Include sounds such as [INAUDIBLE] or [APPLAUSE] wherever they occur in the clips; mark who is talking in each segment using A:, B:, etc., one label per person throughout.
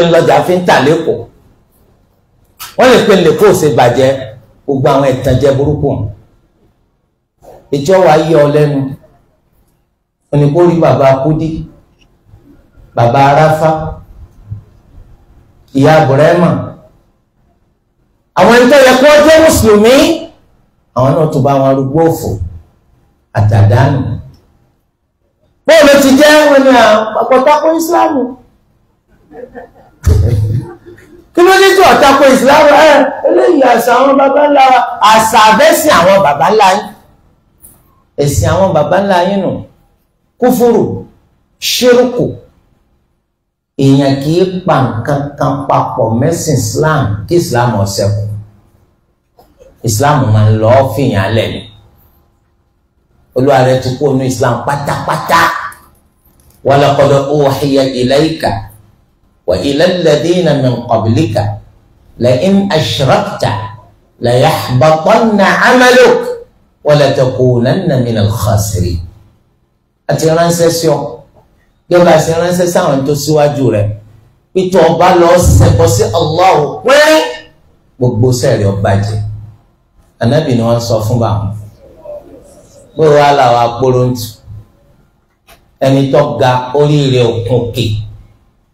A: pé ńlọ́jà fi ń tà lẹ́kọ̀ọ́ wọ́n lè pé ńlẹ̀kọ́ ò ṣe bàjẹ́ gbogbo àwọn ẹ̀tàn jẹ́ burúkú ìjọ wa yọ lẹ́nu ònìkó rí bàbá kúdí bàbá aráfá ìyá bùrẹ́mà àwọn ẹni tó yẹ kó jẹ́ mùsùlùmí àwọn náà tún bá wọn arúgbó òfò àtàdánù
B: bóòlù ti jẹ́ wọn ni àpapọ̀ tako ìsìláàmù kí ló dé tó ọ̀tako ìsìláàmù ẹ eléyìí àṣà àwọn baba ńlá
A: àṣà àbẹ́sìn àwọn baba ńlá yín ẹ̀sìn àwọn baba ńlá yín nù kúfúrù ṣírùkù èèyàn kì í pa nǹkan kan papọ̀ mẹ́sìn islam kí islam ọ̀sẹ̀ kù islam máa ń lọ́ọ́ fìyàn alẹ̀ ni olúwa rẹ̀ ti kú inú islam pátápátá wa laqad uhiya ilayka wa ila alladhina min qablika la in ashrakta la yahbatanna amaluk wa la takunanna minal khasirin àti ránṣẹ́ sí ọ yọba àti ránṣẹ́ sáwọn tó síwájú rẹ pété ọba lọ ṣẹbọ sí Allah pẹ́ẹ́rẹ́ gbogbo sẹ́ẹ̀rì ọba jẹ anabi ni wọ́n sọ fún báwọn pé wàá làwọn akpọ̀rọ̀ ń tù ẹni tó ga oríire òkun kè. Okay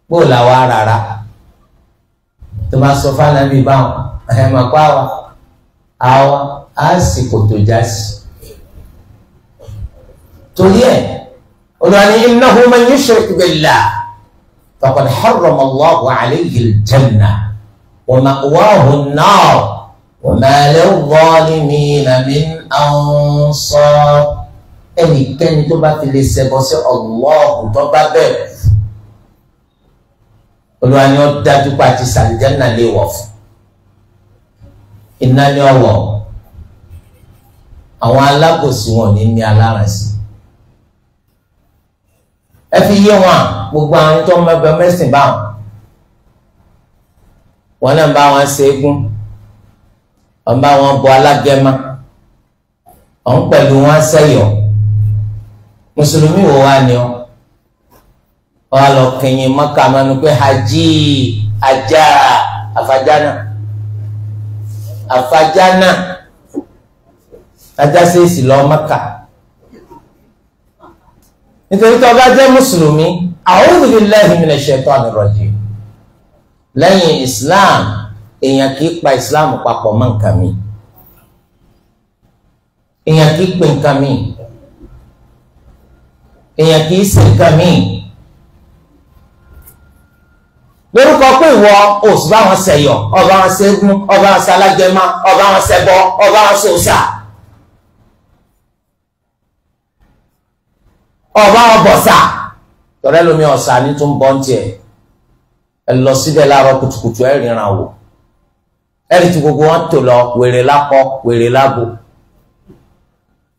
A: bó làwa rárá tó bá sọ fálábì báwọn ẹ̀ mọ̀ pa wa àwa á sì kòtò já sí torí ẹ̀ olùwàní innahu man yushrik billah faqad harrama Allahu alayhi al-janna wa ma'wahu an-nar wa ma lil-zalimina min ansar ẹnikẹ́ni tó bá fi lè ṣẹbọ sí Allahu tó bá bẹ̀rẹ̀ olúwa ni ó dájú pé àti sàlìjánà lè wọ̀ fún iná ni ọwọ́ àwọn alábòsí wọn ní ní alárànṣí ẹ fi yé wọn gbogbo àwọn tó mẹbẹ mẹsìn bá wọn wọn náà bá wọn ṣe égún wọn bá wọn bọ alágẹmọ wọn pẹ̀lú wọn sẹyọ mùsùlùmí wo wá ni ọ wọn á lọ kẹyìn mọ́kà mọ́nu pé hajj ajá àfàjánà àfàjánà ajá ṣèèṣì lọ mọ́kà nítorí tó bá jẹ́ mùsùlùmí a'udhu billahi minash shaitani rajim lẹ́yìn islam èèyàn kì í pa islam papọ̀ mọ́ nǹkan mi èèyàn kì í pè nǹkan mi èèyàn kì í ṣe nǹkan mi lórúkọ pé ìwọ òsì bá wọn ṣẹ̀yọ ọba wọn ṣẹ́gun ọba wọn ṣalágẹmọ ọba wọn ṣẹbọ ọba wọn ṣòṣà ọba wọn bọ̀ṣà tọrẹ lómi ọ̀ṣà ní tó ń bọ́ ń tiẹ̀ ẹ lọ síbẹ̀ láàárọ̀ kùtùkùtù ẹ ríran wò ẹ rí ti gbogbo wọn tò lọ wèrè lápọ̀ wèrè lábo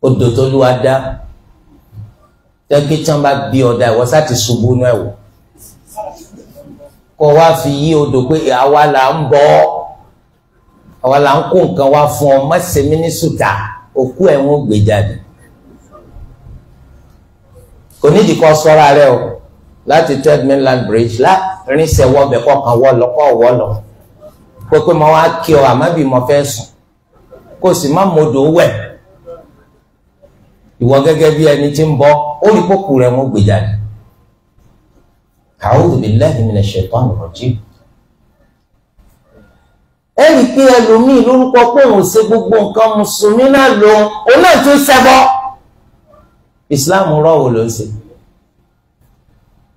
A: odò tó lù wá dá jẹ́ tí wọ́n bá bí ọ̀dà ìwọ́sà ti ṣubú náà wò kọ́ wá fi yí odò pé àwa là ń bọ́ àwa là ń kó nǹkan wá fún ọ mọ́sẹ̀mí ní òkú ẹ̀ ń gbé jáde kò nídìí kọ́ sọ́ra rẹ o láti third mainland bridge láàrinṣẹ́ wọ́ọ̀bẹ̀ kọ̀ọ̀kan wọ́ọ̀lọ́ kọ́ wọ́ọ̀lọ́ pépé mo wá kí ọ àmọ́bí mo fẹ́ sùn kó sì má modò wẹ̀ ìwọ gẹ́gẹ́ bí ẹni tí ń bọ́ ó rí pókù rẹ̀ wọ́n gbé jáde a'udhu billahi minash shaitani rajim
B: ẹ rí i pé ẹlòmíì lórúkọ pé òun ṣe gbogbo
A: nǹkan mùsùlùmí náà lòun òun náà tún ṣẹbọ ìsìláàmù rọwò ló ń ṣe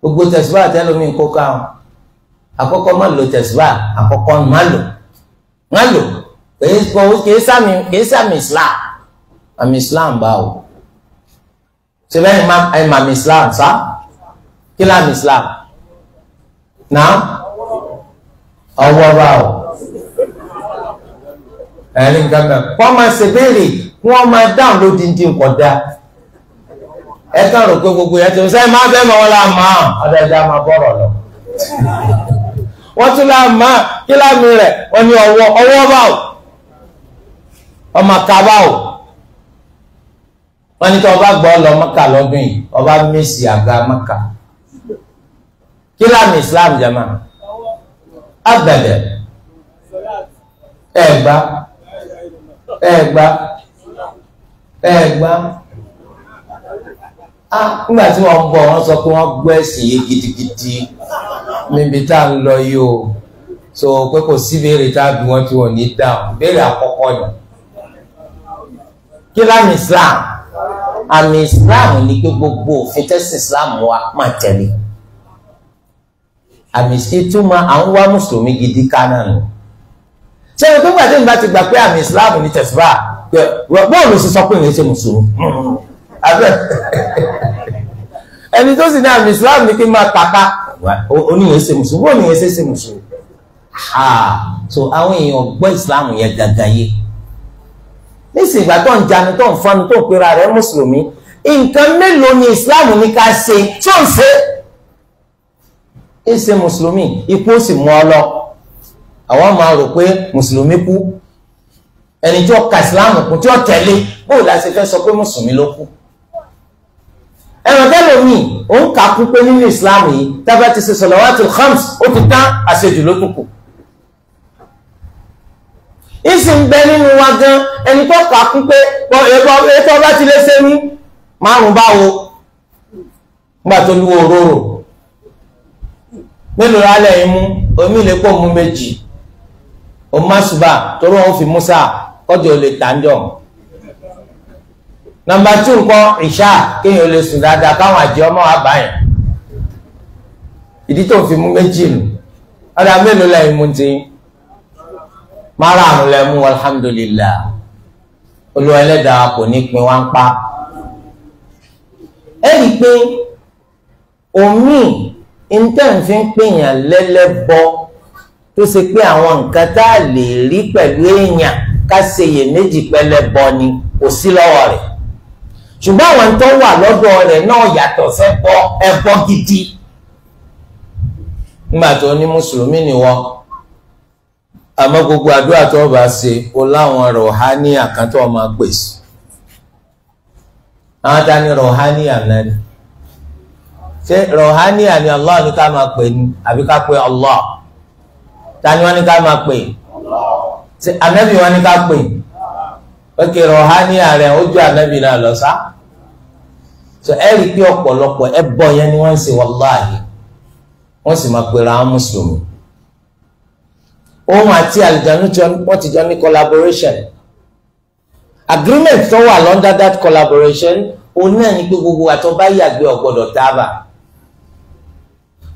A: gbogbo tẹsíbà tẹlómìn kó ká wọn àkọ́kọ́ má lò tẹsíbà àkọ́kọ́ má lò má lò kìí sàmì kìí sàmì islam àmì islam ṣe bẹ́ẹ̀ ni àmì islam sá kí lámì islam nà ọwọ́ bá o ẹni nǹkan kan wọ́n máa ṣe béèrè wọ́n máa dáhùn lódìndín nǹkan dá ẹ kàn rò pé gbogbo yẹn ti sẹ́yìn máa bẹ́ẹ̀ mọ́ wọn là máa ọ̀dọ̀ ẹ̀dá máa bọ̀rọ̀ lọ wọ́n tún láà máa kí láàmì rẹ̀ wọ́n ní ọwọ́ ọwọ́ bá o ọmọ kaba o wọ́n ní tí ọba gbọ́ lọ mọ́kà lọ́dún yìí ọba mẹ́sì àga mọ́kà kí láàmì islam jama abẹ̀dẹ̀ ẹ̀gbá ẹ̀gbá ẹ̀gbá a ah, nígbà tí wọ́n bọ̀ wọ́n sọ pé wọ́n gbọ́ ẹ̀sìn yìí gidigidi níbi tá à ń lọ yìí o so pé kò sí béèrè tábí wọ́n tí wọ́n ní dáhùn béèrè àkọ́kọ́ ni kí láàmì islam àmì islam ni pé gbogbo òfin tẹ́sí islam wa máa tẹ̀lé àmì ìtumọ̀ à ń wá mùsùlùmí gidi ká náà nù ṣé o tó gbàdé nígbà tí gbà pé àmì ìsìláàmù ní tẹ̀síbà bọ́ọ̀lù sì sọ pé ìwé ṣe mùsùlùmí [LAUGHS] ẹni tó sì ní àmì ìsìláàmù ní kí n máa tàka oníyẹn ṣe mùsùlùmí bọ́ọ̀lù yẹn ṣe ṣe mùsùlùmí so àwọn èèyàn gbọ́ ìsìláàmù yẹn gàgà yé nísìnyí ìgbà tó ń janu tó ń fọnu tó ń pera rẹ̀ mùsùlùmí nǹkan mélòó ni ìsìláàmù ní ká ṣe tó ń ṣe èsè mùsùlùmí ikú ó sì mú ọ lọ àwọn máa rò pé mùsùlùmí kú ẹni tí ó ka ìsìláàmù kù tí ó tẹ̀lé bóò la ṣe fẹ́ sọ pé mùsùlùmí ló kú ẹ̀rọ tẹ́lẹ̀ mi ò ń kà kú pé nínú ìsìláàmù yìí tábà ti ṣe salawatul khams ó ti tán àṣejù ló kúkú ìsì ń bẹ nínú wa gan ẹni tó kà kú pé ètò ọba ti lé sẹ́yìn márùn-ún báwo nígbà tó lúwo òróró mélòó lálẹ́ yìí mú omi lè pọ̀ mú méjì o má ṣùgbà torí wọn fi musa kọjọ lè tàǹjọ nàmbà tí nǹkan ìṣá kéèyàn lè sùn dáadáa káwọn àjẹ ọmọ wa bá yẹn ìdí tó fi mú méjì nù ọ̀dà mélòó lẹ́yìn mú ti mara àrùn lẹ́mú alhamdulillah olúwa ẹlẹ́dàá kò ní pin wá ń pa ẹ̀rí pé omi intan fi ń pèèyàn lẹ́lẹ́bọ tó ṣe pé àwọn nǹkan tá a lè rí pẹ̀lú èèyàn ká ṣe iyèméjì pẹlẹbọ ni kò sí lọ́wọ́ rẹ̀ ṣùgbọ́n àwọn tó wà lọ́dọ̀ rẹ̀ náà yàtọ̀ sẹ́bọ ẹbọ gidi nígbà tó ní mùsùlùmí ni wọ́n àmọ́ gbogbo àdúrà tó bá ṣe o láwọn rọ̀háníà kan tó máa àwọn ta ni rọ̀háníà náà ni ṣé rọ̀hání àní Allah ni ká máa pè ní àbí ká pè Allah ta ni wọ́n ní ká máa pè ṣé anabi wọ́n ní ká pè ok rọ̀hání àrẹ ó ju anabi náà lọ sá so ẹ rí i pé ọ̀pọ̀lọpọ̀ ẹ bọ̀ yẹn ni wọ́n ń ṣe wàláhì wọ́n sì máa pera àwọn mùsùlùmí òun àti àlìjánu wọ́n ti jọ ní collaboration agreement tó wà lọ́ndà that collaboration òun náà ni pé gbogbo àtọ́ bá yàgbé ọ̀gbọ́dọ̀ tábà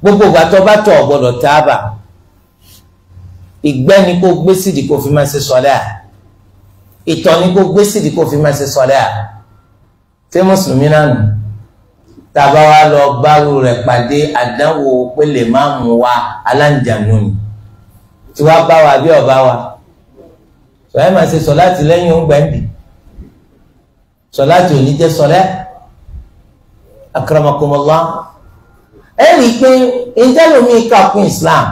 A: gbogbo ìgbà tó bá tọ̀ ọ̀gbọ́dọ̀ tábà ìgbẹ́ ni kó gbé sídi kó fi máa ṣe sọ́lẹ́ à ìtọ̀ ni kó gbé sídi kó fi máa ṣe sọ́lẹ́ à ṣé mùsùlùmí náà nù tàbá wa lọ bárò rẹ̀ pàdé àdánwò pélé máa mú wa aláǹjànú ni tí wàá bá wa bí ọba wa sọlá máa ṣe sọlá ti lẹ́yìn ògbẹ́ǹbì sọlá ti ò ní jẹ́ sọlẹ́ akramakumullah ẹ rí i pé ìjẹ́lómi kàkún Islam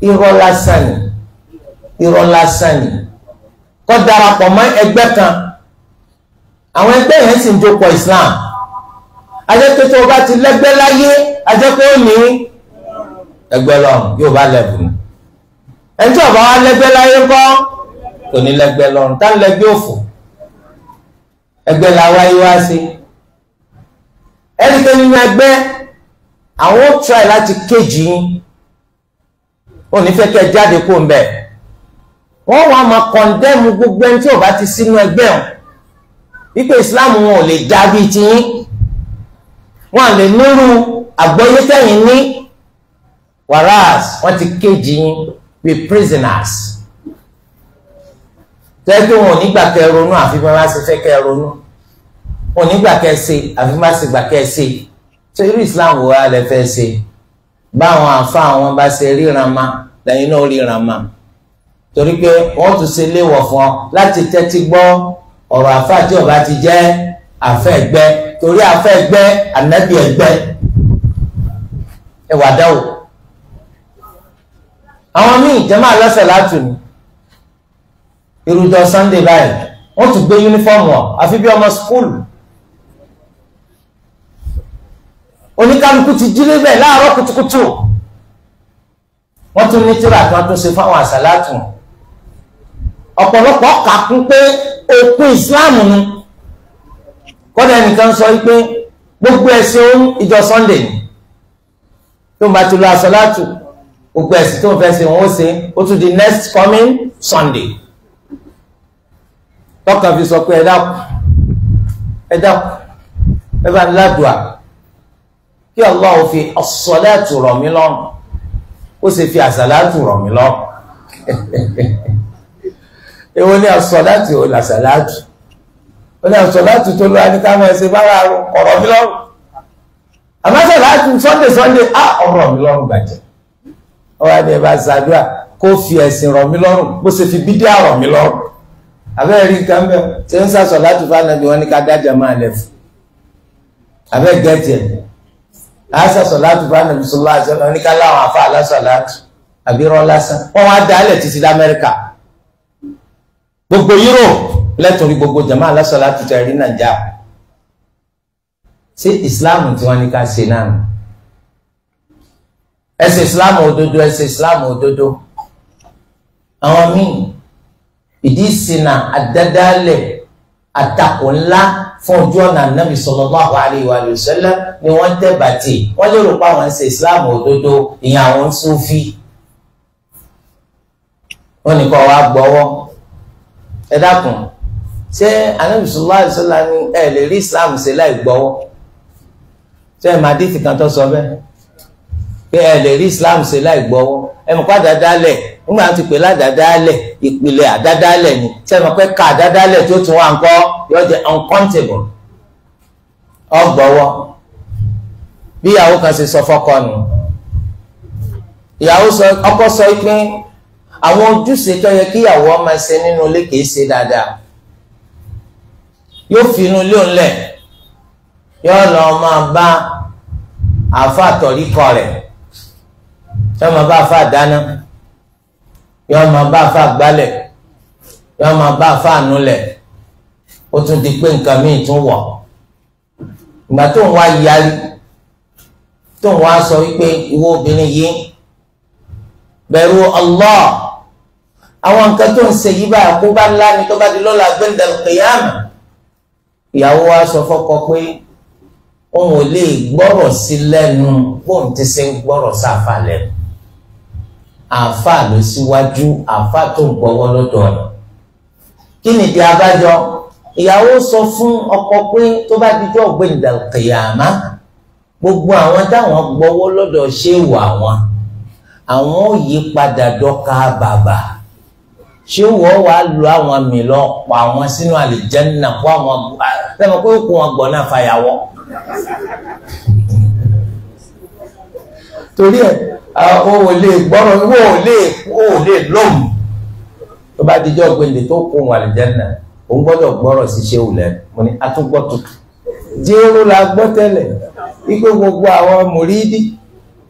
A: irọ́ lásán ni irọ́ lásán ni kó darapọ̀ mọ́ ẹgbẹ́ kan àwọn ẹgbẹ́ yẹn sì ń jókòó Islam ajẹ́pẹ́ tó o bá ti lẹ́gbẹ́ láyé ajẹ́pẹ́ ó ní ẹgbẹ́ lọ́rùn yóò bá lẹ́bùn ẹni tí ọba wa lẹ́gbẹ́ láyé ńkọ́ kò ní lẹ́gbẹ́ lọ́rùn tá ń lẹ́gbẹ́ òfò ẹgbẹ́ làwa yìí wá sí ẹnikẹ́ni ní ẹgbẹ́ àwọn ó try láti kéjì yín ò ní fẹ́ kẹ́ jáde kó ń bẹ̀ wọ́n wá máa kọ̀ndẹ́mù gbogbo ẹni tí ò bá ti sínú ẹgbẹ́ wọn wípé Islam wọn ò lè dá bíi tiyín wọn à lè nírú àgbọ́yé tẹ̀yìn ní whereas wọ́n ti kéjì yín we prisoners tẹ́tí wọn ò nígbà kẹ́ ronú àfi bá wá sí fẹ́ kẹ́ ronú wọn ò nígbà kẹ́ ṣe àfi bá sì gbà kẹ́ ṣe so irú islam wo alẹ́ fẹ́ ṣe báwọn àfa àwọn bá ṣe ríran ma lẹ́yìn náà ríran ma torí pé wọ́n tún ṣe léwọ̀ fún ọ láti tẹ́tí gbọ́ ọ̀rọ̀ àfa tí ó bá ti jẹ́ àfẹ́ ẹgbẹ́ torí àfẹ́ ẹgbẹ́ ànábì ẹgbẹ́ ẹ wà dáwò àwọn míì jẹ́mọ́ àlọ́sẹ̀ látù ní irújọ sunday báyìí
B: wọ́n tún gbé yúnífọ́ọ̀mù ọ̀ àfi bí ọmọ skúlù oníkálukú ti jí lébẹ̀ láàárọ̀ kùtùkùtù wọ́n
A: tún ní tíra kan tó ṣe fáwọn àṣàlátù ọ̀pọ̀lọpọ̀ kà kún pé òpin ìsìláàmù ni kọ́dà ẹnìkan sọ wípé gbogbo ẹ̀sìn ìjọ sunday ni tó ń bá ti lọ àṣàlátù gbogbo ẹ̀sìn tó ń fẹ́ ṣe wọn ó ṣe ó tún di next coming sunday tọkàn fi sọ pé ẹ dákun ẹ dákun ẹ bá ń ládùá kí Allah ò fi as-salatu rọ̀ mí lọ́rùn ó sì fi as-salatu rọ̀ mí lọ́rùn [LAUGHS] èwo ni as-salatu ò ní as-salatu ó ní as-salatu tó lọ́wọ́ ní káwọn ẹ̀sìn bá wà ọ̀rọ̀ mi lọ́rùn àmọ́ as-salatu sunday sunday á ọ̀rọ̀ mi lọ́rùn gbàjẹ́ ọ̀rọ̀ ni ẹ bá ṣàdúrà kó fi ẹ̀sìn rọ̀ mí lọ́rùn bó ṣe fi bídíà rọ̀ mí lọ́rùn àbẹ́ rí láṣà sọ̀láàtù bá nàbí sọ̀lá àṣẹlá oníkà láwọn afá aláṣàláàtù àbí rọ́ lásán wọ́n wá dálẹ̀ títí dá Amẹ́ríkà
B: gbogbo Europe
A: lẹ́tọ̀rí gbogbo jama aláṣàláàtù tẹ̀ rí nàìjà ṣé Islam tí wọ́n ní ká ṣe náà ẹsẹ̀ Islam òdodo ẹsẹ̀ Islam òdodo àwọn míì ìdí ìsìn náà àtakò ńlá fún ojú ọ̀nà nàbì sallallahu alayhi wa sallam ni wọ́n tẹ̀ bàtì wọ́n lérò pé àwọn ń ṣe islam òdodo ìyẹn àwọn Sufi wọ́n ní kọ́ wa gbọ́wọ́ ẹ dákun ṣé anabi sallallahu alayhi wa sallam ni ẹ lè rí islam ṣe láì gbọ́wọ́ ṣé ẹ máa dìtì kan tó sọ bẹ́ẹ̀ pé ẹ lè rí islam ṣe láì gbọ́wọ́ ẹ mọ̀ padà dálẹ̀ nígbà tí pè ládàádáálẹ̀ ìpìlẹ̀ àdádáálẹ̀ ni sẹ́nu pé ká àdádáálẹ̀ tó tún wà ńkọ́ yóò jẹ́ uncountable ọgbọ̀wọ́ bí ìyàwó kan ṣe sọ fọ́kọ nù ìyàwó sọ ọkọ sọ pé àwọn ojúṣe tó yẹ kí ìyàwó ọmọ ẹsẹ nínú ilé kìí ṣe dáadáa yóò fi inú ilé òun yóò lọ máa bá àfa àtọ̀ríkọ rẹ̀ yóò máa bá àfa dáná yọ ọmọ bá afa gbálẹ̀ yọ ọmọ bá afa nulẹ̀ ó tún di pé nǹkan míì tún wọ̀ ìgbà tó ń wá yarí tó ń wá sọ wípé ìwọ obìnrin yìí bẹ̀rù Allah àwọn nǹkan tó ń ṣe yìí báyìí kó bá ńlá ni tó bá di lọ́la gbẹ̀ndẹ̀ kìyàmù ìyàwó wa sọ fọ́kọ pé òun ò lè gbọ́rọ̀ sí lẹ́nu bóun ti ṣe gbọ́rọ̀ sáfà lẹ́nu àáfàá ló síwájú àáfàá tó ń gbọ́wọ́ lọ́dọ̀ ọ̀nà kí nìdí abájọ ìyàwó sọ fún ọkọ pé tó bá dijọ́ ọ̀gbẹ́ni kìyàmá gbogbo àwọn táwọn gbọ́wọ́ lọ́dọ̀ ṣe wà wọn àwọn ò yí padà dọ́ka bàbà ṣé wọ́n wá lu àwọn mi lọ pa wọn sínú àlìjẹ́nà kó àwọn sẹ́mi pé ó kó wọn gbọ́ náà fàyàwọ́. torí ẹ̀ o ò lè gbọ́rọ̀ o ò lè o ò lè lóhùn tó bá dijọ́ gbélé tó kó wọn àlìjẹ́nà òun gbọ́dọ̀ gbọ́rọ̀ sí ṣéwù lẹ́nu mo ní atúgbọ́ tutù jéró la gbọ́ tẹ́lẹ̀ wípé gbogbo àwọn mùrídì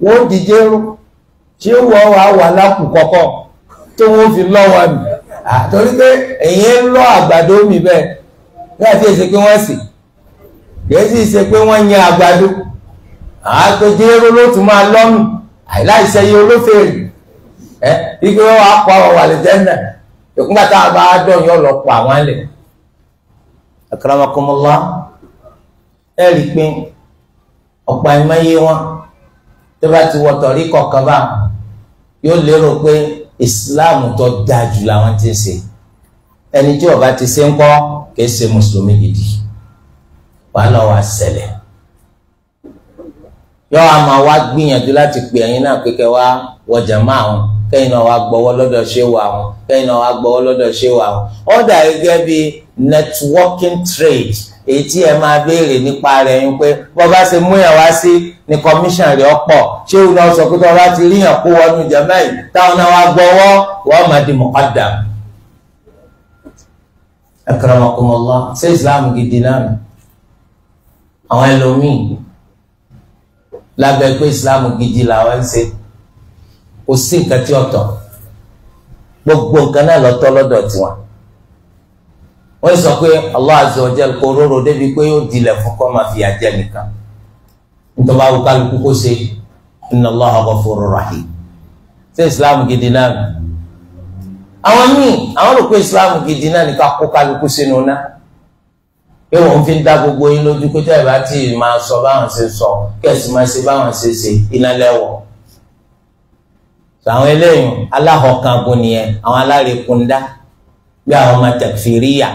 A: wọ́n di jéró tí ó wọ́ wa wà lápò kọ́kọ́ tó wọ́n fi lọ́ wa mi àtọ́rí pé èyí ń lọ àgbàdo mi bẹ́ẹ̀ bí àti èsè pé wọ́n sì kì í ṣe pé wọ́n yan àgbàdo àgbẹjẹrò ló tún máa lọ́nù àìláìsẹyẹ olófèèrè ẹ ike wọn wàá pa ọwọ àlẹjẹnà ìkúngbà tá a bá dọyìn ọlọpọ àwọn ẹlẹ akaramakomola ẹ rí i pé ọ̀pọ̀ àìmọye wọn tó bá ti wọtọ̀ rí kọ̀ọ̀kan bá yóò lérò pé islam tó dáa jù làwọn ti ṣe ẹni tí ó bá ti ṣe ń kọ́ kì í ṣe mùsùlùmí gidi wàá lọ ṣẹlẹ̀ yọ àmọ́ wa gbìyànjú láti pè ẹ̀yin náà pé kẹ́ wá wọjà máa wọn kẹ́yìn náà wá gbọ́wọ́ lọ́dọ̀ ṣé wà wọn kẹ́yìn náà wá gbọ́wọ́ lọ́dọ̀ ṣé wà wọn. ó dà gẹ́gẹ́ networking trade èyí tí ẹ máa béèrè nípa rẹ̀ yín pé wọ́n bá ṣe mú yàn wá sí ni commission rẹ̀ ọ̀pọ̀ ṣé òun náà sọ pé tí wọ́n bá ti rí yàn kó wọnú jàmbá yìí táwọn náà wá gbọ́wọ́ wọ́n máa di muqaddam. akramakumullah ṣé islam gidi náà àwọn ẹlòmíì lábẹ́ pé islam gidi làwọn ń ṣe kò sí nǹkan tí ọ̀tọ̀ gbogbo nǹkan náà lọ́tọ̀ lọ́dọ̀ tiwọn wọ́n sọ pé Allah azza wa jal kó róró débi pé yóò dilẹ̀ fún kọ́ máa fìyà jẹ nìkan nítorí àwọn kálukú kó ṣe inna Allaha ghafurur rahim ṣé islam gidi náà àwọn míì àwọn rò pé islam gidi náà ní ká kó kálukú sínú náà pé òun fi ń dá gbogbo yín lójú pé tẹ́lẹ̀ bá tí ì máa sọ báwọn ṣe sọ kẹ̀sì máa ṣe báwọn ṣe ṣe iná lẹ́wọ̀. àwọn eléyìí aláhọ̀kango nìyẹn àwọn alárekunda bí àwọn ọmọ tẹ̀fìríyà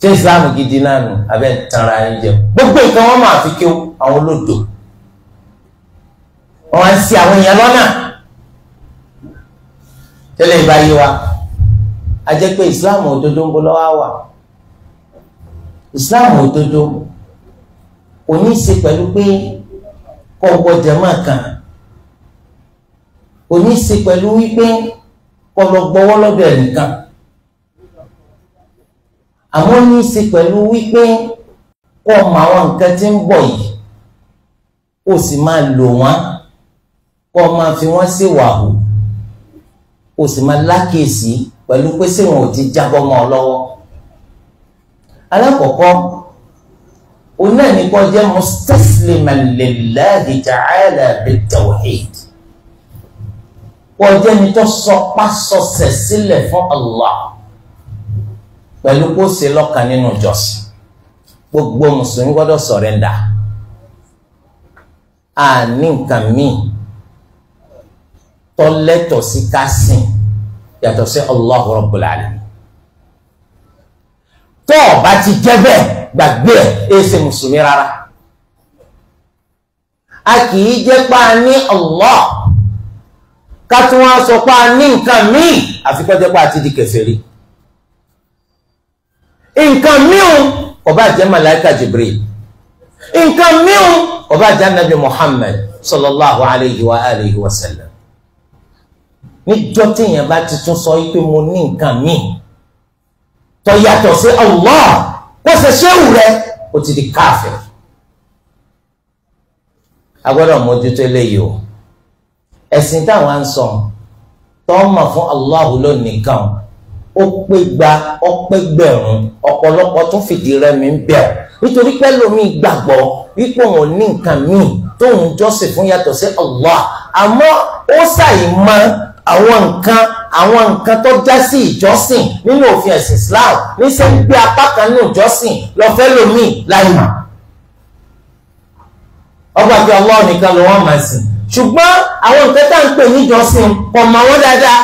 A: ṣé islam gidi náà nù abẹ́ tanra ẹ̀ jẹ gbogbo nǹkan wọn máa fi kí àwọn olódò wọn á sí àwọn èèyàn lọ́nà tẹ́lẹ̀ ìbáyé wa a jẹ́ pé islam òdodo ń bọ́ lọ́wọ́ islam òdodo kò ní í ṣe pẹ̀lú pé kọ́ ọgbọ́ jẹ̀mọ́ kan kò ní í ṣe pẹ̀lú wípé kọ́ lọ gbọ́wọ́ lọ́dọ̀ ẹnìkan àmọ́ ní í ṣe pẹ̀lú wípé kọ́ ọmọ àwọn nǹkan tí ń bọ̀ yìí kó sì máa lò wọ́n kọ́ máa fi wọ́n ṣèwàhù kó sì máa lákèsí pẹ̀lú pé ṣé ò ti jábọ́ mọ́ ọ lọ́wọ́ alákọ̀ọ́kọ́ òun náà ní kó jẹ́ mustasliman lillahi ta'ala bit-tawhid kó jẹ́ ní tó sọpá sọsẹ̀ sílẹ̀ fún Allah pẹ̀lú kó ṣe lọ́kàn nínú ìjọsìn gbogbo mùsùlùmí gbọ́dọ̀ sọ̀rẹ́ndà a ní nǹkan míì tọ́lẹ́tọ̀ sí ká yàtọ̀ sí Allahu Rabbul Alamin tó o bá ti jẹ́ bẹ́ẹ̀ gbàgbé ẹ̀ e ṣe mùsùlùmí rárá a kì í jẹ́ pa ní Allah ká tún wá sọ pa ní nǹkan míì àfi kó jẹ́ pa àti di kèfèrí nǹkan míì kò bá jẹ́ màláìka nǹkan míì kò bá anabi Muhammad sallallahu alayhi wa alihi wa sallam níjọ́ tí èèyàn bá ti tún sọ pé mo ní nǹkan míì tó yàtọ̀ sí Allah kó ṣe ṣéwù rẹ O ti di káfẹ́ a gbọ́dọ̀ mójútó eléyìí o ẹ̀sìn táwọn ń sọ tọ́mọ̀ fún Allah lónìí kan ó pé gba ọpẹ́ gbẹ̀rún ọ̀pọ̀lọpọ̀ tó fìdí rẹmi ń bẹ̀ nítorí pé lómi gbàgbọ́ wípé òun ò ní nǹkan míì tóun jọ́sìn fún yàtọ̀ sí Allah àmọ́ ó ṣàì mọ́ àwọn nǹkan àwọn nǹkan tó já sí ìjọsìn nínú òfin ẹ̀sìn Islam níṣẹ́ ń gbé apá kan nínú ìjọsìn lọ́fẹ́ lómi láì mà ọgbà pé Allah nìkan ló wọ́n máa sìn ṣùgbọ́n àwọn nǹkan tá à ń pè ní ìjọsìn kò mọ̀ wọ́n dáadáa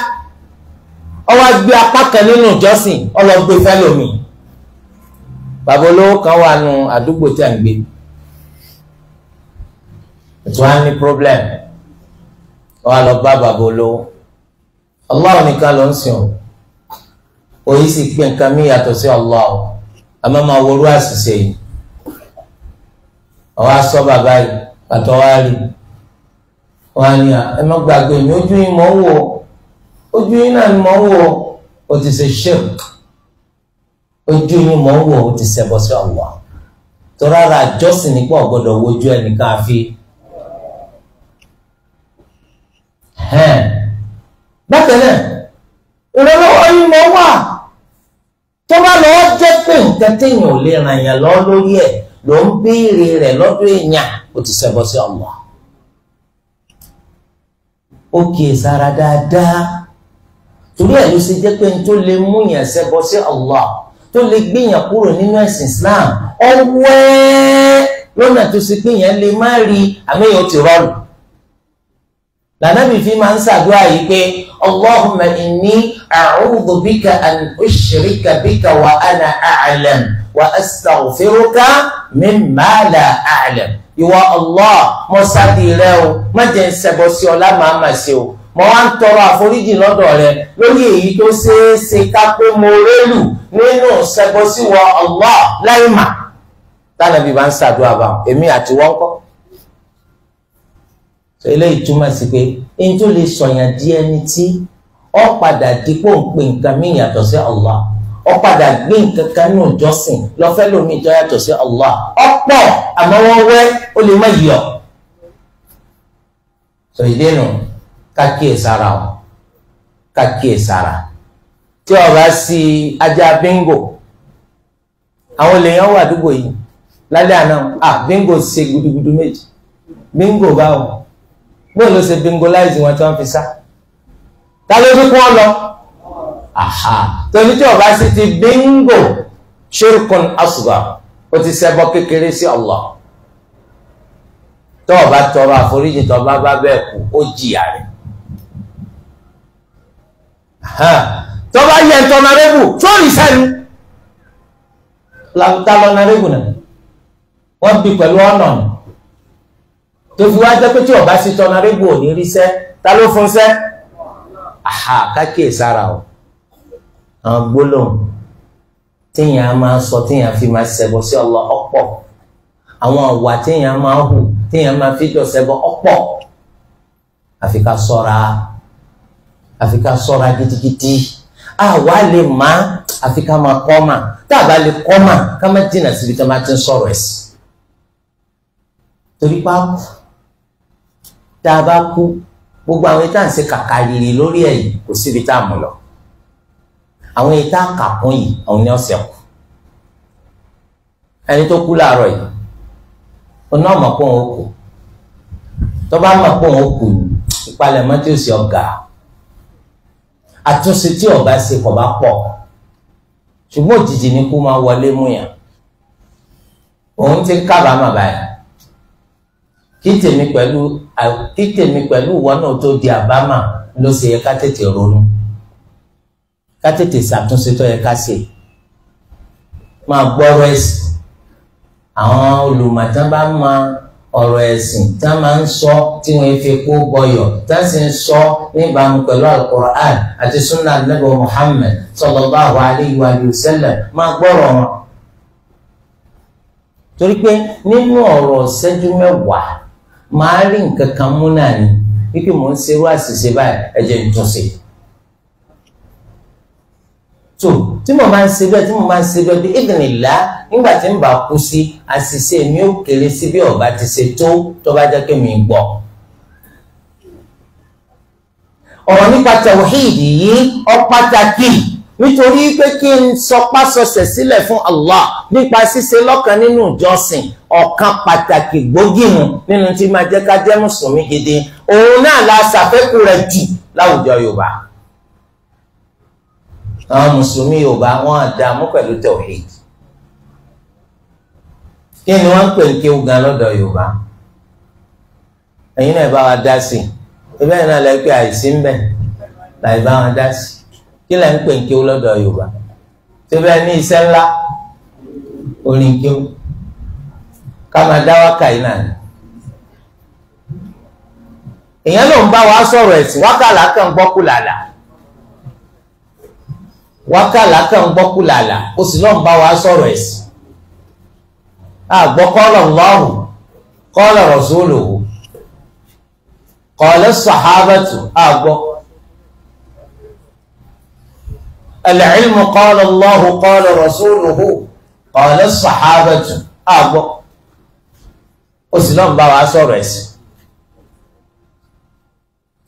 A: ọwọ́ gbé apá kan nínú ìjọsìn ọlọ́gbé fẹ́ lómi bàbá olówó kan wà nù àdúgbò tí a ń gbé ètò ní problem wọn lọ bá bàbá olówó Allah nìkan ló ń sìn o òyìn sì pé nǹkan mí yàtọ̀ sí Allah o àmọ́ máa worú àṣìṣe yìí ọwọ́ aṣọ bàbá yìí pàtó wá rí wọn ni ẹ má gbàgbé mi ojú yín mọ̀ ń wò ojú yín náà ni mọ̀ ń o ti ṣe ojú yín mọ̀ ń wò o ti ṣẹbọ sí Allah tó rárá àjọsìn nípa ọ̀gbọ́dọ̀ wojú ẹnìkan
B: bákan náà ìrànlọ́wọ́ yín lọ wà tó bá
A: lọ́wọ́ jẹ́ pé nǹkan téèyàn ò lè ràn yàn lọ lórí ẹ̀ ló ń béèrè rẹ̀ lọ́dọ̀ èèyàn ó ti ṣẹbọ sí Allah ó kì í sára dáadáa torí ẹ̀ ló ṣe jẹ́ pé n tó lè mú yàn ṣẹbọ sí Allah tó lè gbìyàn kúrò nínú ẹ̀sìn Islam ọwẹ́ lọ́nà tó ṣe pé yẹn lè má rí àmì yóò ti rọrùn lànàbì fi máa ń ṣàdúrà yìí pé Allahumma inni a'udhu bika an ushrika bika wa ana a'lam wa astaghfiruka mimma la a'lam ìwọ Allah mo sáàdì rẹ o má jẹ́ ń ṣẹbọ sí ọ lámàá sí o mo wá ń tọrọ àforíjì lọ́dọ̀ rẹ lórí èyí tó ṣeé ṣe ká pé mo rélù nínú ṣẹbọ sí wọ Allah láìmà tánàbì bá ń ṣàdúrà bá èmi àti wọn kọ́ so eléyìí túmọ̀ sí pé n tó lè sọ̀yàn di ẹni tí ọ padà dípò ń nǹkan mí yàtọ̀ sí Allah ọ padà gbé nǹkan kan nù jọ́sìn lọ́fẹ́ lómi jọ yàtọ̀ sí Allah
B: ọ̀pọ̀ àmọ́
A: wọ́n wẹ́ ó lè má yọ. sọ ìdénù kákíyè sára o kákíyè sára tí ọba sí ajá bíngò àwọn lèèyàn wà àdúgbò yìí lálẹ́ àná à bíngò ṣe gudugudu méjì bíngò báwo bó ló ṣe bingolize wọn tí wọ́n fi sá ta ló fi kún ọ lọ torí tí ọba sì ti bingo shirkun asghar ó ti ṣẹbọ kékeré sí Allah tó ọba tọrọ àforíjì tó ọba bá bẹ́ẹ̀ kú ó jìyà rẹ̀ tó bá yẹ ń tọ́nà rẹ́bù tó rí sẹ́nu làǹtà lọ́nà rẹ́bù náà wọ́n bí pẹ̀lú ọ̀nà ni tó fi wá jẹ́ pé tí ọba sí tọ́narébù ò ní ríṣẹ́ ta ló fún ṣẹ́ àhà kákìí sára o àwọn gbólóhùn téèyàn á máa sọ téèyàn fi máa ṣẹbọ sí ọlọ ọ̀pọ̀ àwọn àwà téèyàn máa hù téèyàn máa fi jọ ṣẹbọ ọ̀pọ̀ àfi ká ṣọ́ra àfi ká ṣọ́ra gidigidi àwa lè má àfi ká máa kọ́ mà tá a bá lè kọ́ mà ká má dínà síbi tá a máa ti ń sọ̀rọ̀ ẹ̀sìn torí pa tá a bá kú gbogbo àwọn ìta ń ṣe kàkà rírì lórí ẹ̀ yìí kò síbi tá a mú lọ àwọn ìta kàkún yìí àwọn ni ọ̀sẹ̀ kù ẹni tó kú láàárọ̀ yìí ó náà mọ̀ pé òun kù tó bá mọ̀ pé òun kù ìpalẹ̀mọ́ tí ó sì ọ̀gá àtúnṣe tí ọ̀gá ṣe kò bá pọ̀ ṣùgbọ́n òjijì ni kú máa wọlé mú òun ti ń kábàámà báyìí kí tèmi pẹ̀lú títèmi pẹ̀lú ìwọ náà tó di àbámà ló ṣe yẹ ká tètè ronú ká tètè ṣàtúnṣe tó yẹ ká ṣe máa gbọ́rọ̀ ẹ̀sìn àwọn olùmọ̀tán bá máa ọ̀rọ̀ ẹ̀sìn tá máa ń sọ tí wọ́n fi kó bọyọ̀ tá sì ń sọ níbàámu pẹ̀lú alukur'an àti sunnah nebo muhammed sallallahu alayhi wa sallam máa gbọ́rọ̀ wọn. torí pé nínú ọ̀rọ̀ ṣẹ́jú mẹ́wàá màá rí nǹkan kan mú náà ni wípé mò ń ṣerú àṣìṣe báyìí ẹ jẹ́ n tún ṣe. tó tí mo máa ń ṣe bẹ́ẹ̀ tí mo máa ń ṣe bẹ́ẹ̀ bí ìdìnnìlá nígbà tí ń bá kú sí àṣìṣe mi ò kéré sí bí ọba ti ṣe tó tó bá jẹ́ kí mi gbọ́. ọ̀rọ̀ nípa tẹ̀wọ̀hídì yìí ó pàtàkì nítorí pé kí n sọpá sọsẹ̀ sílẹ̀ fún Allah nípa ṣíṣe lọ́kan nínú ìjọsìn ọ̀kan pàtàkì gbógìmù nínú tí máa jẹ́ ká jẹ́ mùsùlùmí gidi òun náà la ṣàfẹ́kù rẹ̀ jù láwùjọ Yorùbá àwọn mùsùlùmí Yorùbá wọn àdààmú pẹ̀lú tawhid kí ni wọ́n ń pè ní kéwù gan lọ́dọ̀ Yorùbá ẹ̀yin náà bá wa dá sí i ibẹ̀ náà lẹ́pẹ́ àìsí ń bẹ̀ láì bá wa dá sí i. kí lẹ́ ń pè nké lọ́dọ̀ yorùbá síbẹ̀ ní iṣẹ́ ńlá orin ké ká máa dá náà ni èèyàn ló ń bá wa sọ̀rọ̀ ẹ̀sìn wákàlà kan gbọ́kú làlà wákàlà kan gbọ́kú làlà ó sì ń bá wa sọ̀rọ̀ ẹ̀sìn àgbọ̀ àgbọ̀. العلم قال الله قال رسوله قال الصحابة àgbọ̀ ó sì náà ń bá wa sọ̀rọ̀ ẹ̀sìn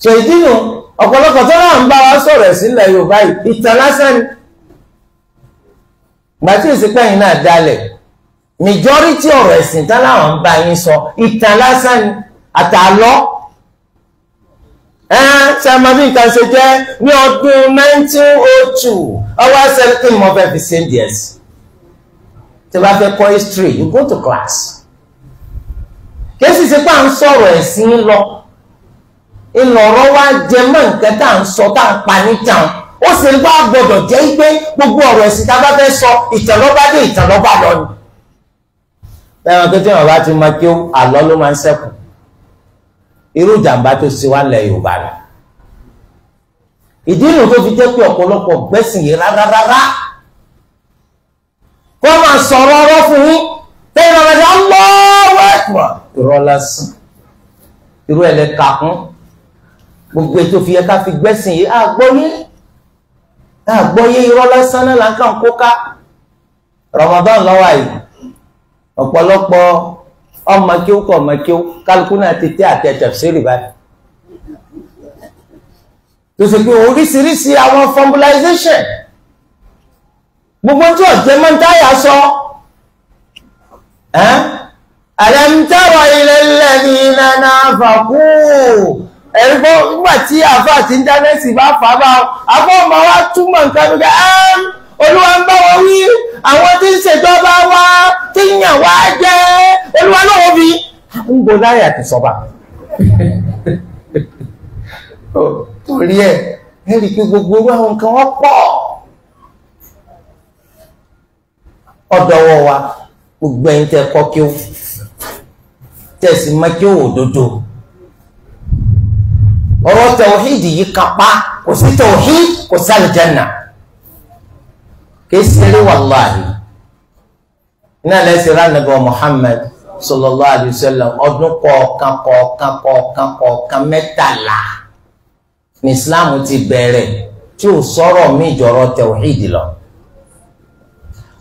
A: so ìdínú ọ̀pọ̀lọpọ̀ tó náà ń bá wa sọ̀rọ̀ ẹ̀sìn ilẹ̀ Yorùbá yìí ìtàn lásán ni gbàtí ìsìnkú ẹ̀yìn náà dalẹ̀ majority ọ̀rọ̀ ẹ̀sìn tán láwọn ń bá yín sọ ìtàn lásán ni àtàlọ́ ẹ́n sàmàbí nǹkan ṣe jẹ́ ní ọdún 1902 ọwọ́ ẹsẹ̀ kí ni mo fẹ́ fi ṣe díẹ̀ sí tí bá fẹ́ kọ́ history you go to class kí sì ṣe pé à ń sọ̀rọ̀ ẹ̀sìn lọ ìlọ̀rọ̀ wa jẹ mọ́ nǹkan tá à ń sọ tá à ń pa níjà ó sì ń bá gbọdọ̀ jẹ́ pé gbogbo ọ̀rọ̀ ẹ̀sìn tá a bá fẹ́ sọ ìtànlọ́ba dé ìtànlọ́ba lọ ni. ẹran tó tí wọn bá ti máa kí àlọ́ ló máa ń ṣẹ́kù irú jàǹbá tó ṣe wá lẹ̀ Yorùbá ni ìdí nù tó fi jẹ́ pé ọ̀pọ̀lọpọ̀ gbẹ́sìn yìí rárárárá kó máa sọ̀rọ̀ ọ̀rọ̀ fún yín tẹ́yìn ọ̀rọ̀ ṣe Allahu Akbar irọ́ lásán irú ẹ̀ lẹ kún gbogbo ètò fi yẹ ká fi gbẹ́sìn yìí àgbọ́yé àgbọ́yé irọ́ lásán náà là ń kàn kó ká Ramadan lọ́wọ́ yìí ọ̀pọ̀lọpọ̀ ọmọ kí ó kọ ọmọ kí ó kálukú náà ti tẹ àtẹ tẹfsiri báyìí tó sì pé oríṣiríṣi àwọn formalization gbogbo tí ọ̀jẹ̀ mọ́ntáyà sọ alam tara ilal ladina nafaqu ẹ̀rọ nígbà tí àfa àti íńtánẹ́ẹ̀tì bá fà á bá afọ́ ọmọ wa túmọ̀ nǹkan nígbà olúwa ń bá wọn wí àwọn tí ń ṣèjọba tí ń yàn wá jẹ olúwa ń
B: bo
A: ti sọba [LAUGHS] oh, torí ẹ ẹ rí i pé gbogbo irú àwọn nǹkan wọn pọ̀ ọdọwọ wa gbogbo ẹ̀yin tẹ́ kọ́ kí ó tẹsí má kí ó òdodo ọ̀rọ̀ tẹwọhídì yìí kápá kò sí kò esere wàláhi iná lẹ́sẹ̀ ránàbọ̀ Muhammad sallallahu alayhi wa sallam ọdún kọ̀ọ̀kan kọ̀ọ̀kan kọ̀ọ̀kan kọ̀ọ̀kan mẹ́tàlá ní Islam ti bẹ̀rẹ̀ tí ò sọ̀rọ̀ mí ìjọ̀rọ̀ tẹ̀wíìdì lọ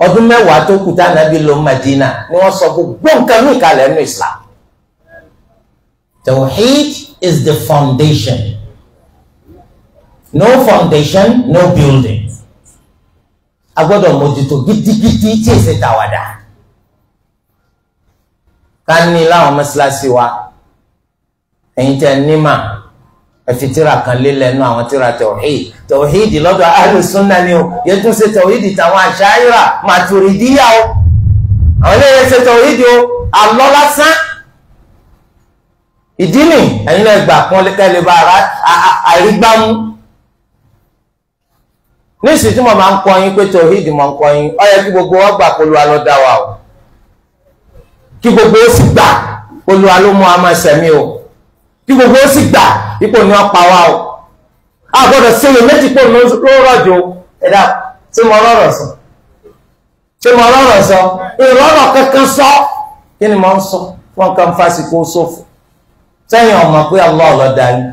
A: ọdún mẹ́wàá tó kù tá nàbí lọ Madina ni wọ́n sọ gbogbo nǹkan mí kalẹ̀ nínú Islam tawhid is the foundation no foundation no building a gbọ́dọ̀ mójútó gidigidi tí èsè tàwádà ká ní láwọn mọ́ṣáláṣí wa ẹ̀yin tẹ́ nímà ẹ̀fi tíra kan lélẹ̀ nú àwọn tíra tẹ̀wọ̀hìd tẹ̀wọ̀hìd lọ́dọ̀ ahlus sunnah ni o yẹn tún ṣe tẹ̀wọ̀hìd táwọn àṣàyíra màtúrídíyà o àwọn ilé yẹn ṣe tẹ̀wọ̀hìd o àlọ́ lásán ìdí nì ẹ̀yin lẹ́gbàá kún kẹ́lẹ́ bá àrígbámú nísì tí mo máa ń kọ́ yín pé tohid mo ń kọ́ yín ó yẹ kí gbogbo wa gbà polúwa ló dá wa o kí gbogbo ó sì gbà polúwa ló mú wa máa ṣẹ̀mí o kí gbogbo ó sì gbà ipò ní ọ̀pá wa o a gbọ́dọ̀ sẹ́yìn méjì pò ló rọ̀jò ẹ̀dá tí mo rọ̀rọ̀ sọ tí mo rọ̀rọ̀ sọ ìrọ̀rọ̀ kankan sọ kí ni mo ń sọ wọn kàn fásikò sófò sẹ́yìn ọ̀mọ̀ pé Allah ló dá yín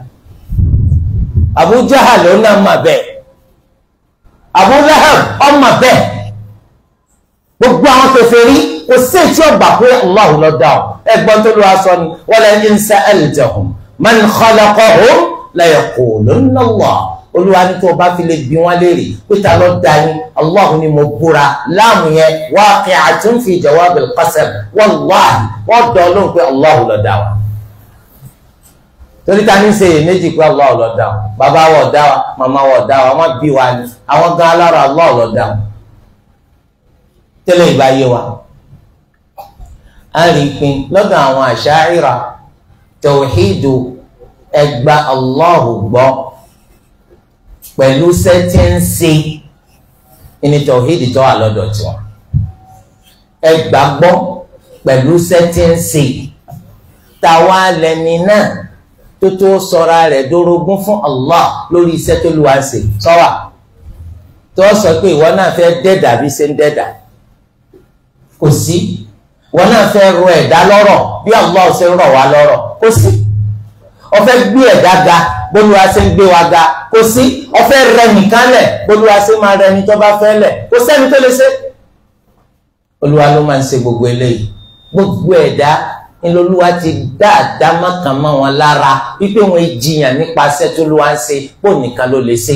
A: Abu Jahal ló náà mà bẹ́ẹ̀. Abu Lahab ọmọ bẹ́ẹ̀ gbogbo àwọn kèfèrí kò sí ètí ọgbà pé Allahu ló dá ọ ẹgbọ́n tó lọ́wọ́ sọ ni wala in sa'altahum man khalaqahum la yaqulunna Allah olúwa ní tó o bá fi lè bí wọn léèrè pété lọ da yín Allahu ni mo búra láàmú yẹn waqi'atun fi jawab al-qasam wallahi wọn dọ̀ ọ́ lóhùn pé Allahu ló dá wa torí ta ní ṣe èméjì pé Allah ò lọ dá wa bàbá wa ò dá wa màmá wa ò dá wa wọn bí wa ni àwọn gan alára Allah ò lọ dá wa tẹ́lẹ̀ ìbáyé wa a rí pin lọ́dọ̀ àwọn àṣàyíra tòwíìdù ẹgbà Allah gbọ́ pẹ̀lú sẹ́tíǹsì ìní tòwíìdì tó wà lọ́dọ̀ tiwọn ẹgbà gbọ́ pẹ̀lú sẹ́tíǹsì táwa lẹni náà tó tó sọra rẹ̀ dorogún fún Allah lórí iṣẹ́ tó lù wá ṣe sọ́wà tó sọ pé ìwọ náà fẹ́ dẹ́dà bí ṣe ń dẹ́dà kò sí ìwọ náà fẹ́ rọ ẹ̀dá lọ́rọ̀ bí Allah ṣe ń rọ̀ wá lọ́rọ̀ kò sí ọfẹ́ gbé ẹ̀dá ga bólúwa ṣe ń gbé wa ga kò sí ọfẹ́ rẹ nìkan lẹ̀ bólúwa ṣe máa rẹ ẹni tó bá fẹ́ lẹ̀ kò sẹ́ni tó lè ṣe olúwa ló máa ń ṣe gbogbo eléyìí gbogbo ẹ̀dá ńlọlúwa ti dá àdámọ́ kan mọ́ wọn lára wípé wọn jiyàn nípasẹ̀ tó ló wá ń ṣe pò nìkan ló lè ṣe.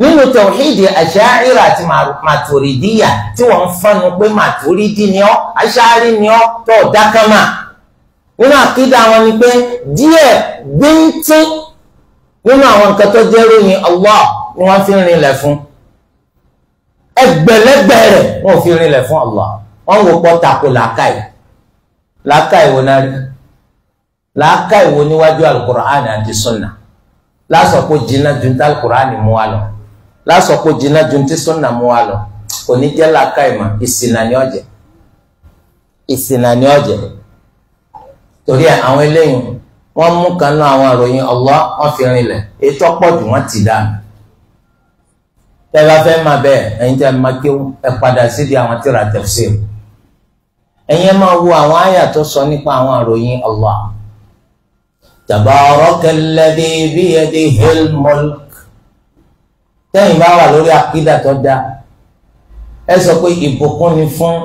A: nínú tẹ̀wọ̀hídì àṣàírà àti màtòrídìyà tí wọ́n ń fọ́nu pé màtòrídì ni ọ́ àṣàárí ni ọ́ tó dákàmà nínú àkídà wọn ni pé díẹ̀ gbíntín nínú àwọn nǹkan tó jẹ́ ròyìn Allah ni wọ́n fi rinlẹ̀ fún ẹgbẹ̀lẹ́gbẹ̀ rẹ̀ wọ́n fi rinlẹ̀ fún Allah. wọ́n wò tako làákàyè làákàyè wo náà rí làákàyè wo níwájú alukur'an àti sunna lásọ kó jiná ju alukur'an mú wa lọ lásọ kó jiná ju sunna mú wa lọ kò ní làákàyè mà ìsìnà ni ọ̀jẹ̀ ìsìnà ni ọ̀jẹ̀ torí àwọn eléyìí wọ́n mú kan àwọn àròyìn Allah wọ́n fi rinlẹ̀ ètò ti bá ẹ padà sídìí àwọn ẹ̀yin máa wo àwọn àyà tó sọ nípa àwọn àròyìn Allah tabarakalladhi biyadihil mulk tẹ́yìn bá wà lórí àkídà tó dáa ẹ sọ pé ìbùkún ni fún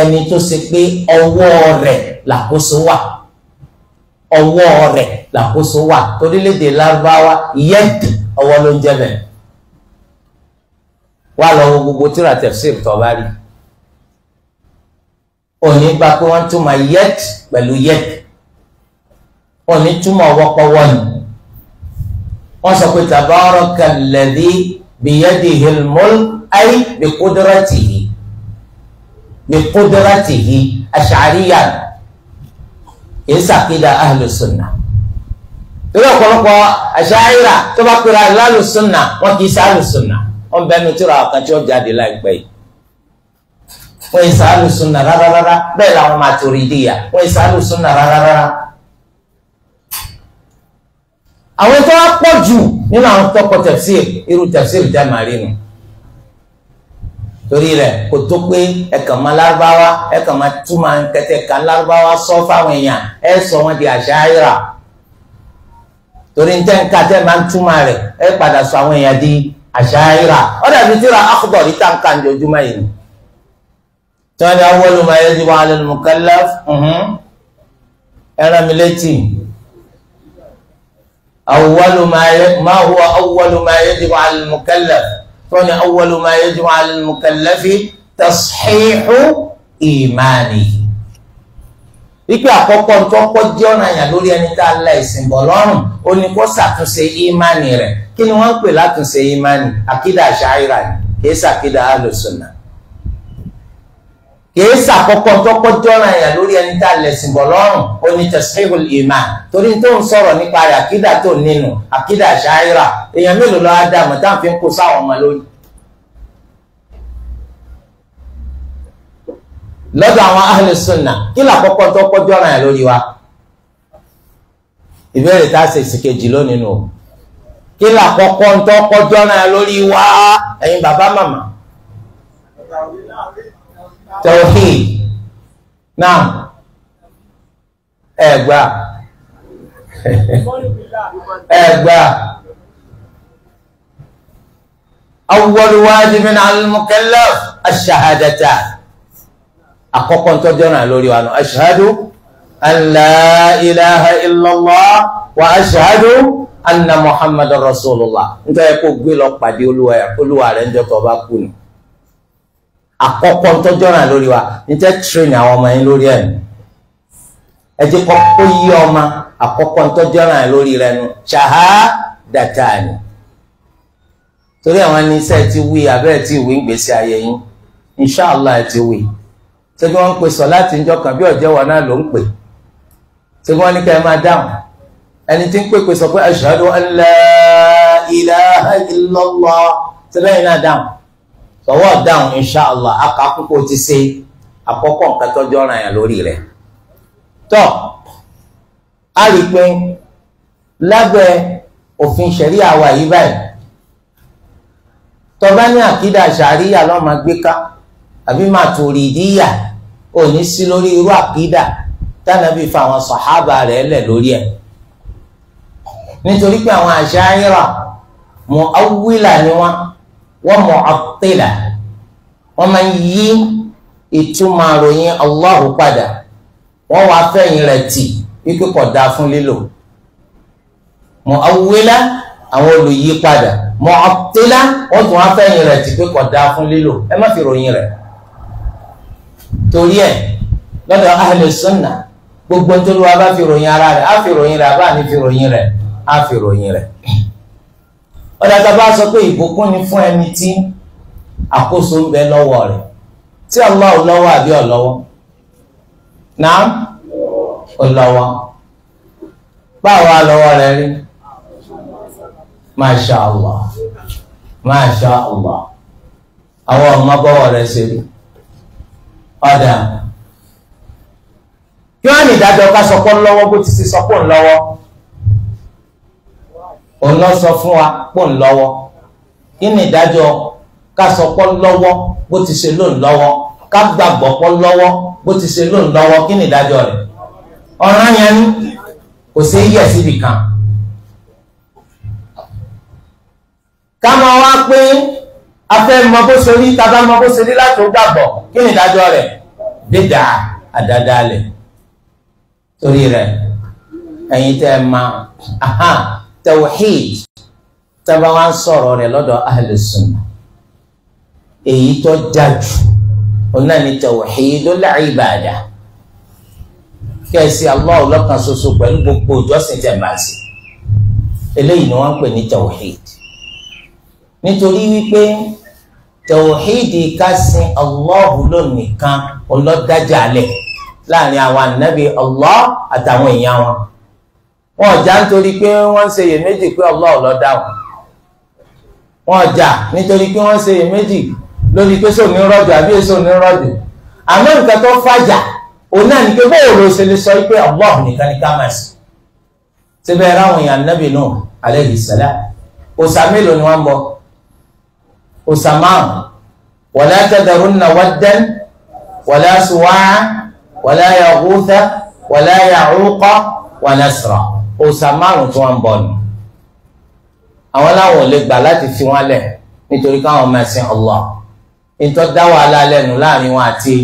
A: ẹni tó ṣe pé ọwọ́ rẹ̀ làkóso wà ọwọ́ rẹ̀ làkóso wà torílẹ̀ lárúbáwá yẹ́d ọwọ́ ló ń jẹ́ bẹ̀ wà lọ́wọ́ gbogbo tíra tafsir tó bá rí i òní gba pé wọ́n túmọ̀ yet pẹ̀lú yet òní túmọ̀ wọ́pọ̀wọ́ ni wọ́n sọ pé tabaraka alladhi biyadihil mulk ay bi qudratihi bi qudratihi ash'ariyya kìí sàkídà ahlùsùnà torí ọ̀pọ̀lọpọ̀ àṣàyíra tó bá pera ahlùsùnà wọn kìí sàlùsùnà wọn bẹnu tíra ọ̀kan tí ó jáde láìpẹ́ yìí wọ́n yẹ sàálù sunna rárára bẹ́ẹ̀ làwọn màtúrídìyà wọ́n yẹ sàálù sunna rárára. àwọn tó wá pọ̀ jù nínú àwọn tọkọ tafsir irú tafsir dá màrí nù torí rẹ kò tó pé ẹkàn máa lárúbáwá ẹkàn máa túmọ̀ kẹtẹ kan lárúbáwá sọ fáwọn èèyàn ẹ sọ wọn di àṣàyíra torí ń tẹ́ ń ka tẹ́ máa ń túmọ̀ rẹ ẹ padà sọ àwọn èèyàn di àṣàyíra ó dàbí tíra akhdari tá ń ń tọ́ni awọ́lu ma yẹ diwa alẹ́ mukallaf mm-hmm. ẹran mi létí awọ́lu ma yẹ ma huwa awọ́lu ma yẹ diwa alẹ́ mukallaf tọ́ni awọ́lu ma yẹ diwa alẹ́ mukallafi tasxiixu ìmánì. ipe àkọ́kọ́ ntọ́kọ́ jẹ́ ọ̀nà àyàn lórí ẹni tá a la ìsìn bọ̀ lọ́rùn ó ní kó ṣàtúnṣe ìmánì rẹ̀ kí ni wọ́n pè látúnṣe ìmánì àkídà àṣà ni kì í ṣàkídà alùsùnà kìí sàkọ́kọ́ tọ́kọ́ jọ́ra yẹn lórí ẹni tá a lẹ̀sìn bọ̀ lọ́rùn oní tẹ̀síhìl ìmán torí tó ń sọ̀rọ̀ nípa rẹ̀ àkídà tó nínú àkídà ṣáírà èèyàn mélòó lọ́wọ́ dá mọ̀ tá à ń fi kó sáwọn ọmọ lórí. lọ́dọ̀ àwọn ahlu sunna kí làkọ́kọ́ tọ́kọ́ jọ́ra yẹn lórí wa ìbéèrè tá a ṣe ìsìkejì lónìí nù kí làkọ́kọ́ tọ́kọ́ jọ́ra yẹn lórí wa ẹ̀yin bàbá màmá tawhid náà ẹgbà [LAUGHS] ẹgbà awwal wajibin ala al-mukallaf ash-shahadata àkọ́kọ́ tó jọra lórí wa nù ashhadu an la ilaha illallah wa ashhadu anna muhammadar rasulullah nítorí kó gbé lọ pàdé olúwa rẹ̀ ń jọ tó bá kú ni àkọ́kọ́ ntọ́jọ́ràn lórí wa ní tẹ́ tírìn àwọn ọmọ yín lórí ẹ̀ ẹ jẹ́ kọ́kọ́ yí ọmọ àkọ́kọ́ ntọ́jọ́ràn lórí rẹ̀ nu ṣàhá dàtà ni torí àwọn ẹni iṣẹ́ ti wí abẹ́rẹ́ ti wí ń gbèsè ayé yín inṣàlá ẹ ti wí ṣé bí wọ́n ń pè sọ láti ń jọkàn bí ọ̀jẹ̀ wọn náà ló ń pè ṣé bí wọ́n ní ká ẹ máa dáhùn ẹni tí ń pèpè sọ pé ashhadu an la ilaha illallah ṣe bẹ́ẹ̀ náà dáhùn tọwọ́ dáhùn inṣàlá akákókò ti ṣe àkọ́kọ́ nǹkan tọ́jọ́ ọ̀ràn yẹn lórí rẹ̀ tọ́ a rí i pé lábẹ́ òfin ṣẹ̀rí àwa yìí báyìí tọba ní àkídà ṣàríyà ló máa gbé ká àbí màtúrídíyà ò ní sí lórí irú àkídà tánàbí fa àwọn sàhábà rẹ̀ lẹ̀ lórí ẹ̀ nítorí pé àwọn àṣà ayéra mọ̀ awúwìlà ni wọ́n. Wọ mọ wọ́n máa ń yí ìtumọ̀ àròyìn Allahu padà wọ́n wá fẹ̀yìn rẹ̀ tì wípé kò dáa fún lílò mu'awwila àwọn olùyípadà mu'attila wọ́n tún wá fẹ̀yìn rẹ̀ tì pé kò fún lílò ẹ má fi ròyìn torí gbogbo bá fi ròyìn ara á fi ròyìn rẹ ní fi ròyìn rẹ, á fi ròyìn ọ̀dàtà bá sọ pé ìbùkún ni fún ẹni tí àkóso ń bẹ lọ́wọ́ rẹ̀ tí Allah lọ́wọ́ àbí ọ̀lọ́wọ́ náà ọ̀lọ́wọ́ báwo lọ́wọ́ rẹ̀ rí masha Allah masha Allah àwọn ọmọ bọ́wọ́ rẹ̀ ṣe rí ọ̀dà
B: kí wọ́n ní ìdájọ́ ká sọpọ́ lọ́wọ́ bó ti ṣe sọpọ́ lọ́wọ́
A: òun lọ sọ fún wa pò ń lọ́wọ́ kí ni ìdájọ́ ká sọ pọ́ lọ́wọ́ bó ti ṣe lóun lọ́wọ́ ká gbàgbọ́ pọ́ lọ́wọ́ bó ti ṣe lóun lọ́wọ́ kí ni ìdájọ́ rẹ̀ ọ̀ràn yẹn ni kò sí yẹ̀ síbi kan
B: ká máa wá pé afẹ́
A: mọ bó ṣe rí tàbá mọ bó ṣe rí láti ó gbàgbọ́ kí ni ìdájọ́ rẹ̀ dídà àdádálẹ̀ torí rẹ̀ ẹ̀yin tẹ́ ẹ máa tawhid tábà wá ń sọ̀rọ̀ rẹ̀ lọ́dọ̀ ahlùsùnà èyí tó dájú ọ̀nà ni tawhidul ibada kẹ́sì Allah lọ́kan ṣoṣo pẹ̀lú gbogbo ìjọsìn tẹ̀ máa ṣe eléyìí ni wọ́n ń pè ní tawhid nítorí wípé tawhidi ká Allah lónìkan ọlọ́dájà lẹ̀ láàrin àwọn ànábì Allah àtàwọn èèyàn wọn wọn jà nítorí pé wọ́n ń ṣeyè méjì pé Allah ló dá wọn wọn jà nítorí pé wọ́n ń ṣeyè méjì lórí pé sóò ní rọ̀jò àbí èso ní rọ̀jò àmọ́ nǹkan tó fàjà òun náà ní pé bóyá ló ṣe lè sọ pé Allah nìkan ní ká síbẹ̀ ráwọn èèyàn Nábì Nuh alayhi salam òòṣà mélòó ni wọ́n ń bọ òòṣà márùn-ún wala tadarunna waddan wala suwa'a wala yaghutha wala ya'uqa wa nasra òòsà márùn tí wọ́n ń bọ nù àwọn láwọn ò lè gbà láti fi wọn lẹ̀ nítorí káwọn máa sin Allah ìtọ́ dá wàhálà lẹ́nu láàrin wọn àti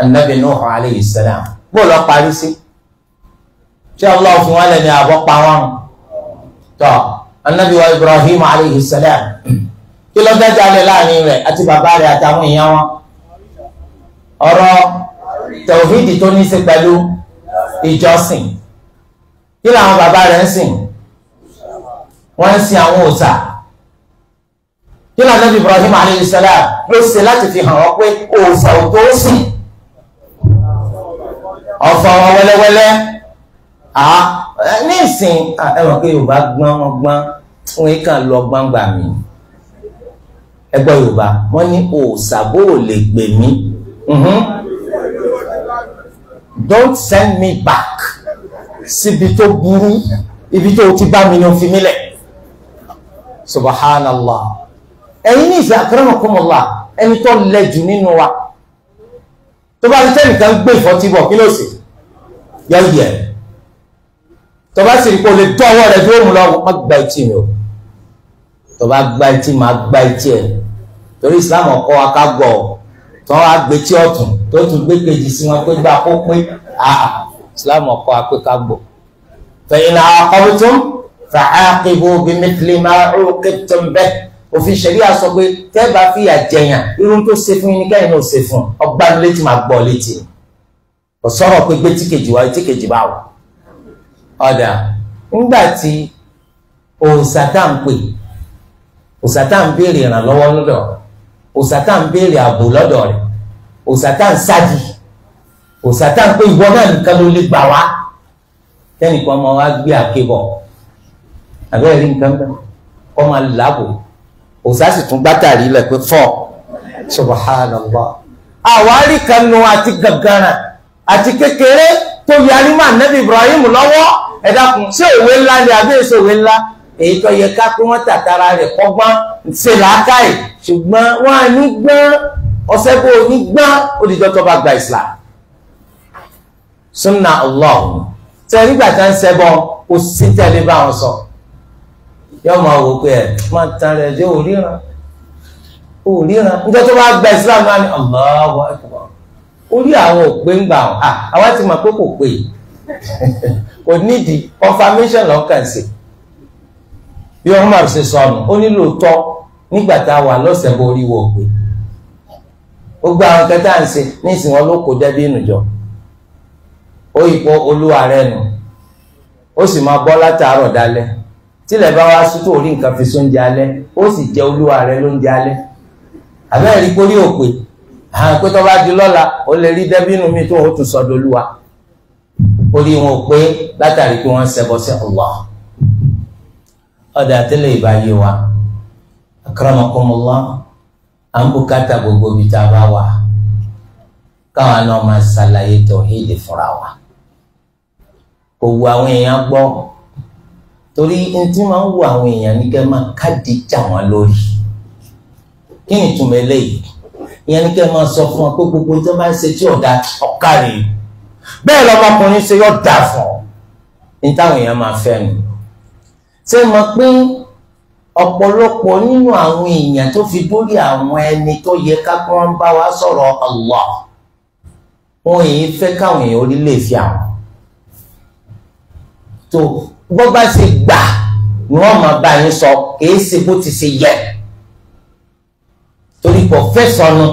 A: anabi Nuhu alayhi salam bóò lọ parí sí tí Allah fi wọn lẹ̀ ní àbọ̀ pa wọn tọ́ anabi wa Ibrahim alayhi salam kí ló dájà lẹ̀ láàrin rẹ̀ àti bàbá rẹ̀ àtàwọn èèyàn wọn ọ̀rọ̀ tẹ̀wọ́fíìdì tó ní í ṣe pẹ̀lú ìjọsìn kí làwọn bàbá rẹ̀ ń sìn wọ́n ń sin àwọn òòṣà kí làwọn nàbí Ibrahim alayhi ló ṣe láti fi hàn wọ́n pé òòṣà ò tó sìn ọ̀fọ̀ wọn wẹ́lẹ́wẹ́lẹ́ ní ìsìn ẹ̀wọ̀n pé Yorùbá gbọ́n wọn gbọ́n wọn kàn lọ gbangba mi ẹgbẹ́ Yorùbá wọ́n ní òòṣà bó o lè gbè mí mhm. don't send me back síbi tó burú ibi tó ti bá mi ní òfin mílẹ̀ subhanallah ẹ̀yin ní ìfẹ́ akramakumullah ẹni tó lẹ́jù nínú wa tó bá ti tẹ́nìkan gbé ìfọ́tíbọ̀ kí ló sì yọ yẹ tó bá sì rí kó lè tó ọwọ́ rẹ̀ tó mú lọ má gba etí mi o tó bá gba etí má gba etí ẹ̀ torí Islam ọkọ wa ká gbọ́ tó wá gbé tí ọ̀tún tó tún gbé kejì sí wọn pé gbà kó pé àà. Ah. islam ọkọ akpékagbò fa in na fa'aqibu bimithli ma uqibtum bih òfin ṣẹ̀ríà sọ pé tẹ́ bá fìyà irun tó ṣe fún yín ní ṣe fún ọgbà létí máa gbọ́ létí kò sọ̀rọ̀ pé gbé tíkejì wá tíkejì bá wà ọ̀dà ńgbà tí pè béèrè ìrànlọ́wọ́ lọ́dọ̀ òsàtà ń pé ìwọ náà nìkan ló lè gbà wá tẹnìkan máa wá gbé àkébọ̀ àbẹ́rẹ́ rí nǹkan bẹ́ẹ̀ kọ́ máa làbò òsà sì tún gbátàrí lẹ̀ pé fọ́ subhanallah àwárí kanu àti gàgàrà àti kékeré tó yarí mà nẹ́bí Ibrahim lọ́wọ́ ẹ dákun ṣé òwe ńlá ni àbí èso òwe ńlá èyí tó yẹ ká pé wọ́n tàtara rẹ̀ kọ́gbọ́n ṣe làákàyè ṣùgbọ́n wọ́n á ní gbọ́n ọ̀sẹ̀ bó o ní gbọ́n ó dìjọ́ tó bá gba Islam sunna allah sẹ́yìn nígbà tá ń sẹ́bọ̀ kò sí tẹ̀lé bá wọn sọ yóò máa wò pé ẹ̀ máa tan rẹ̀ jẹ́ òríran òríran níjọ́ tó bá gba islam náà ni allahu akbar orí àwọn òpè ń gbà wọn àwa ti mọ̀ pé kò pè kò nídìí confirmation lọ́kàn sí bí Umar ṣe sọnù ó nílò tọ́ nígbà tá a wà lọ́sẹ̀ bó orí wọ̀ pé gbogbo àwọn kẹta ń ṣe ní ìsìn wọn ló kó dẹ́bí ìnùjọ́ ó ipò olúwa rẹ nù ó sì máa bọ́ látàárọ̀ dalẹ́ tílẹ̀ bá wá sùn tó rí nǹkan fi sóúnjẹ alẹ́ ó sì jẹ olúwa rẹ lóúnjẹ alẹ́ àbẹ́rẹ́ rí pórí òpè àwọn pé tó bá di lọ́la ó lè rí dẹ́bínú mi tó o tún sọ́dọ̀ olúwa orí wọn ò pé látàrí pé wọ́n ń sí Allah ọ̀dà àtẹ́lẹ̀ ìbáyé wa akramakumullah à ń bùkátà gbogbo ibi tá a bá wà káwọn náà máa ṣàlàyé tọ̀hídì fúnra wa kò wu àwọn èèyàn gbọ́ torí ntí máa ń wu àwọn èèyàn ní kẹ́ máa kádìí jà wọ́n lórí kí ni ìtumọ̀ eléyìí ìyẹn ní kẹ́ máa sọ fún wọn pé gbogbo tó bá ń ṣe tí ọ̀dà ọ̀ka rèé bẹ́ẹ̀ lọ́mọkùnrin ṣe yọ̀ dà fún ọ ní táwọn èèyàn máa fẹ́ nu ṣé mo pín ọ̀pọ̀lọpọ̀ nínú àwọn èèyàn tó fi dórí àwọn ẹni tó yẹ ká kí wọ́n bá wa sọ̀rọ̀ Allah wọn èyí fẹ́ káwọn èèyàn orí fi àwọn tó bó bá ṣe gbà ni wọ́n máa bá yín sọ kìí ṣe bó ti ṣe yẹ torí kò fẹ́ sọnù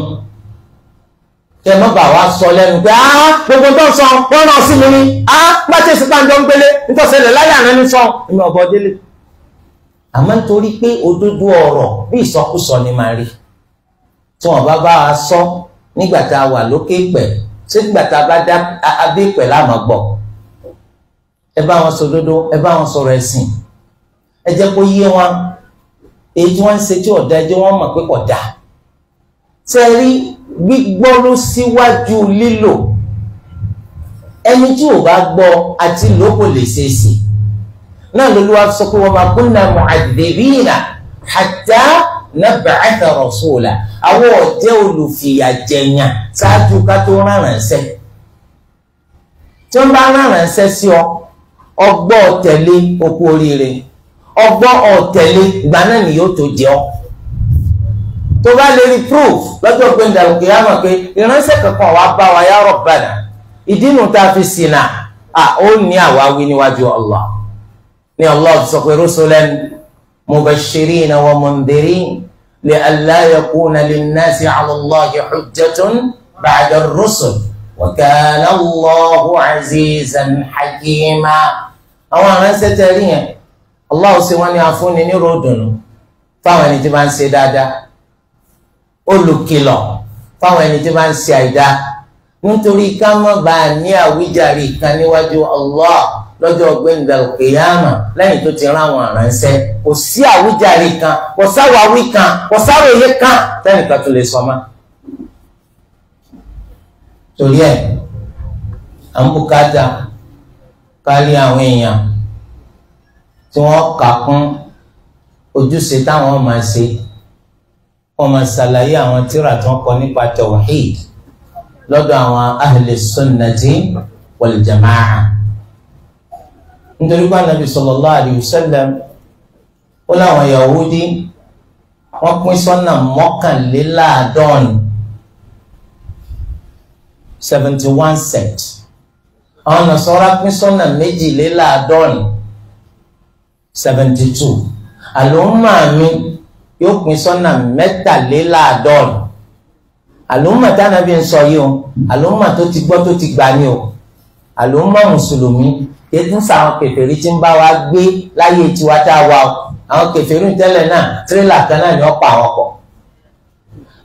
A: kẹ mọ́ bá wa sọ lẹ́nu pé á gbogbo tó ń sọ wọ́n rán sí mi ni á pàṣẹ sí pàǹjọ́ ń gbélé nítòsílẹ̀ láyé àná ní sọ ìmọ̀ ọ̀bọ̀ délé àmọ́ nítorí pé òdodo ọ̀rọ̀ bí ìsọkúsọ ni màá rí tí wọ́n bá bá a sọ nígbà tá a wà lókè pẹ̀ sígbà tá a bá dá abẹ́ pẹ̀ láàmú gbọ́ ẹ bá wọn sòdodo ẹ bá wọn sọ̀rọ̀ ẹ̀sìn ẹ jẹ́ kó yé wọn èyí tí wọ́n ń ṣe tí ọ̀dà ẹ jẹ́ wọ́n mọ̀ pé ọ̀dà tẹ́rí gbígbọ́rú síwájú lílò ẹni tí ò bá gbọ́ àti lò lè ṣe sí náà lóluwà sọ pé wa ma kunna mu'adhdhibina hatta nab'atha rasula àwọn ọ̀jẹ́ olùfìyàjẹ̀yàn ṣáájú ká tó rárá ẹ̀ṣẹ̀ tí wọ́n bá rárá ẹ̀ṣẹ̀ sí ọ ọgbọ́ ọ̀tẹ̀lé okú oríire ọgbọ́ ọ̀tẹ̀lé ìgbà náà ni yóò tó jẹ́ ọ́ tó bá lè rí proof lọ́jọ́ pé ń dàrú kìí àmọ̀ pé ìránṣẹ́ kankan wàá bá wa yá Rabbana ìdí nu tá a fi sìn náà à ó ní àwáwí níwájú Allah ní Allah sọ pé rusulan mubashirina wa mundhirin li alla yakuna linnasi ala Allahi hujjatun ba'da ar-rusul wa kana Allahu azizan hakima àwọn aránṣẹ́ tẹ rí yẹn Allah ṣe wọ́n ní afúnni ní ròdùnú fáwọn ẹni tí bá ń ṣe dáadáa olùkìlọ̀ fáwọn ẹni tí bá ń ṣe àìdá nítorí ká má bàa ní àwíjàre kan níwájú Allah lọ́jọ́ ọgbẹ́ndàlù kìyàmà lẹ́yìn tó ti rán àwọn aránṣẹ́ kò sí àwíjàre kan kò sáwàwí kan kò sáwòye kan tẹ́nìkan tó lè sọ mọ́. torí ẹ̀ àmúkádà kárí àwọn èèyàn tí wọ́n kà kún ojúṣe táwọn máa ṣe wọ́n máa ṣàlàyé àwọn tíra tí wọ́n kọ nípa tawhid lọ́dọ̀ àwọn ahli sunnati wal jama'a nítorí pé anabi sallallahu alayhi wa sallam ó láwọn yahudi wọ́n pín sọ́nà mọ́kànléláàádọ́rin seventy one sect. àwọn nasọ́ra pín sọ́nà méjìléláàádọ́rin seventy two àlùmọ́ mi yóò pín sọ́nà mẹ́tàléláàádọ́rin àlùmọ́ tánàbí ń sọ yìí o àlùmọ́ tó ti gbọ́ tó ti gbà ní o àlùmọ́ mùsùlùmí yẹtí ń sa àwọn tí ń bá wa gbé láyé tiwa tá a wà o àwọn kèfèrí tẹ́lẹ̀ náà tírélà kan náà ni wọ́n pa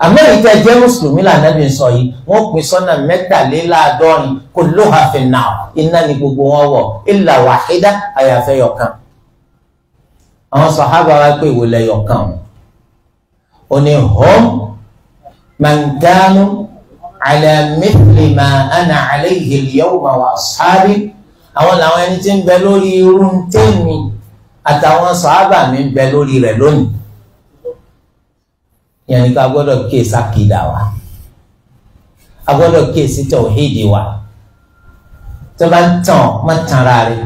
A: àmọ́ èyí tẹ́ jẹ́ mùsùlùmí lànàbí sọ yìí wọ́n pín sọ́nà mẹ́tàléláàádọ́rin kulluha fin-nar iná ni gbogbo wọn wọ̀ illa wahida àyàfẹ́ yọ̀kan àwọn sàhábà wa pé ìwòlẹ̀ yọ̀kan ò ní hum man kanu ma ana alayhi al-yawma wa ashabi àwọn làwọn ẹni tí ń bẹ lórí irú tèmi àtàwọn sàhábà mi ń bẹ lórí rẹ̀ lónìí ìyẹn ni ká gbọ́dọ̀ kíyèsí àkìdá wa a gbọ́dọ̀ kíyèsí tọ̀hídì wa tó bá ń tàn má tanra rẹ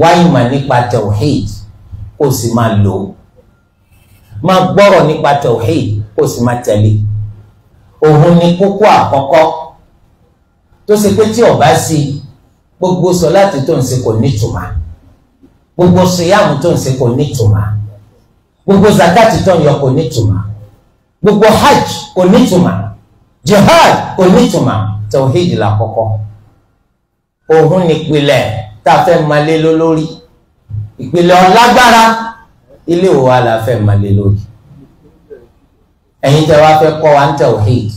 A: wá ìmọ̀ nípa tọ̀híd kó o sì máa lò ó máa gbọ́rọ̀ nípa tọ̀híd kó o sì máa tẹ̀lé òun ni kókó àkọ́kọ́ tó ṣe pé tí o bá sí gbogbo sọ láti tó ń ṣe kò nítumọ̀ gbogbo sọ yàmù tó ń ṣe kò nítumọ̀ gbogbo zakati tó ń yọ kò nítumọ̀ gbogbo hajj kò nítumọ̀ jihad kò nítumọ̀ tawhid la kọ́kọ́ òun nípìlẹ̀ tá a fẹ́ máa lé lórí ìpìlẹ̀ ọ̀lágbára ilé wa la fẹ́ máa lé lórí ẹ̀yin tẹ́ wá fẹ́ kọ́ wa ń tawhid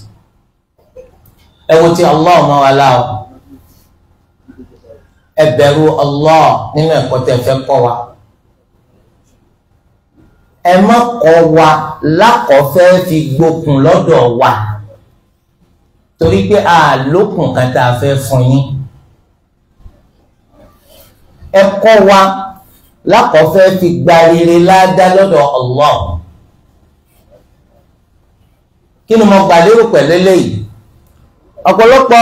A: ẹ wo Allah ọmọ wa láwọ ẹ Allah nínú ẹ̀kọ́ tẹ́ fẹ́ kọ́ wa ẹ mọ́kọ́ wa lákọ̀ọ́fẹ́ fi gbókun lọ́dọ̀ wa torí pé a lókun kan tá a fẹ́ fún yín ẹ kọ́ wa lákọ̀ọ́fẹ́ fi gba rere ládá lọ́dọ̀ Allah kí ni mo gbà lérò pẹ̀lú eléyìí ọ̀pọ̀lọpọ̀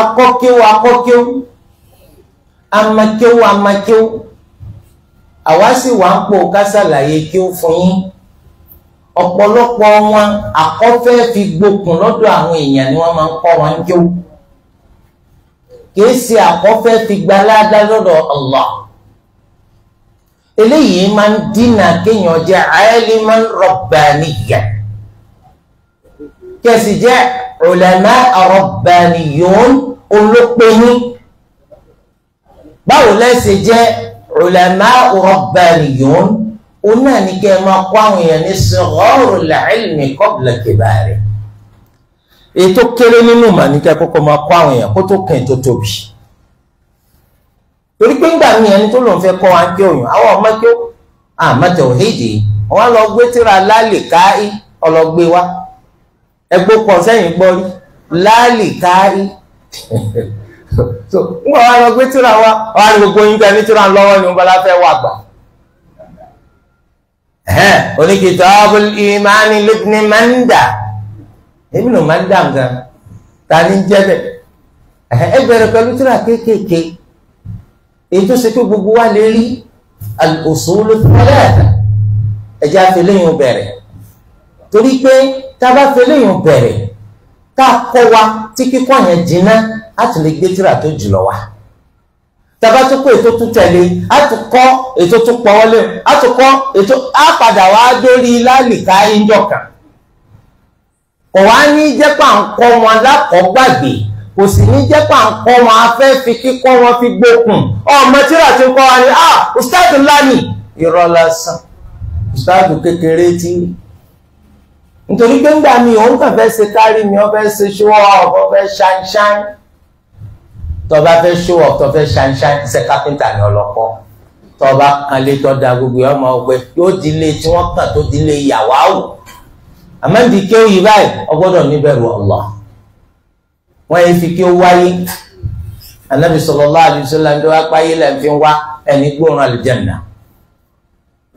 A: akọ́kíw akọ́kíw amakéw amakéw àwa sì wà ń pò ká ṣàlàyé kí ó fún yín ọ̀pọ̀lọpọ̀ wọn àkọ́fẹ́ fi gbókun lọ́dọ̀ àwọn èèyàn ni wọ́n máa ń kọ́ wọn jó kìí ṣe àkọ́fẹ́ fi gbaládá lọ́dọ̀ Allah eléyìí máa ń dínà kéèyàn jẹ́ aliman rabbaniyan kẹsì jẹ́ ulama rabbaniyun olópeyín báwo lẹ́sẹ̀ jẹ́ ulamau rabbaniyun òun náà ní kẹ́ ẹ máa kọ́ àwọn èèyàn ní sigharul ilmi qabla kibari ètò kéré nínú mà ní kẹ́ kọ́kọ́ máa kọ́ àwọn èèyàn kó tó kàn tó tóbi torí pé ńgbà mi ẹni tó lòun fẹ́ kọ́ wa ń kí òyìn àwọn ọmọ kí ó àmọ́ tẹ̀wéèdè wọn lọ gbé tíra láàlì káì ọlọgbé wa ẹgbó pọ̀ sẹ́yìn gbọ́ láàlì káì
B: [LAUGHS]
A: so ń bọ̀ wá lọ gbé tíra wa wá ní gbogbo yín tẹ ní tíra lọ́wọ́ ni wọ́n bá láfẹ́ wà gbà. oníkìtàbul ìmáni libni manda èmi nù manda gan ta ni jẹ́ bẹ́ẹ̀ ẹ bẹ̀rẹ̀ pẹ̀lú tíra kéékèèké èyí tó ṣe pé gbogbo wa lè rí al-usulu thalatha ẹ̀jẹ̀ àfẹ́lẹ́yìn bẹ̀rẹ̀ torí pé tá bẹ̀rẹ̀ tá a kọ́ wa tí kíkọ́ yẹn jìnnà á tún lè gbé tírà tó jùlọ wa tàbá tó kó ètò tún tẹ̀lé á tún kọ́ ètò tó pọ̀ wọlé á tún kọ́ ètò á padà wá dórí lálìká ìjọkàn kò wá ní jẹ́ pà ń kọ́ wọn lákọ̀ọ́gbàgbé kò sì ní jẹ́ pà ń kọ́ wọn afẹ́ fi kíkọ́ wọn fi gbókùn ọmọ tírà tí kọ́ wa ni ah ustaadu lani irọ́ ustaadu kékeré tí nítorí pé ńgbà mi òun kàn fẹ́ ṣe kárí mi ó fẹ́ ṣe show off ó fẹ́ ṣanṣan tó bá fẹ́ show off tó fẹ́ ṣanṣan iṣẹ́ kápẹ́ńtà ni ọlọ́kọ́ tó bá kan lé tó da gbogbo ọmọ ọgbẹ yóò di ilé tí wọ́n kàn tó di ilé ìyàwó àwò àmọ́ ní kí ó yí báyìí ó gbọ́dọ̀ níbẹ̀rù Allah wọ́n yẹ fi kí ó wáyé Ànábì sallallahu ń dọ́wọ́ apáyé lẹ́ẹ̀fín wá ẹni gbóòórùn àlùjánnà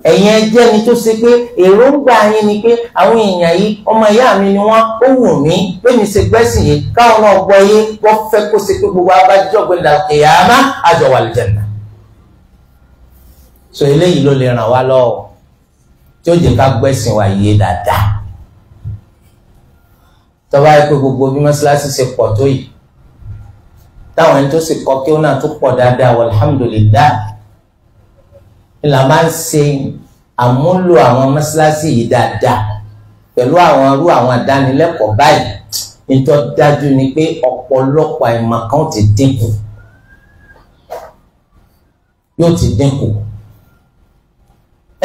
A: ẹ̀yin ẹjẹ́ ni tó ṣe pé èròǹgbà yín ni pé àwọn èèyàn yìí ọmọ ìyá mi ni wọ́n ó wù mí pé mi ṣe gbẹ́sìn yìí káwọn náà gbọ́ yé wọ́n fẹ́ kó ṣe pé gbogbo abájọ́gbé làkèyàmá àjọ wà lìjẹ̀nà. sọ eléyìí ló lè ràn wá lọ́wọ́ tí ó jẹ́ ká gbẹ́sìn wa yé dáadáa. tọ́ba yìí pé gbogbo bí mọ́ṣáláṣí ṣe pọ̀ tó yìí táwọn ẹni tó sì kọ́ kí ó náà tó pọ̀ dáadáa walhamdulillah la máa ń ṣe àmúlò àwọn mọ́ṣáláṣí yìí dáadáa pẹ̀lú àwọn irú àwọn àdánilẹ́kọ̀ọ́ báyìí nítorí dájú ni pé ọ̀pọ̀lọpọ̀ àìmọ̀ kan ti dínkù yóò ti dínkù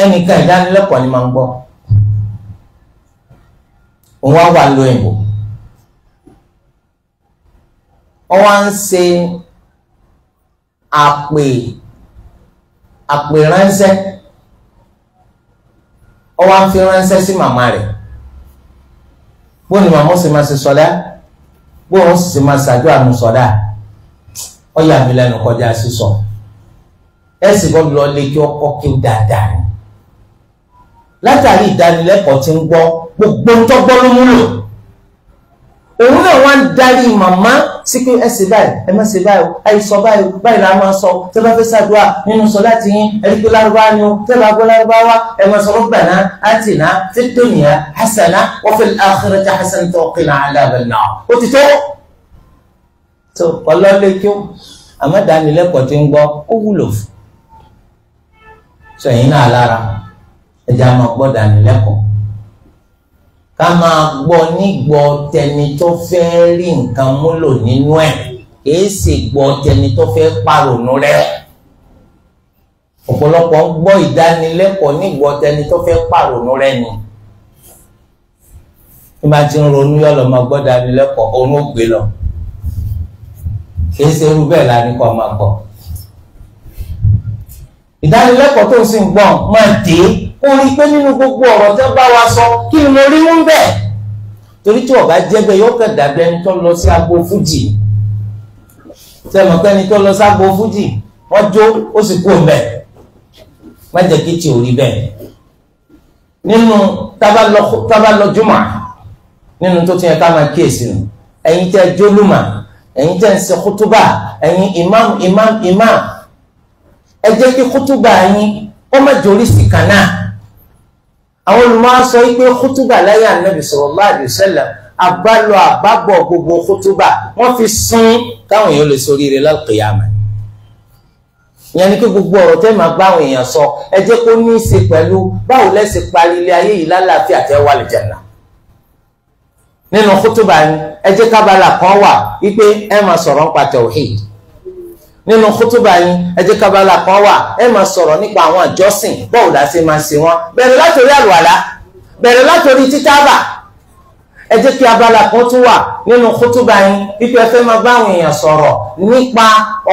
A: ẹnìkan ìdánilẹ́kọ̀ọ́ ni máa ń gbọ́ òun á wà lóyìnbó wọ́n wá ń ṣe àpè àpè ránṣẹ́ ó wá ń fi ránṣẹ́ sí màmá rẹ̀ bó ni màmá ó sì máa ṣe sọdá bó wọn sì máa ṣàjọ àmì sọdá ó yà mí lẹ́nu kọjá sísọ ẹ sì gbọ́dọ̀ lọ lé kí ọkọ kí ó dáadáa látàrí ìdánilẹ́kọ̀ọ́ tí ń gbọ́ gbogbo ń tọ́gbọ́ ló múlò òun náà wá ń darí màmá sí pé ẹ ṣe báyìí ẹ má ṣe báyìí ẹ sọ báyìí báyìí la máa sọ tẹ bá fẹ́ ṣàdúrà nínú sọ láti yín ẹ rí pé lárúbáwá ni o tẹ bá gbọ́ lárúbáwá ẹ máa sọ rabbana atina fid dunya hasana wa fil akhirati hasanatan wa qina adhaban nar ó ti tó. tó ọlọ́lé kí ó àmọ́ dánilẹ́kọ̀ọ́ ti ń gbọ́ ó wúlò fún sọ náà lára ẹ̀jẹ̀ ká máa gbọ́ nígbọ́ tẹni tó fẹ́ rí nǹkan múlò nínú ẹ̀ kìí sì gbọ́ tẹni tó fẹ́ pàrònú rẹ̀ ọ̀pọ̀lọpọ̀ ń gbọ́ ìdánilẹ́kọ̀ọ́ nígbọ́ tẹni tó fẹ́ pàrònú rẹ̀ ni bí máa ti ń ronú yọ̀ lọ máa gbọ́ dánilẹ́kọ̀ọ́ òun ó gbé lọ kìí ṣe irú bẹ́ẹ̀ la ní kọ́ máa gbọ́ ìdánilẹ́kọ̀ọ́ tó ń sìn gbọ́ máa dé ó rí i pé nínú gbogbo ọ̀rọ̀ tó bá wa sọ kí n lè rí ń bẹ̀ torí tí ọba jẹ́gbẹ́ yóò kàn dàbí ẹni tó lọ sí agbo fújì sẹ́mọ̀ pé ẹni tó lọ sí agbo fújì wọ́n jó ó sì kú ọ̀bẹ má jẹ́ kí tí ò rí bẹ́ẹ̀ nínú tábà lọ jùmọ̀ nínú tó ti yẹ ká máa kíyèsí nù ẹ̀yin tẹ́ jólùmọ̀ ẹ̀yin tẹ́ ń ṣe kútúbà ẹ̀yin imam imam imam ẹ jẹ́ kí kútúbà yín ó má jẹ́ oríṣi kan àwọn olùmọ̀ sọ wípé kútúbà láyé ànábì sallallahu alaihi wasallam àbálọ àbábọ̀ gbogbo kútúbà wọ́n fi sin káwọn èèyàn lè sórí rẹ̀ lálùkìyàmà ìyẹn ni kí gbogbo ọ̀rọ̀ tẹ́ máa báwọn èèyàn sọ ẹ jẹ́ kó ní í ṣe pẹ̀lú báwo lẹ́sìn parí ilé ayé yìí lálàáfíà tẹ́ wà lìjẹ̀nà nínú kútúbà ẹ jẹ́ kábàlà kan wà wípé ẹ máa sọ̀rọ̀ nípa tawhid nínú kútúbà yín ẹ jẹ́ kábàlà kan wà ẹ máa sọ̀rọ̀ nípa àwọn àjọsìn bọ́ọ̀ dá sí máa ṣe wọn bẹ̀rẹ̀ látòrí àlùwàlá bẹ̀rẹ̀ látòrí títàbà ẹ jẹ́ kí abala kan tún wà nínú kútúbà yín wípé ẹ máa bá àwọn èèyàn sọ̀rọ̀ nípa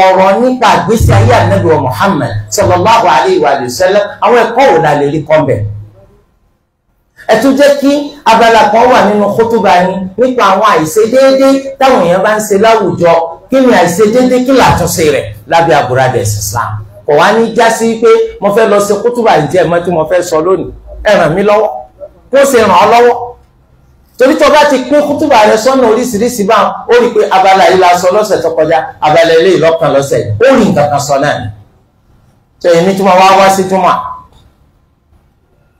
A: ọ̀rọ̀ nípa àgbésí ayé ànábì wa Muhammad sallallahu alayhi wa sallam àwọn ẹ̀kọ́ wò la lè rí kọ́ bẹ̀ ẹ tún jẹ́ kí abala kan wà nínú kútúbà yín nípa àwọn àìṣedéédé táwọn èèyàn bá ń ṣe láwùjọ kí ni àìṣedéédé kí làtúnṣe rẹ̀ lábẹ́ àbúradà ẹ̀sìn Islam kò wá ní já sí pé mo fẹ́ lọ ṣe kútùbà ìjẹ́ ẹ̀mọ́ tí mo fẹ́ sọ lónìí ẹ ràn mí lọ́wọ́ kó o ṣe ràn ọ́ lọ́wọ́ torí tó bá ti pín kútùbà rẹ sọ́nà oríṣiríṣi bá ó rí i pé abala yìí la sọ lọ́sẹ̀ tó kọjá abala eléyìí lọ́kàn lọ́sẹ̀ ó rí nǹkan kan sọ náà ni tó èmi tí mo wá wá sí túmọ̀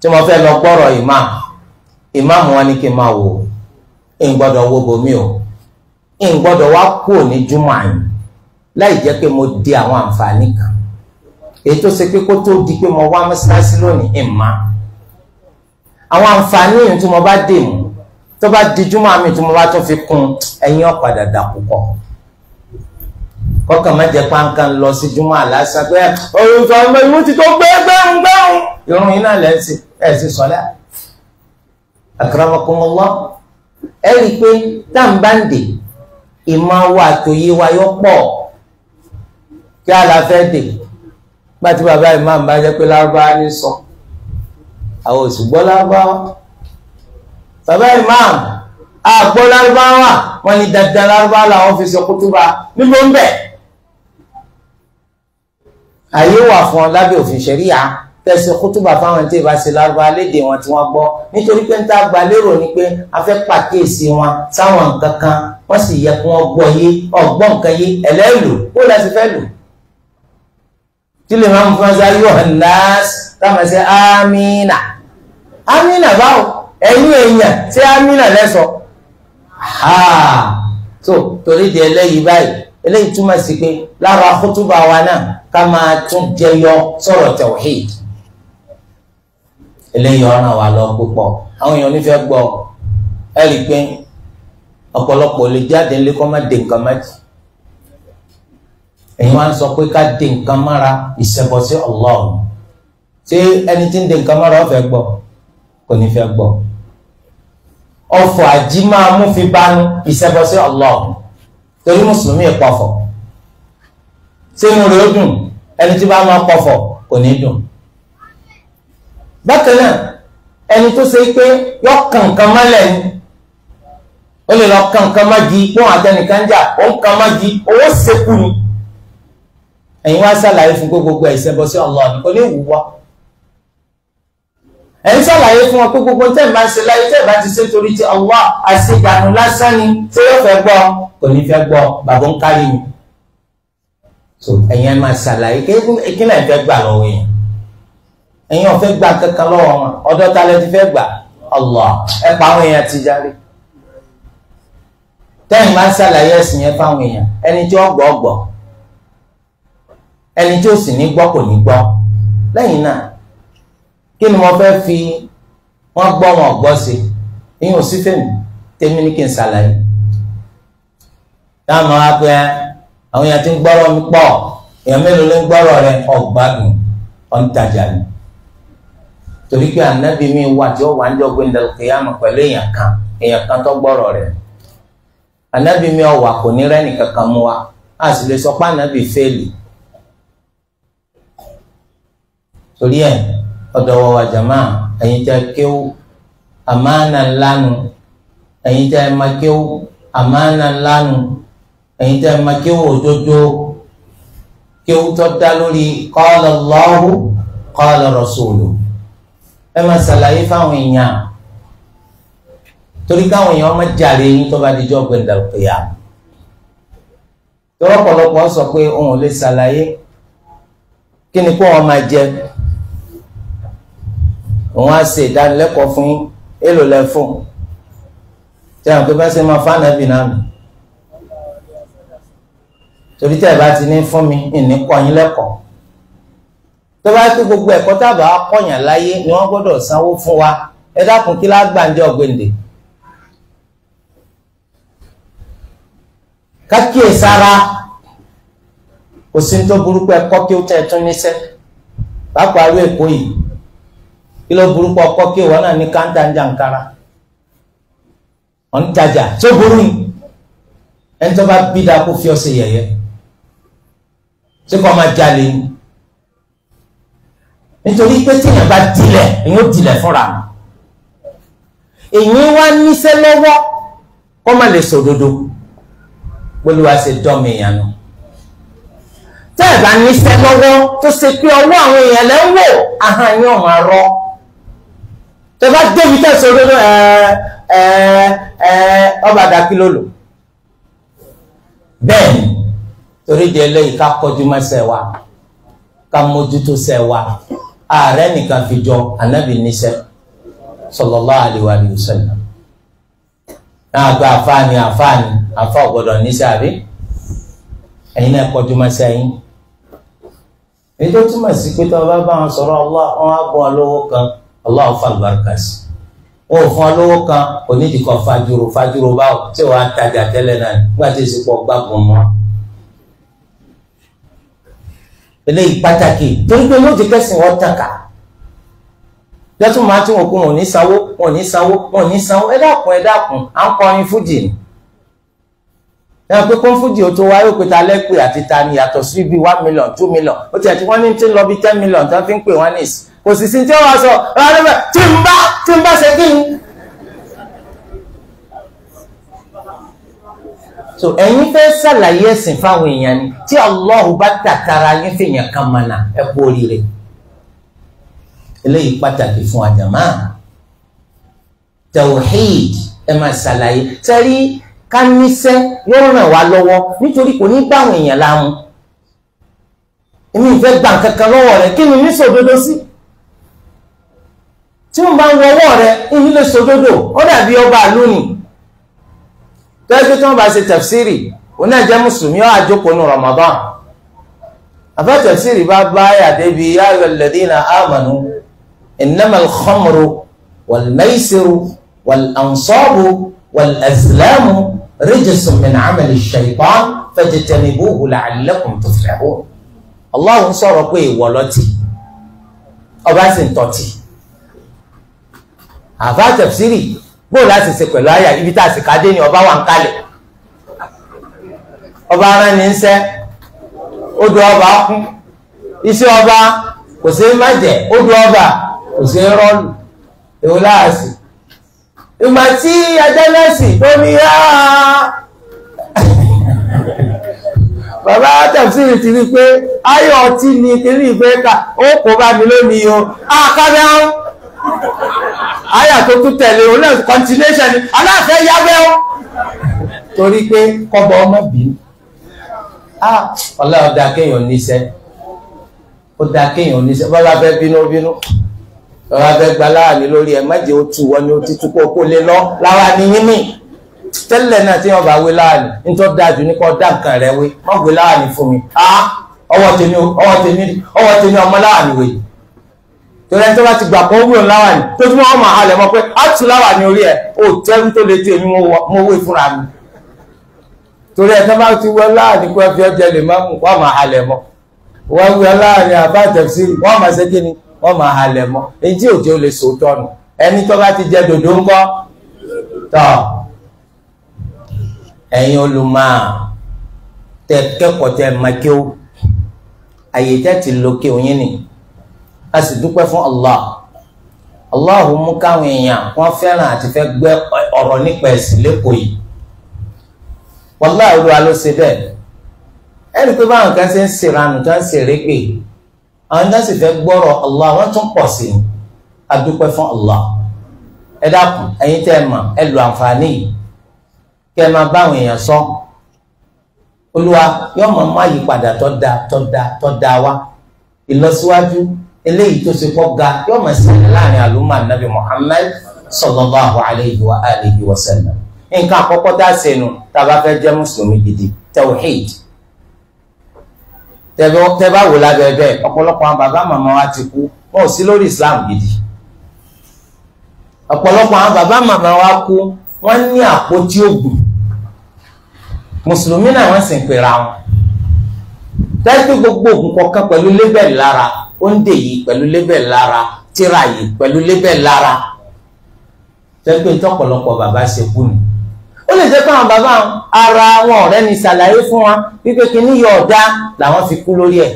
A: tí mo fẹ́ lọ gbọ́rọ̀ ìmáàmù ìmáàmù wọn ni kí n máa wò ń gbọ́dọ̀ wo bòmí o n gbọ́dọ̀ wá kúrò ní júmọ̀ àyìn láì jẹ́ pé mo di àwọn àǹfààní kan èyí tó ṣe pé kó tó di pé mo wá mọ́sálásí lónìí ìmá àwọn àǹfààní yìí tí mo bá dè mú tó bá di júmọ̀ àmì tí mo bá tún fi kún ẹ̀yin ọ̀padà dà púpọ̀ kọkàn má jẹ pàǹkan lọ sí júmọ̀ àlásà pé olùkọ́ ọmọ ìwú ti tó gbé gbẹ́hùn gbẹ́hùn irun iná lẹ́sìn ẹ̀sìn sọ́lá akramakumullah ẹ rí i pé tá à ń bá ń dè ìmọ̀ wa àtòyé wa yọ pọ̀ kí àlàfẹ́ dè nígbà tí bàbá imam bá jẹ́ pé lárúbáwá ní sọ àwọn òṣùgbọ́ lárúbáwá bàbá imam àgbọ̀ lárúbáwá wọn ni dandan lárúbáwá làwọn fi sọ kútúbà níbo ń bẹ̀ àyè wà fún ọ lábẹ́ òfin ṣẹ̀ríyà tẹ̀sí kútùbà fáwọn tí ìbá ṣe lárúbá léde wọn tí wọ́n gbọ́ nítorí pé ń tá gba lérò ni pé a fẹ́ pàkíyèsí wọn sáwọn nǹkan kan wọ́n sì yẹ kó ọgbọ́ yé ọgbọ́n nǹkan yé ẹlẹ́lò ó láti fẹ́ lò tí lè máa ń fún ọsán yóò hàn náàsì táwọn ṣe amínà amínà báwo ẹ̀yin èèyàn ṣé amínà lẹ́sọ so torí di eléyìí báyìí eléyìí túmọ̀ sí pé lára kútúbà wa náà ká máa tún jẹyọ sọ̀rọ̀ tawhid eléyìí ọ̀ràn wa lọ púpọ̀ àwọn èèyàn onífẹ́ gbọ́ ẹ pé ọ̀pọ̀lọpọ̀ lè jáde nílé kọ́ má de nǹkan má jì èyí wá ń sọ pé ká de nǹkan mára ìṣẹ̀bọ̀ sí Allah ṣé ẹni tí ń de nǹkan mára ọ̀fẹ́ gbọ́ kò ní fẹ́ gbọ́ ọ̀fọ̀ àjí máa mú fi bánú ìṣẹ̀bọ̀ sí Allah torí mùsùlùmí ìpọ̀fọ̀ sínú rẹ̀ ó dùn ẹni tí bá máa pọ̀fọ̀ kò ní dùn bákan náà ẹni tó ṣe pé yọ kàǹkàn mọ́lẹ̀ ni ó lè lọ kan má di pọ́n àtẹnìkan jà ó ń kan má di owó sekú ni ẹ̀yin wá ṣàlàyé fún gbogbogbò ẹ̀sẹ̀ bọ́ sí Allah ni kò ní wù wá ẹ̀ ń ṣàlàyé fún wọn pé gbogbo tẹ́ ẹ̀ máa ń ṣe láyé tẹ́ ẹ̀ bá ti ṣe torí ti Allah àṣegbàánu lásán ni ṣé yóò fẹ́ gbọ́ kò ní fẹ́ gbọ́ bàbá ń kárí mi so ẹ̀yin ẹ̀ máa ṣàlàyé kí náà fẹ́ gbà lọ́wọ́ yẹn ẹ̀yin ò fẹ́ gbà kankan Allah ẹ̀ pa àwọn èèyàn tẹ́yìn máa ń ṣàlàyé ẹ̀sìn yẹn fáwọn èèyàn ẹni tí ó gbọ́ gbọ́ ẹni tí ó sì ní gbọ́ kò ní gbọ́ lẹ́yìn náà kí ni mo fẹ́ fi wọ́n gbọ́ wọn gbọ́ sí ìyẹn ò sí fèmí tèmi ní kí n ṣàlàyé táwọn apẹ àwọn èèyàn ti ń gbọ́rọ̀ mi pọ̀ èèyàn mélòó ló ń gbọ́rọ̀ rẹ ọ̀gbádùn ọ̀ǹtajà ni torí pé ànábì mi wà tí ó wà ń jọ gbé ndàlùkì pẹ̀lú èèyàn kan èèyàn kan tó gbọ́rọ̀ rẹ̀ ni anabi mi ọwà kò ní rẹ́ni kankan mu wa a sì lè sọ pé anabi fẹ́ẹ̀lì torí ẹ ọ̀dọ̀ wọwà jama ẹ̀yin tẹ́ kéwú àmàna ńlánu ẹ̀yin tẹ́ ma kéwú àmàna ńlánu ẹ̀yin tẹ́ ma kéwú òdodo kéwú tó dá lórí qala Allahu ẹ máa ṣàlàyé fáwọn èèyàn torí káwọn èèyàn má jàre yín tó bá di jọ́ gbẹ̀ndà ìyá tọ́rọ pọ̀lọpọ̀ sọ pé òun ò lè ṣàlàyé kí ni kó wọn máa jẹ òun á ṣe ìdánilẹ́kọ̀ọ́ fún yín èlò lẹ́fún tí àwọn pé bá ṣe máa fánàbì náà nù torí tẹ́ bá ti ní fún mi ìní kọ́ yín tó bá pé gbogbo ẹ̀kọ́ tábà á láyé ni wọ́n gbọ́dọ̀ sanwó fún wa ẹ dákun kí lágbàǹjọ́ gbèǹdè. kákíyè sára kò sí tó burúkú ẹ̀kọ́ kí ó tẹ̀ tún níṣẹ́ pápá arú èkó yìí kí ló burúkú ọkọ́ kí ìwọ náà ní káńtà ń jàǹkara ọ̀n tajà tó burú yìí ẹni tó bá bí dáa kó fi ọ ṣe yẹ̀yẹ́ kò máa jalè ni nítorí pé téèyàn bá dilẹ̀ èyàn ó dilẹ̀ fúnra èyàn wá níṣẹ́ lọ́wọ́ kó má lè sòdodo gbólúwa ṣe dánmi èèyàn nu
B: tẹ́ ẹ̀ bá níṣẹ́ lọ́wọ́ tó ṣe pé ọwọ́ àwọn èèyàn lẹ́ ń wò
A: ahọ́n yín ò máa rọ tẹ́ bá débi tẹ̀sán olóró ẹ ẹ ẹ ọba àdàkí ló lò bẹ́ẹ̀ ni torí di eléyìí ká kọjú mọ́sẹ̀ wa ká mójútó sẹ́ wa ààrẹ nìkan fi jọ ànábì níṣẹ́ sallallahu alaihi wa sallam náà gba àfáàní àfáàní àfa ọ̀gbọ́dọ̀ níṣẹ́ àbí ẹ̀yin náà kọjú máa ṣe ẹ̀yin ètò túmọ̀ sí pé tó o bá bá wọn sọ̀rọ̀ Allah wọn á bọ́ ọ kan Allah fa àlùbáríkà sí wọn ò fún ọ lówó kan onídìíkọ̀ fajúro fajúro báwo tí wàá tajà tẹ́lẹ̀ náà nígbà tí èsì pọ̀ gbàgbọ́n mọ́ eléyìí pàtàkì torí pé lóòjì kẹsìn wọn tàkà dẹ́tùmọ̀ àti wọn kò wọn ò ní sanwó wọn ò ní sanwó wọn ò ní sanwó ẹ dákun ẹ dákun à ń kọrin fújì ni ẹ pé kó fújì ó tó wáyé òpè ta lẹ́pẹ́ àti ta ni yàtọ̀ sí bíi one million two million ó tiẹ̀ tí wọ́n ní tí ń lọ bíi ten million tó fi ń pè wọ́n ní ìsìn kò sì sí tí ó wá sọ ọ̀rọ̀ tí ń bá tí ń bá ṣe kí n. so ẹ̀yin fẹ́ ṣàlàyé ẹ̀sìn fáwọn èèyàn ni tí Allah bá tàtàrà yín fèèyàn kan mọ̀nà ẹ kú oríire eléyìí pàtàkì fún àjàmá tawhid ẹ máa ṣàlàyé sẹ́rí ká níṣẹ́ yóò ràn wá lọ́wọ́ nítorí kò ní bá àwọn èèyàn láàmú èmi ìfẹ́ gbà kankan lọ́wọ́ rẹ kí ni ní sòdodo sí tí mo bá ń wọ ọwọ́ rẹ ìní lè sòdodo ó dàbí ọba lónìí tẹ́lifí tí wọ́n bá ṣe tafsiri òun náà jẹ́ mùsùlùmí ó àjókòó ní Ramadan àfẹ́ tafsiri bá bá àyàdé bíi ya ayyuhalladhina amanu innamal khamru wal maisiru wal ansabu rijsun min amali shaytan fajtanibuhu la'allakum tuflihun Allah ń sọ̀rọ̀ pé ìwọ lọ́tì ọba sì ń tọ́tì àfa tafsiri bóòlù láti ṣe pẹ̀lú àyà ibi tá a sì ká dé ni ọba wà ń kalẹ̀ ọba ara ní ń sẹ́ odò ọba kún iṣẹ́ ọba kò sí má jẹ́ odò ọba kò sí rọ́ọ̀lù èwo láàásì ìgbà tí
B: ajẹ́lẹ́sì tó ní bàbá tẹ̀síìrì ti rí pé ayọ̀ ọtí ni kiri ìgbéka ó kò bá mi lónìí o àkàbẹ́ ayà tó tún tẹ̀lé o náà continuation ni aláàfẹ́ yáwẹ́
A: torí pé ọmọ kéèyàn níṣẹ́ kéèyàn níṣẹ́ bọ́lá fẹ́ bínú bínú ọ̀rọ̀ abẹ́gbà láàánú lórí ẹ̀ má jẹ́ tu wọ́n ni o ti tukọ̀ kó lé lọ láwa ni yín mì tẹ́lẹ̀ náà tí wọ́n bá wé láàánú nítorí dájú ní kọ́ dá nǹkan rẹ wé má wé láàánú fún mi á ọwọ́ tèmi ọwọ́ tèmi ọwọ́ tèmi ọmọ láàánú wé torí ẹni tó bá ti gbà pọ̀ wúlò láwàní tó tún wọ́n máa halẹ̀ mọ́ pé á tu láwàní orí ẹ̀ ò tẹ́rù tó le tu èmi mo wé fúnra mi torí ẹ̀ tó bá ti wọ́ láàánú kó ẹ fi ọjà lè má wọ́n máa halẹ̀ mọ́ wọ́n wí láàánú àbá àtẹ̀sí wọ́n máa ṣe kí ni wọ́n máa halẹ̀ mọ́ etí òjò lè sòótọ́ nù ẹni tó bá ti jẹ dòdò ńkọ́ tọ́ ẹ̀yin olùmọ̀ tẹ kẹ́kọ̀ọ́ tẹ màkíw àyè tẹ́ ti lókè òyìn ni a sì dúpẹ́ fún Allah Allah mú káwọn èèyàn wọ́n fẹ́ràn àti fẹ́ gbẹ́ ọ̀rọ̀ nípa ẹ̀sìn lẹ́kọ̀ọ́ yìí wàláhì Olúwa ló ṣe bẹ́ẹ̀ ẹni pé báwọn kan ṣe ń ṣèrànù tó ń ṣèrègbè àwọn tó sì fẹ́ gbọ́rọ̀ Allah wọ́n tún pọ̀ sí i adúpẹ́ fún Allah ẹ dákun ẹ̀yin tẹ́ ẹ mọ̀ ẹ lo àǹfààní yìí kẹ́ ẹ máa bá àwọn èèyàn sọ olúwa yóò máa mú àyípadà tó da tó da tó da wá ìlọsíwájú eléyìí tó ṣe kọ́ ga yóò máa sí láàrin àlùmọ́ ànábì Muhammad sallallahu alayhi wa alihi wa sallam nǹkan àkọ́kọ́ dá sẹ́nu tá a bá fẹ́ jẹ́ mùsùlùmí gidi tawhid tẹ bá wò ọ̀pọ̀lọpọ̀ àwọn bàbá màmá wa ti kú wọn ò Islam gidi ọ̀pọ̀lọpọ̀ àwọn bàbá màmá wa kú wọ́n ní àpótí ògùn mùsùlùmí náà wọ́n sì ń pera wọn tẹ́sí gbogbo ògùn kọ̀ọ̀kan pẹ̀lú lára pẹ̀lú ó lè jẹ́ pé àwọn bàbá ara wọn ọ̀rẹ́ ni ṣàlàyé fún wa wípé kí ní yọ ọ̀dá làwọn fi kú lórí ẹ̀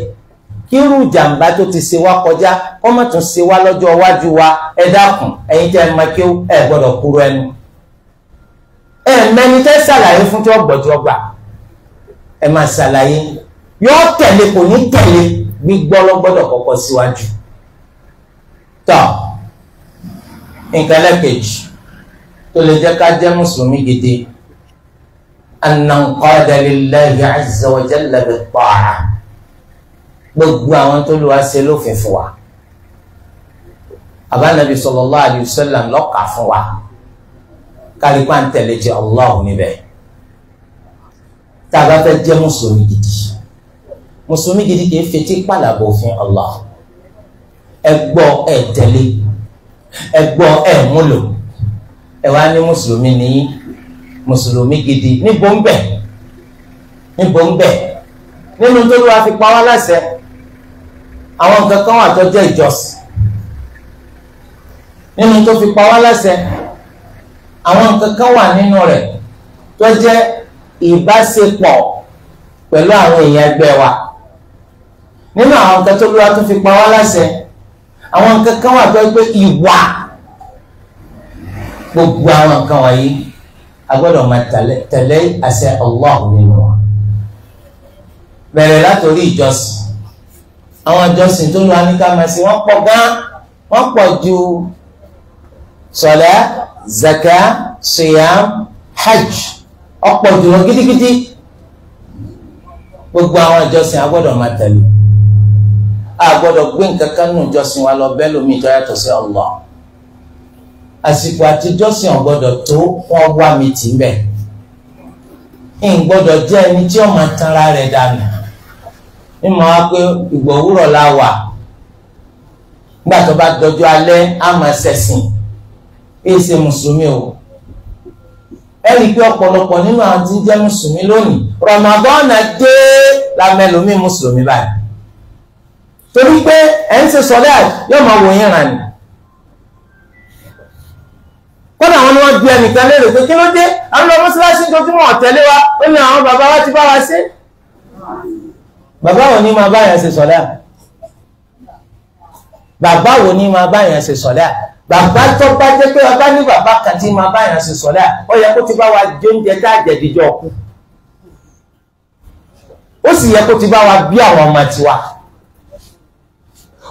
A: kí irú ìjàmbá tó ti ṣe wá kọjá kọ́ mọ̀ tún ṣe wá lọ́jọ́ iwájú wa ẹ dákun ẹ̀yin tẹ́ ẹ mọ kí ẹ gbọ́dọ̀ kúrò ẹnu ẹ mẹni tẹ́ ṣàlàyé fún tí ọgbọ̀jọ́ gbà ẹ máa ṣàlàyé yóò tẹ̀lé kò ní tẹ̀lé gbígbọ́ lọ́gbọ́dọ̀ kọ́kọ́ síwájú tọ́ nǹkan ẹlẹ́kejì tó lè jẹ́ ká jẹ́ mùsùlùmí gidi ananqada lillahi azza wa jalla bi ta'a gbogbo àwọn tó lù wá ṣe lófin fún wa abánabi sallallahu alayhi wa sallam lọ́kà fún wa kárípà ń tẹ̀lé jẹ́ Allah níbẹ̀ tá a bá fẹ́ jẹ́ mùsùlùmí gidi mùsùlùmí gidi kì í fetí pàlàbò òfin Allah ẹ gbọ́ ẹ tẹ̀lé ẹ gbọ́ ẹ múlò ẹ wá ní mùsùlùmí ní mùsùlùmí gidi níbo ń bẹ níbo ń bẹ nínú tó ló wá fi pa wá láṣẹ àwọn nǹkan kan wà tó jẹ́ ìjọsìn nínú tó fi pa wá láṣẹ àwọn nǹkan kan wà nínú rẹ̀ tó jẹ́ ìbáṣepọ̀ pẹ̀lú àwọn èèyàn ẹgbẹ́ wa nínú àwọn nǹkan tó ló tó fi pa wá àwọn nǹkan kan wà tó jẹ́ ìwà gbogbo àwọn nǹkan wọ̀nyí a gbọ́dọ̀ máa tẹ̀lé àṣẹ Allah nínú wa bẹ̀rẹ̀ látòrí ìjọsìn àwọn ìjọsìn tó lu aníkàmẹ́sì wọ́n pọ̀ gan wọ́n pọ̀ ju sọ̀lá zaka siyam hajj ọ̀pọ̀ ju wọn gidigidi gbogbo àwọn ìjọsìn a gbọ́dọ̀ máa tẹ̀lé a gbọ́dọ̀ gbé nǹkan kan nù ìjọsìn wa lọ bẹ́ẹ̀ lómi ìjọ yàtọ̀ sí Allah àsìkò àtijọ́sìn ọ̀gbọ́dọ̀ tó wọ́n wá mi tì bẹ̀ ń gbọ́dọ̀ jẹ́ ẹni tí ọmọ tanra rẹ̀ dànù mímọ́ wá pé ìgbọ̀ la wà nígbà tó bá dọjọ́ alẹ́ á máa ṣẹ̀sìn èyí ṣe mùsùlùmí o ẹ̀rí pé ọ̀pọ̀lọpọ̀ nínú àwọn tí ń jẹ́ mùsùlùmí lónìí Ramadan dé lamẹ́lòmí mùsùlùmí báyìí torí pé ẹ̀ ń ṣe sọ́lá yóò máa wò ràn ní kódà wọn ni wọ́n ju ẹnìkan léèrè pé kí ló dé àwọn ọmọ síláṣí tó tí wọ́n tẹ̀lé wa ó ní àwọn bàbá wa ti bá wa ṣe bàbá wo ni máa bá yẹn ṣe sọ̀lá bàbá wo ni máa bá yẹn ṣe sọ̀lá bàbá tó bá jẹ́ pé bàbá ní bàbá kan tí máa bá yẹn ṣe sọ̀lá ó yẹ kó ti bá wa jẹ oúnjẹ tá àjẹdìjọ ọkú ó sì yẹ kó ti bá wa bí àwọn ọmọ tiwa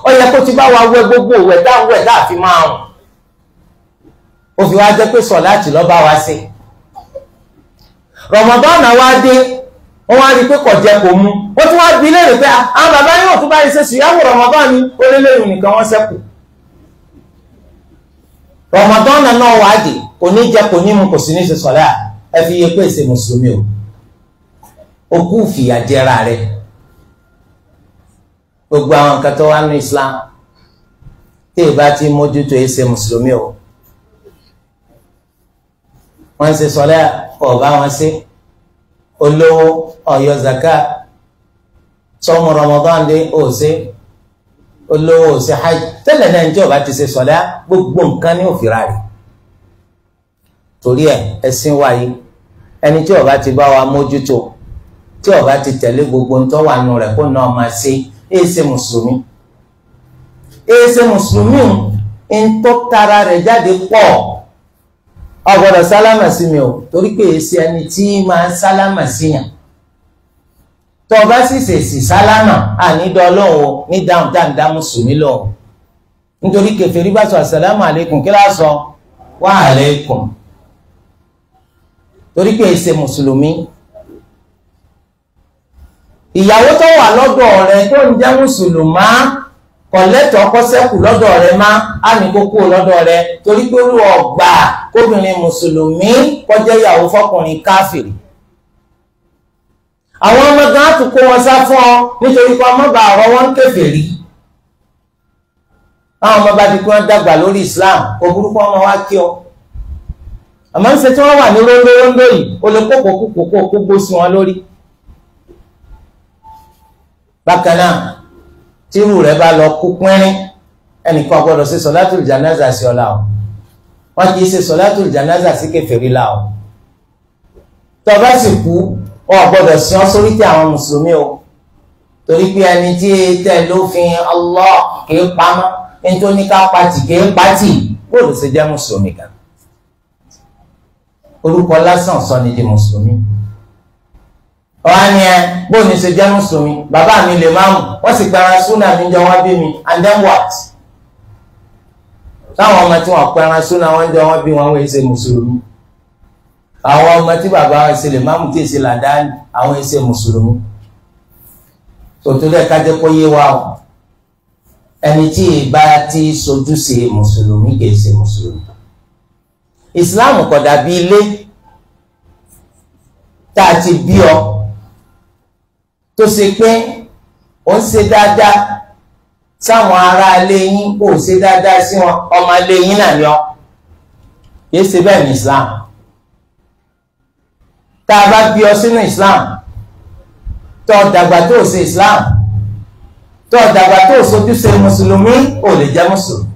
A: ó yẹ kó ti bá wa wẹ gbogbo òwẹ̀ dáwẹ̀ dáàfin máa rùn ó fi wá jẹ́ pé sọ̀láàtì lọ́ bá wa ṣe Ramadan wa dé wọ́n wá rí pé kò jẹ kò mu wọ́n tún wá bi léèrè pé àwọn bàbá yóò tún bá yìí ṣe síyàwó Ramadan ni orílẹ̀-èdè nìkan wọ́n ṣẹ́kù Ramadan náà wà dé kò ní jẹ kò ní mu kò sí ní ṣe sọ̀lá ẹ fi yẹ pé ṣe mùsùlùmí o okú fìyà jẹra rẹ gbogbo àwọn nǹkan tó wà ní Islam tí ìbá ti mójútó ẹ ṣe mùsùlùmí o wọ́n ń ṣe sọ́lá ọ̀bá wọn sí olówó ọ̀yọ́ zaka sọ́mu Ramadan dé òsè olówó òsè hajj tẹ́lẹ̀ náà njẹ́ ọba ti ṣe sọ́lá gbogbo nǹkan ní òfìrà rẹ̀ torí ẹ̀ ẹ̀sìn wáyé ẹni tí ọba ti bá wa mójútó tí ọba ti tẹ̀lé gbogbo ntọ́ wà nù rẹ̀ kó nà ọmọ ṣe é ṣe mùsùlùmí é ṣe mùsùlùmí ń tó tara rẹ̀ jáde pọ̀ ọgbọ́dọ̀ sálámà sí mi o torí pé èsì ẹni tí máa ń sálámà síyàn tó o bá sì ṣèṣì sálámà ànídọ́ ọlọ́run o ní dáhùn dáadáa mùsùlùmí lọ nítorí kèfèrí bá sọ àsàlámù àlékún kí láà sọ wà àlékún torí pé èsì mùsùlùmí ìyàwó tó wà lọ́dọ̀ rẹ̀ tó ń jẹ́ mùsùlùmá kọ̀lẹ́tọ̀ kọ́sẹ́kù lọ́dọ̀ rẹ má á ní kókó lọ́dọ̀ rẹ torí pé olú ọgbà kóbìnrin mùsùlùmí kọjá ìyàwó fọkùnrin káfìrí.
C: àwọn ọmọ gan tún kó wọn sá fún ọ
A: nítorí pé ọmọ bá ọ̀rọ̀ wọn ń kèfèrí. báwọn ọmọ bá di pé wọn dàgbà lórí Islam kò burúkú ọmọ wa kí ọ. àmọ́ ń ṣe tí wọ́n wà ní róńdóróńdó yìí o lè kókó kókó gbó sí wọn lórí. bákan náà tírù rẹ̀ bá lọ kú pínrín ẹnìkan gbọ́dọ̀ ṣe sọ̀látùl jánásà sí ọ̀la o wọ́n kì í ṣe sọ̀látùl jánásà sí kèfèrí la o tó bá sì kú ọ gbọ́dọ̀ sí ọ sórí tí àwọn mùsùlùmí o torí pé ẹni tí tẹ lófin Allah kì í pamọ́ nítorí ní ká pati kì í pati bóòlù ṣe jẹ́ mùsùlùmí kan orúkọ lásán sọ ni di mùsùlùmí ọ̀hán ni ẹ bó ní ṣe jẹ́ mùsùlùmí bàbá mi lè máa mú wọ́n sì pẹran súnà mi jọ wọ́n bí mi and then what táwọn ọmọ tí wọ́n pẹran súnà wọ́n jọ wọ́n bí wọn wọ́n ṣe mùsùlùmí àwọn ọmọ tí bàbá ṣe lè máa mú tí ṣe làdáni àwọn ṣe mùsùlùmí tòtún lẹ́ka jẹ́ kó yé wa o ẹni tí ìbá ti sojú ṣe mùsùlùmí kì í ṣe mùsùlùmí ìsìláàmù kò dàbí ilé tá a ti bí ọ tó ṣe pé ó ń ṣe dáadáa sáwọn ará ilé yín kò ṣe dáadáa sí wọn ọmọ ilé yín náà yọ yé ṣe bẹ́ẹ̀ ní Islam tá a bá bí ọ sínú Islam tó o dàgbà tó o ṣe Islam tó o dàgbà tó o ṣojúṣe mùsùlùmí ò lè jẹ́ mùsùlùmí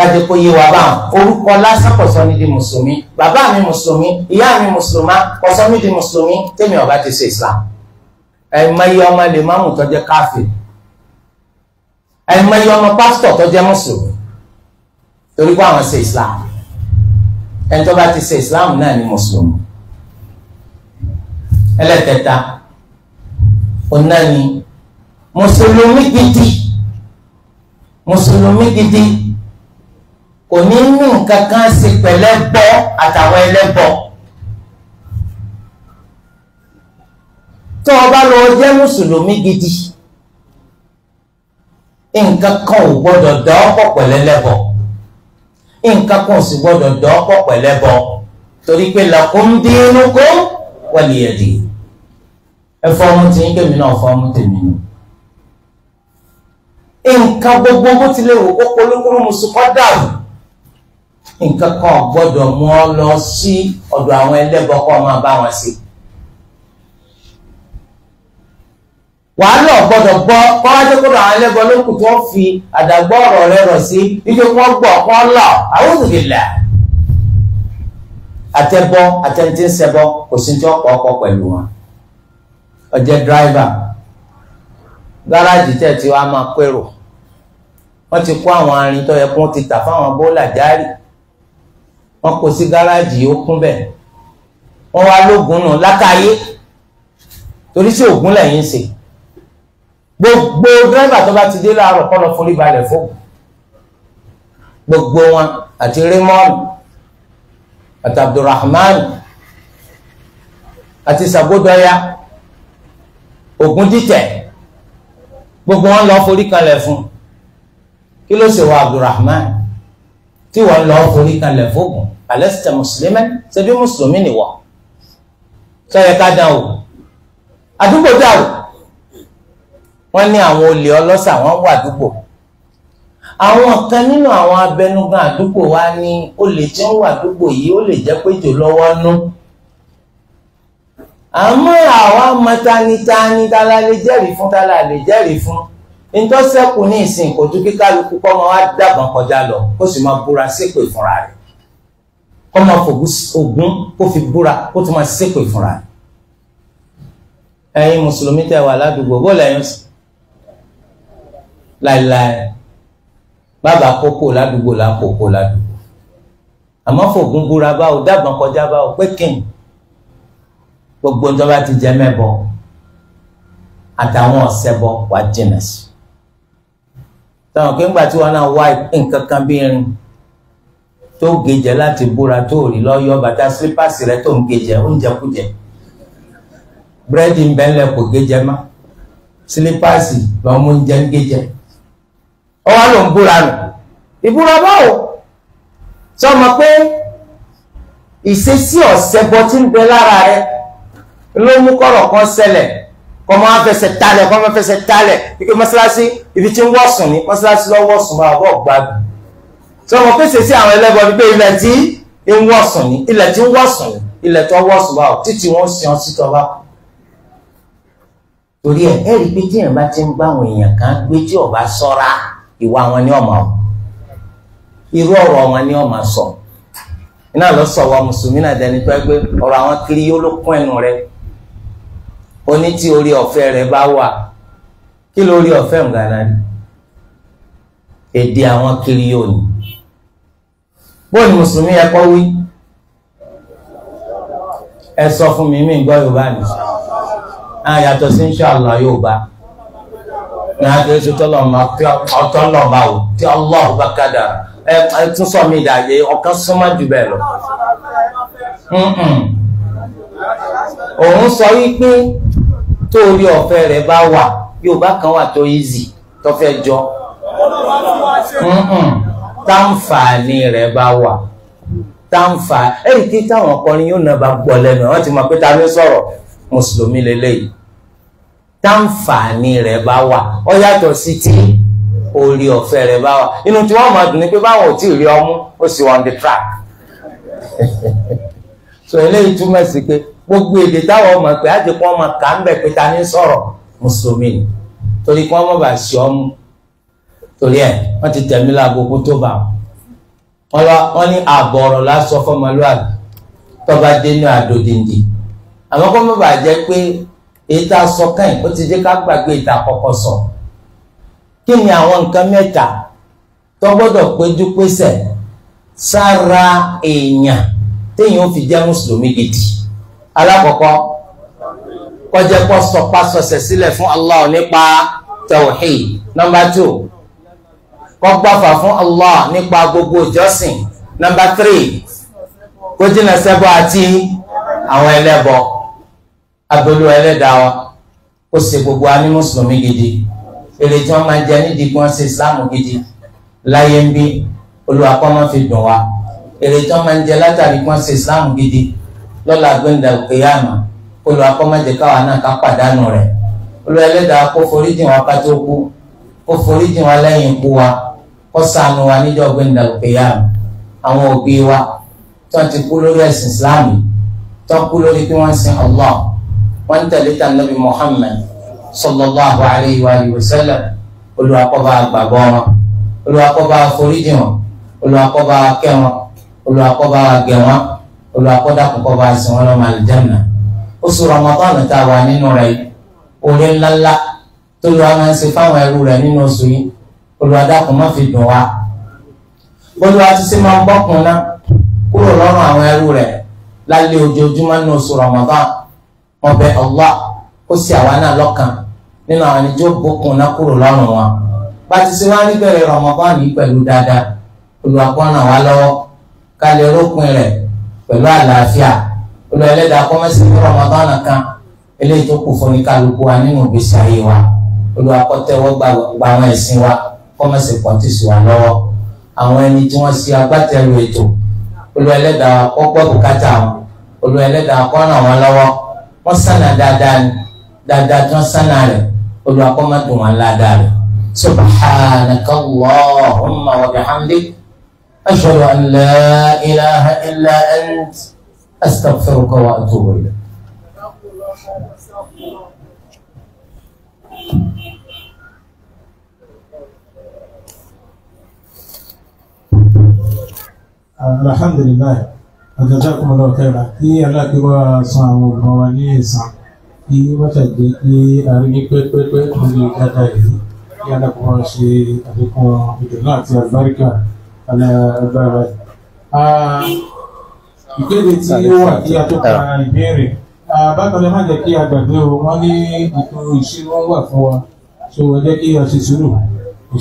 A: kájọ kó yé wa báwọn orúkọ lásán kò sọ di mùsùlùmí bàbá mi mùsùlùmí ìyá mi mùsùlùmá kò sọ di mùsùlùmí tèmi ò bá ti ṣe islam ẹ̀ẹ́mẹ́yẹ ọmọ lè má mú tó jẹ́ káfíìn ẹ̀ẹ́mẹ́yẹ ọmọ pásítọ̀ tó mùsùlùmí torí pé àwọn ṣe islam ẹni tó bá ti ṣe islam náà ni mùsùlùmí ẹlẹ́tẹ̀ẹ̀ta òun náà ni mùsùlùmí gidi mùsùlùmí gidi kò ní ní nǹkan kan ṣe pẹ̀lẹ́bọ àtàwọn ẹlẹ́bọ. tó o bá lọ jẹ́ mùsùlùmí gidi nǹkan kan ò gbọ́dọ̀ dọ́ọ́pọ̀ pẹ̀lẹ́lẹ́bọ nǹkan kan ò sì gbọ́dọ̀ dọ́ọ́pọ̀ pẹ̀lẹ́bọ torí pé lakum dinukum waliya din ẹ fọ́ọ̀mù tí ń kémi náà fọ́ọ̀mù tèmi nù nǹkan gbogbo bó tilẹ̀ wò ó polúkúrú mùsùlùmí kọ́ dàrú nǹkan kan gbọ́dọ̀ mú ọ lọ sí ọ̀dọ̀ àwọn ẹlẹ́bọ kó máa bá wọn ṣe. wàhálà ọ̀gbọ́dọ̀ gbọ́ kọ́ wájú kó àwọn ẹlẹ́bọ lókùn tó fi àdàgbọ́ ọ̀rọ̀ rẹ rọ̀ sí ibi kó gbọ́ kó lọ àwọn òbílà. àtẹ̀bọ àtẹ̀ntẹ̀sẹ̀bọ kò sí tí ọ̀pọ̀ ọkọ̀ pẹ̀lú wọn. ọ̀jẹ̀ dráìvà gáràjì tẹ̀ tí wàá máa pérò wọ́n ti kó àwọn arin tó yẹ kó ti tà fáwọn bólà járì wọ́n kó sí gáràjì ó kún bẹ́ẹ̀ wọ́n wá lógun nù lákàáyé torí sí ògùn lẹ́yìn ṣe gbogbo dírẹ́bà tó bá ti dé láàárọ̀ kọ́ lọ forí balẹ̀ fún gbogbo wọn àti Raymond àti Abdulrahman àti Sagodoya ògùn dìtẹ̀ gbogbo wọn lọ forí kalẹ̀ fún kí ló ṣe wọ Abdulrahman tí wọ́n lọ forí kalẹ̀ fóògùn alasta musliman ṣebí mùsùlùmí nìwọ sọyẹ ká dán o àdúgbò dàrú wọ́n ní àwọn olè ọlọ́ṣà wọ́n wà àdúgbò àwọn kan nínú àwọn abẹnugan àdúgbò wa ní olè tí ń wà àdúgbò yìí ó lè jẹ́ pé jò lọ́wọ́ nú àmọ́ àwa mọ tanitani tala lè jẹ́rìí fún tala lè jẹ́rìí fún nítọ́sẹ́kù ní ìsìn kò ju kíkálukú kọ́ mọ́ wá dàgbọ́n kọjá lọ kó sì máa búra ṣépè fúnra rẹ̀ kọ́ máa fògún kó fi búra kó tún máa ṣépè fúnra rẹ̀ ẹ̀yin mùsùlùmí tẹ́ wà ládùúgbò bó lẹ́yìn láìláì bàbá kókó ládùúgbò lákòókò ládùúgbò àmọ́ fògún búra báwo dábàá kọjá báwo pé kín gbogbo ìjọba ti jẹ mẹ́bọ àtàwọn ọ̀sẹ̀bọ wà jìnnà sí táwọn kí ń gbà tí wọn náà wá nǹkan kan bí irin tó gejẹ láti búra tó rí lọ́yọ́ bàtà sílípàsì rẹ tó ń gejẹ oúnjẹ kújẹ búrẹ́dì ń bẹ́ńlẹ̀ kò gejẹ má sílípàsì lọ́mú oúnjẹ ń gejẹ ọwọ́ ló ń búra nù ìbúra báwo sọmọ pé ìṣesí ọ̀sẹ̀bọ tí ń bẹ lára rẹ ló mú kọ̀rọ̀ kan ṣẹlẹ̀ kọ́ máa fẹsẹ̀ talẹ̀ kọ́ máa fẹsẹ̀ talẹ̀ ike mọ́ṣáláṣí ibi tí ń wọ̀sùn ní mọ́ṣáláṣí lọ́wọ́sùn máa wọ̀ gbádùn tí wọ́n pèsè sí àwọn ẹlẹ́bọ ni pé ilẹ̀ tí ń wọ̀sùn ni ilẹ̀ tí ń wọ̀sùn ni ilẹ̀ tó wọ̀sùn báwò títí wọ́n sì ọ́n sí tọ́ba kù. torí ẹ ẹ rí i pé tí èèyàn bá ti ń bá àwọn èèyàn kan gbé tí ọba sọ́ra ìwà wọn ni ọmọ irú ọ̀rọ̀ wọn ni ọmọ sọ iná lọ sọ wa mùsùlùmí náà dẹni tó ẹgbẹ́ ọ̀rọ̀ àwọn kiri yóò ló kún ẹnu rẹ oní tí orí ọ̀fẹ́ rẹ bá wà kí lórí ọ̀fẹ́ ǹgànà èdè àwọn kiri yóò ní bó ni mùsùlùmí yẹ kó wí ẹ sọ fún mi mi gbọ́ yorùbá ni àyàtọ̀ sí inṣàlá yorùbá ní adéṣe tọ́lọ́mà tọ́lọ́mà ò tí ọlọ́ọ̀ bá kádà ẹ tún sọ mi ìdàgé ọ̀kan súnmọ́ jù bẹ́ẹ̀ lọ. òun sọ wípé tó orí ọ̀fẹ́ rẹ̀ bá wà yorùbá kan wà tó easy tó fẹ́ jọ táǹfààní rẹ̀ bá wà táǹfà ẹ̀rí kí táwọn ọkọrin yóò náà bá gbọ́ lẹ́nu wọ́n ti mọ̀ pé ta ni sọ̀rọ̀ mùsùlùmí lélẹ́yìí táǹfààní rẹ̀ bá wà ó yàtọ̀ sí ti orí ọ̀fẹ́ rẹ̀ bá wà inú tí wọ́n máa dùn ní pé báwọn ò tí ì rí ọmú ó sì wọ́n the track [LAUGHS] so eléyìí túmọ̀ sí pé gbogbo èdè táwọn ọmọ pé àjẹpọ̀ ọmọ kà ń bẹ̀ pé ta ni sọ̀rọ̀ mùsùlùmí torí kí wọ́n mọ̀ bá sí ọmú torí ẹ̀ wọ́n ti tẹ̀mí láago kó tó bá wọn wọ́n ní ààbọ̀ ọ̀rọ̀ lásọ fọmọlúwàbí tọ́ba dé ní àdòdìndì àmọ́ kó má bàa jẹ́ pé èyí tá a sọ kẹ́yìn ó ti jẹ́ ká gbàgbé ìta àkọ́kọ́ sọ kí ni àwọn nǹkan mẹ́ta tó gbọ́dọ̀ péjú pésẹ̀ sára èèyàn téèyàn ó fi jẹ́ mùsùlùmí gidi alákọ̀ọ́kọ́ kọjá pọ̀ sọpasọsẹ̀ sílẹ̀ fún Allah nípa tawhid nọ́mbà two kó gbáfà fún Allah nípa gbogbo ìjọsìn nọ́mbà tírì kó jìnnà sẹ́bọ àti àwọn ẹlẹ́bọ abolu ẹlẹ́dàá wa kó ṣe gbogbo wa ní mùsùlùmí gidi èrè tí wọ́n máa jẹ nídìí kí wọ́n ṣe ìsìláàmù gidi láyé ń bí Olúwa kó má fi dùn wá èrè tí wọ́n máa ń jẹ látàrí kí wọ́n ṣe ìsìláàmù gidi lọ́la gbẹ̀ndà kéyàmà Olúwa kó má jẹ́ káwa náà ká pàdánù rẹ̀ Olúwa ẹlẹ́dàá kó foríjìn wa ká tó kú kó foríjìn wa lẹ́yìn ikú wa kó ṣàánú wa níjọ́ gbẹ̀ndà òkèèyàn àwọn òbí wa tó ti kú lórí ẹ̀sìn islámì tó kú lórí pé wọ́n sin allah wọ́n tẹ̀lé tàn nàbì muhammed sallallahu alayhi wa alihi wa sallam Olúwa kó bá gbàgbọ́ wọn Olúwa kó bá foríjì wọn Olúwa kó bá kẹ́ wọn Olúwa kó bá gẹ̀ wọn Olúwa kó dákun kó sin wọn lọ́mọ àlìjẹ́nà oṣù ramadan tá wà nínú rẹ̀ orí ńláńlá tó lọ́wọ́ máa ń ṣe fáwọn ẹrú rẹ̀ nínú oṣù yìí olùwàdàkùn má fi dùn wa olùwà ti ṣe máa ń bọ́kùn ná kúrò lọ́rùn àwọn ẹrú rẹ̀ lálẹ́ ojoojúmọ́ ní oṣù Ramadan ọbẹ Allah ó sì àwa náà lọ́kàn nínú àwọn ẹni tí ó bókun ná kúrò lọ́rùn wọn bá ti ṣe wá Ramadan yìí pẹ̀lú dáadáa olùwàkùn ràn wá lọ́wọ́ ká lè rópin rẹ̀ pẹ̀lú àlàáfíà olùwàlẹ́dàá kọ́mẹ́sì ní Ramadan kan eléyìí tó kù fún ní kálukú wa nínú ìgbésí ayé wa olùwàkọ́tẹ́wọ́ gbà àwọn ẹ̀sìn wa kọ́mọ̀sì pọ̀ntì sí wa lọ́wọ́ àwọn ẹni tí wọ́n ṣe agbátẹrù ètò olú ẹlẹ́dàá kó gbọ́ bùkátà wọn olú ẹlẹ́dàá kó ràn wọn lọ́wọ́ wọ́n sànà dáadáa ni dáadáa tí wọ́n sànà rẹ̀ olú akọ́mọdún wọn ládàá rẹ̀ subhanaka allahumma wa bihamdik ashhadu an la ilaha illa ant astaghfiruka wa atubu ilayk.
C: alhamdulilayi jazakumullahu khairan kí aláàkíwá san àwọn olùmọ̀ wa ní ìsàn kí wọ́n ṣàjẹ́ kí àríyìn pẹ́pẹ́pẹ́ tó ní dáadáa yìí kí aláàkíwá ṣe àfikún ìdùnnú àti àlùbáríkà aláàbára yìí. ìkéde tí ó wà kí a tó ka ìbéèrè bákan náà má jẹ́ kí a gbàgbé o wọ́n ní ètò ìṣirò wà fún wa so ẹ jẹ́ kí a ṣe sùúrù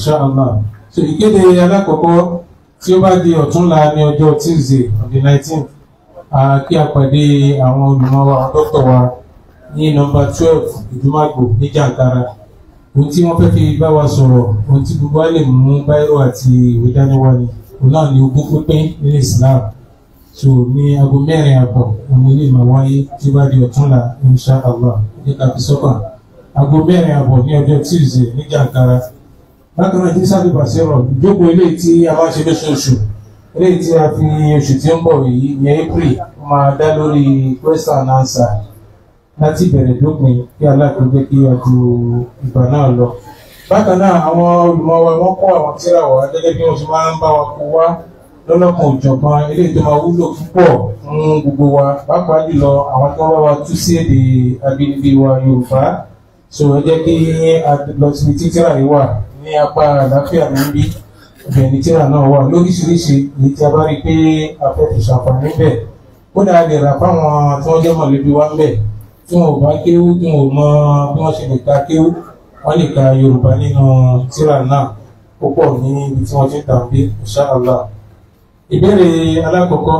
C: So Allah so ìkéde alákọ̀ọ́kọ́ tí ó bá di ọ̀túnla ní ọjọ́ Tuesday on the nineteenth kí a pàdé àwọn olùmọ̀ wa dókítà wa ní nọ́mbà twelve ìdúmàgbò ní jàǹkàrà ohun tí wọ́n fẹ́ fi bá wa sọ̀rọ̀ ohun tí gbogbo wa lè mú báírò àti ìwé dání wa ni òun náà ni ogún pínpín nílẹ̀ Islam so ní aago mẹ́rin àbọ̀ òun ilé ìmọ̀ wáyé tí ó bá di ọ̀túnla insha Allah ní kàfíṣọ́kà aago mẹ́rin àbọ̀ ní ọjọ́ Tuesday ní jàǹkàrà bákan náà jísà bí bàṣẹrọ ìjókòó eléyìí tí a máa ṣe lóṣooṣù eléyìí tí a fi oṣù tí ń bọ̀ yìí ní april ó máa dá lórí question and answer láti bẹ̀rẹ̀ dópin kí aláàbò jẹ́ kí a ju ìgbà náà lọ. bákan náà àwọn olùmọ̀ wa wọ́n kó àwọn tírà wá gẹ́gẹ́ bí wọ́n ṣe máa ń bá wa kó wá lọ́lọ́kan òjọ̀kan eléyìí tó máa wúlò púpọ̀ fún gbogbo wa pàápàá jùlọ àwọn tó bá wa tú sí èdè abínibí wa yorùbá sọ̀rọ̀ jẹ́ kí lọ síbi títí ní apá àlàáfíà níbí ọ̀dọ̀ ẹni tíra náà wà lóríṣiríṣi èyí tí a bá rí i pé afẹ́fẹ́ ṣàǹfààní bẹ̀ ó dáa lè rà fáwọn tí wọ́n jẹ́ mọ̀lẹ́bí wa ń bẹ̀ tí wọn ò bá kéwú tí wọn ò mọ bí wọ́n ṣe lè ka kéwú wọ́n lè ka Yorùbá nínú tíra náà púpọ̀ ní ibi tí wọ́n ti tàbí insha ìbéèrè alákọ̀ọ́kọ́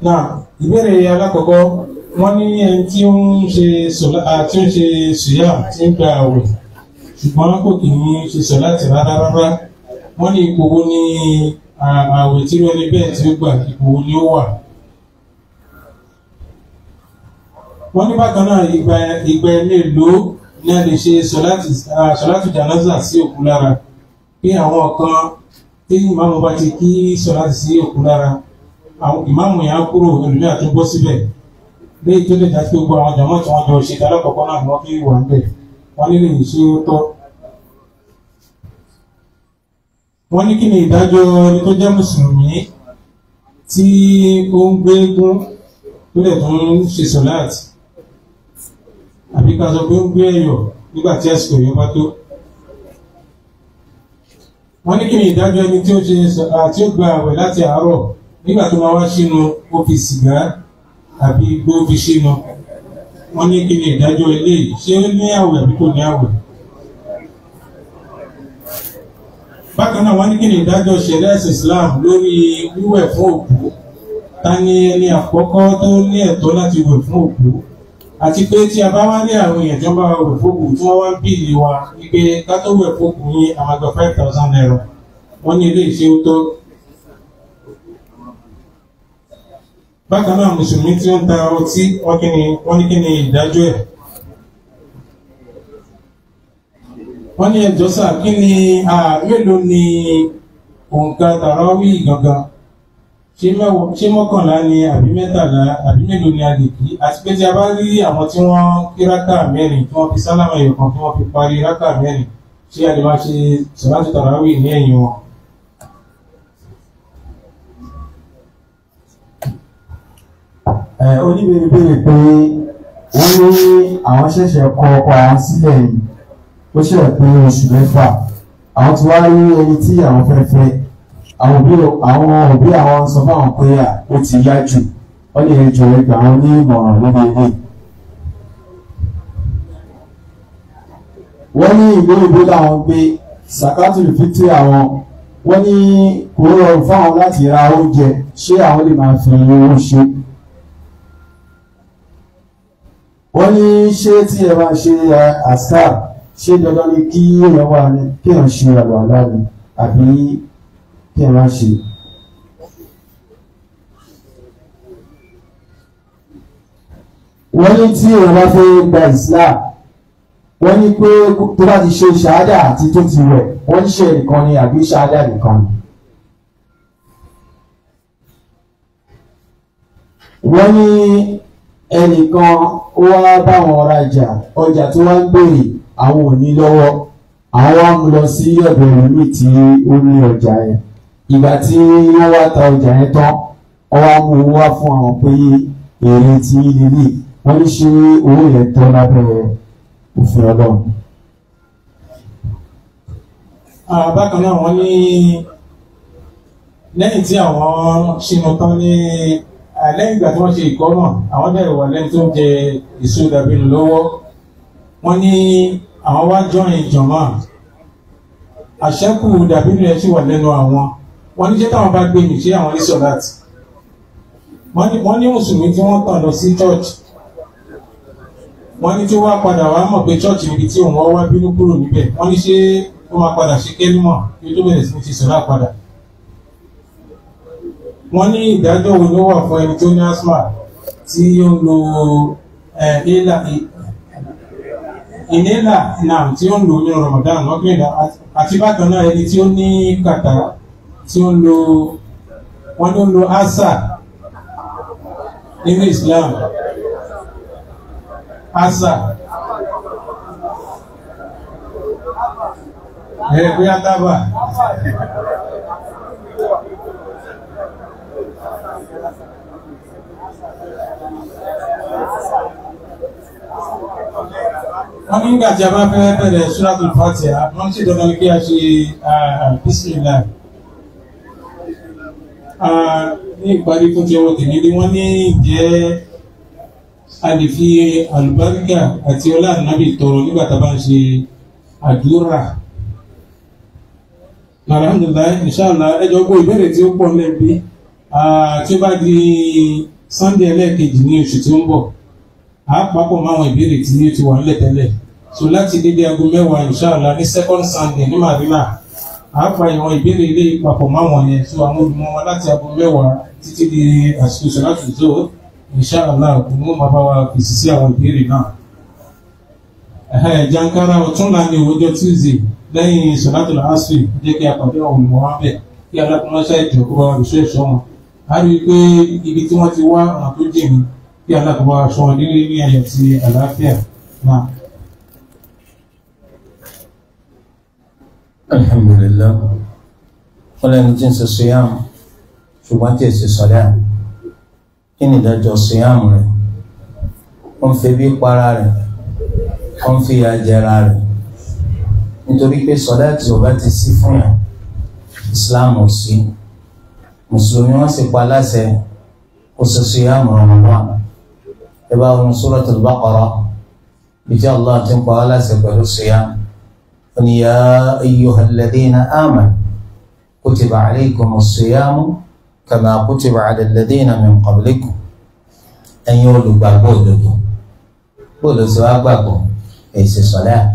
C: Na, ìbéèrè alákọ̀ọ́kọ́ wọ́n ní ẹni tí ó ń ṣe sùyà tí ń gba àwẹ̀ ṣùgbọ́n kò kì í ṣe sọ láti rárá rárá wọ́n ní ipò wo ní àwẹ̀ tí wọ́n ní bẹ́ẹ̀ tí ó gbà ipò wo ni ó wà. wọ́n ní bákan náà ìgbà ìgbà ilé ìlú ní a lè ṣe sọ̀látù jánásà sí òkú lára bí àwọn kan tí ìmáàmù bá ti kí sọ̀látù sí òkú lára àwọn ìmáàmù yẹn á kúrò ẹlòmí àti bọ́ síbẹ̀ léyìí tó lè dá sí gbogbo àwọn jọmọ́ tí wọ́n jọ ṣe tálọ́ kọ̀ọ̀kan náà wọ́n fi wà ńbẹ̀ wọ́n ní lè ṣe ó tọ́. wọ́n ní kí ni ìdájọ́ ẹni tó jẹ́ mùsùlùmí tí ó ń gbé eégún tó lè tún ṣe sọ̀láàtì àbí ká sọ pé ó ń gbé ẹ̀yọ̀ nígbà tí àsìkò yẹn bá tó wọ́n ní kí ni ìdájọ́ ẹni tí ó gba àwẹ̀ láti àárọ̀ nígbà tó máa wá sínú ó fi sìgá àbí igbó fi sínú wọ́n ní kí ni ìdájọ́ eléyìí ṣé ó ní àwẹ̀ àbí kò ní àwẹ̀. bákan náà wọ́n ní kí ni ìdájọ́ ṣẹlẹ̀ ẹ̀sìn Islam lórí wíwẹ̀ fún òkú ta ni ẹni àkọ́kọ́ tó ní ẹ̀tọ́ láti wẹ̀ fún òkú àti pé tí a bá wá ní àwọn èèyàn jọba wẹ̀ fókù tí wọ́n wá ń bìlì wa wípé ká tó wẹ̀ fókù yín àwọn five thousand naira wọ́n ní ilé ìṣe ó tọ́ bákan náà mùsùlùmí tí ó ń ta ọtí wọ́n ní kí ni ìdájọ́ ẹ̀ wọ́n ní ẹjọ́ sáà kí ni mélòó ni òǹkà tàràwí gangan ṣé mọ́kànlá ni àbí mẹ́tàlá àbí mélòó ni a lè kí àti pé tí a bá rí àwọn tí wọ́n kí rákà mẹ́rin tí wọ́n fi sálámà ẹ̀yọ̀kan tí wọ́n fi parí rákà mẹ́rin ṣé a lè máa ṣe sọ̀rọ̀ tàràwí ní ẹ̀yìn wọn.
B: oníbèrè béèrè pé wọ́n ní àwọn ṣẹ̀ṣẹ̀ kọ ọkọ àwọn sílẹ̀ yìí ó ṣẹlẹ̀ pé oṣù mẹ́fà àwọn ti wá rí ẹni tí àwọn fẹ́ fẹ́ àwọn òbí àwọn sọ fún àwọn pé ó ti yá jù wọ́n lè jọ ẹgbẹ́ àwọn ní ìmọ̀ràn lórí ilé. wọ́n ní ìlú ìbò làwọn gbé sàkátù fìtì àwọn wọ́n ní kò rọrùn fáwọn láti ra oúnjẹ ṣé àwọn lè máa fi owó ṣe wọ́n ní ṣé tí ẹ máa ṣe àṣà ṣé dandan ni kí èèyàn wà ní kí èèyàn ṣe àlọ́ àláàbò àbí kí èèyàn má ṣe. wọ́n ní tí èèyàn bá fẹ́ gba Islam wọ́n ní pé tó bá ti ṣe ṣáádà àti tó ti wẹ̀ wọ́n ṣe nìkan ni àbí ṣáádà nìkan ni. wọ́n ní ẹnìkan ó wá báwọn rajà ọjà tí wọ́n ń béèrè àwọn ò ní lọ́wọ́ àwọn wá mú lọ sí ọ̀dọ̀ ìrìnnì tí ó ní ọjà yẹn ìgbà tí wọ́n wá ta ọjà yẹn tán wọ́n wá mú wá fún àwọn pé èrè tí ilé wọ́n ní ṣe owó yẹn tọ́ lábẹ́ òfin ọlọ́run.
C: bákan náà wọ́n ní lẹ́yìn tí àwọn ṣìnà tán ní lẹ́yìn ìgbà tí wọ́n ṣe ìkọ́mọ̀ àwọn bẹ̀rẹ̀ wà lẹ́yìn tó ń jẹ èso dàbínú lọ́wọ́ wọ́n ní àwọn wá jọyìn jọ̀mọ́ àṣẹ́kù dàbínú ẹ̀ sì wà lẹ́nu àwọn wọ́n ní jẹ́ táwọn bá gbé mi ṣé àwọn ní sọ̀láàtì wọ́n ní mùsùlùmí tí wọ́n tàn lọ sí chọ́ọ̀chì wọ́n ní tí wọ́n á padà wá mọ̀ pé chọ́ọ̀chì níbi tí òun wá bínú kúrò níbẹ̀ wọ́n ní ṣé wọ́n máa padà ṣe kẹ́límọ̀ kí ó tó bẹ̀rẹ̀ sí ti sọ̀rọ̀ àpadà wọ́n ní ìdájọ́ wo ló wà fún ẹni tó ní asthma tí ó ń lo eh, eh, inhaler náà tí ó ń lo ní Ramadan lọ́gbìnrin àti bákan náà ẹni tí ó ní kàtà tí ó ń lo wọ́n ló ń lo asa nínú Islam asa
B: ẹ̀ẹ́dẹ́gbẹ́ eh, àtàbà.
C: wọ́n ní gbà tí a bá fẹ́ bẹ̀rẹ̀ Suratul Fatiha wọ́n ti dandan wípé a ṣe bismillah ní ìparí tó ti ọwọ́ tèmi ni wọ́n ní jẹ́ a lè fi àlùbáríkà àti ọlá ànábì tọrọ nígbà tá a bá ń ṣe àdúrà alhamdulilayi inṣàlá ẹjọ gbọ́ ìbéèrè tí ó pọ̀ lẹ́bi tí ó bá di Sunday ẹlẹ́ẹ̀kejì ní oṣù tí ó ń bọ̀ àápapọ̀ máwọn ìbéèrè tí ó ti wà nílẹ̀ tẹ́lẹ̀ so láti dédé aago mẹ́wàá inshallah ní second sunday ní marina àáfà ìwọn ìbéèrè ilé papọ̀ máwọn yẹn so àwọn olùmọ̀ wa láti aago mẹ́wàá títí di àsìkò sọ̀láṣù tó inshallah kò mú bá wa fèsì sí àwọn ìbéèrè náà. jankara ọ̀túnla ni ọjọ́ tuesday lẹ́yìn sọ̀láṣù làásù jẹ́ kí a pàdé àwọn olùmọ̀ wa bẹ̀ kí alákùnrinṣẹ́ ìjọ kó wa lùṣọ́ ẹ̀ṣọ́ wọn. a rí i pé ibi tí wọ́n ti wá àwọn tó jìn kí alákùnrin wa sọ nílé ní ayọ̀ ti àlàáfíà náà. alhamdulilah
A: wọn lẹni tí ń ṣe siyam ṣùgbọ́n tí èsì sọ̀rọ̀ à kí ni ìdájọ́ siyam rẹ̀ wọ́n fi bí para rẹ̀ wọ́n fi ya jẹra rẹ̀ nítorí pé sọ̀rọ̀ àti ọba ti sí fún yà islam ò sí mùsùlùmí wọn sì pa aláṣẹ kó ṣe siyam Ramadan ẹ bá wọn Suratul Baqara bìtí Allah ti ń pa aláṣẹ pẹ̀lú siyam. قل يا أيها الذين آمنوا كتب عليكم الصيام كما كتب على الذين من قبلكم أن يولوا بابودكم قل سوابكم ليس صلاة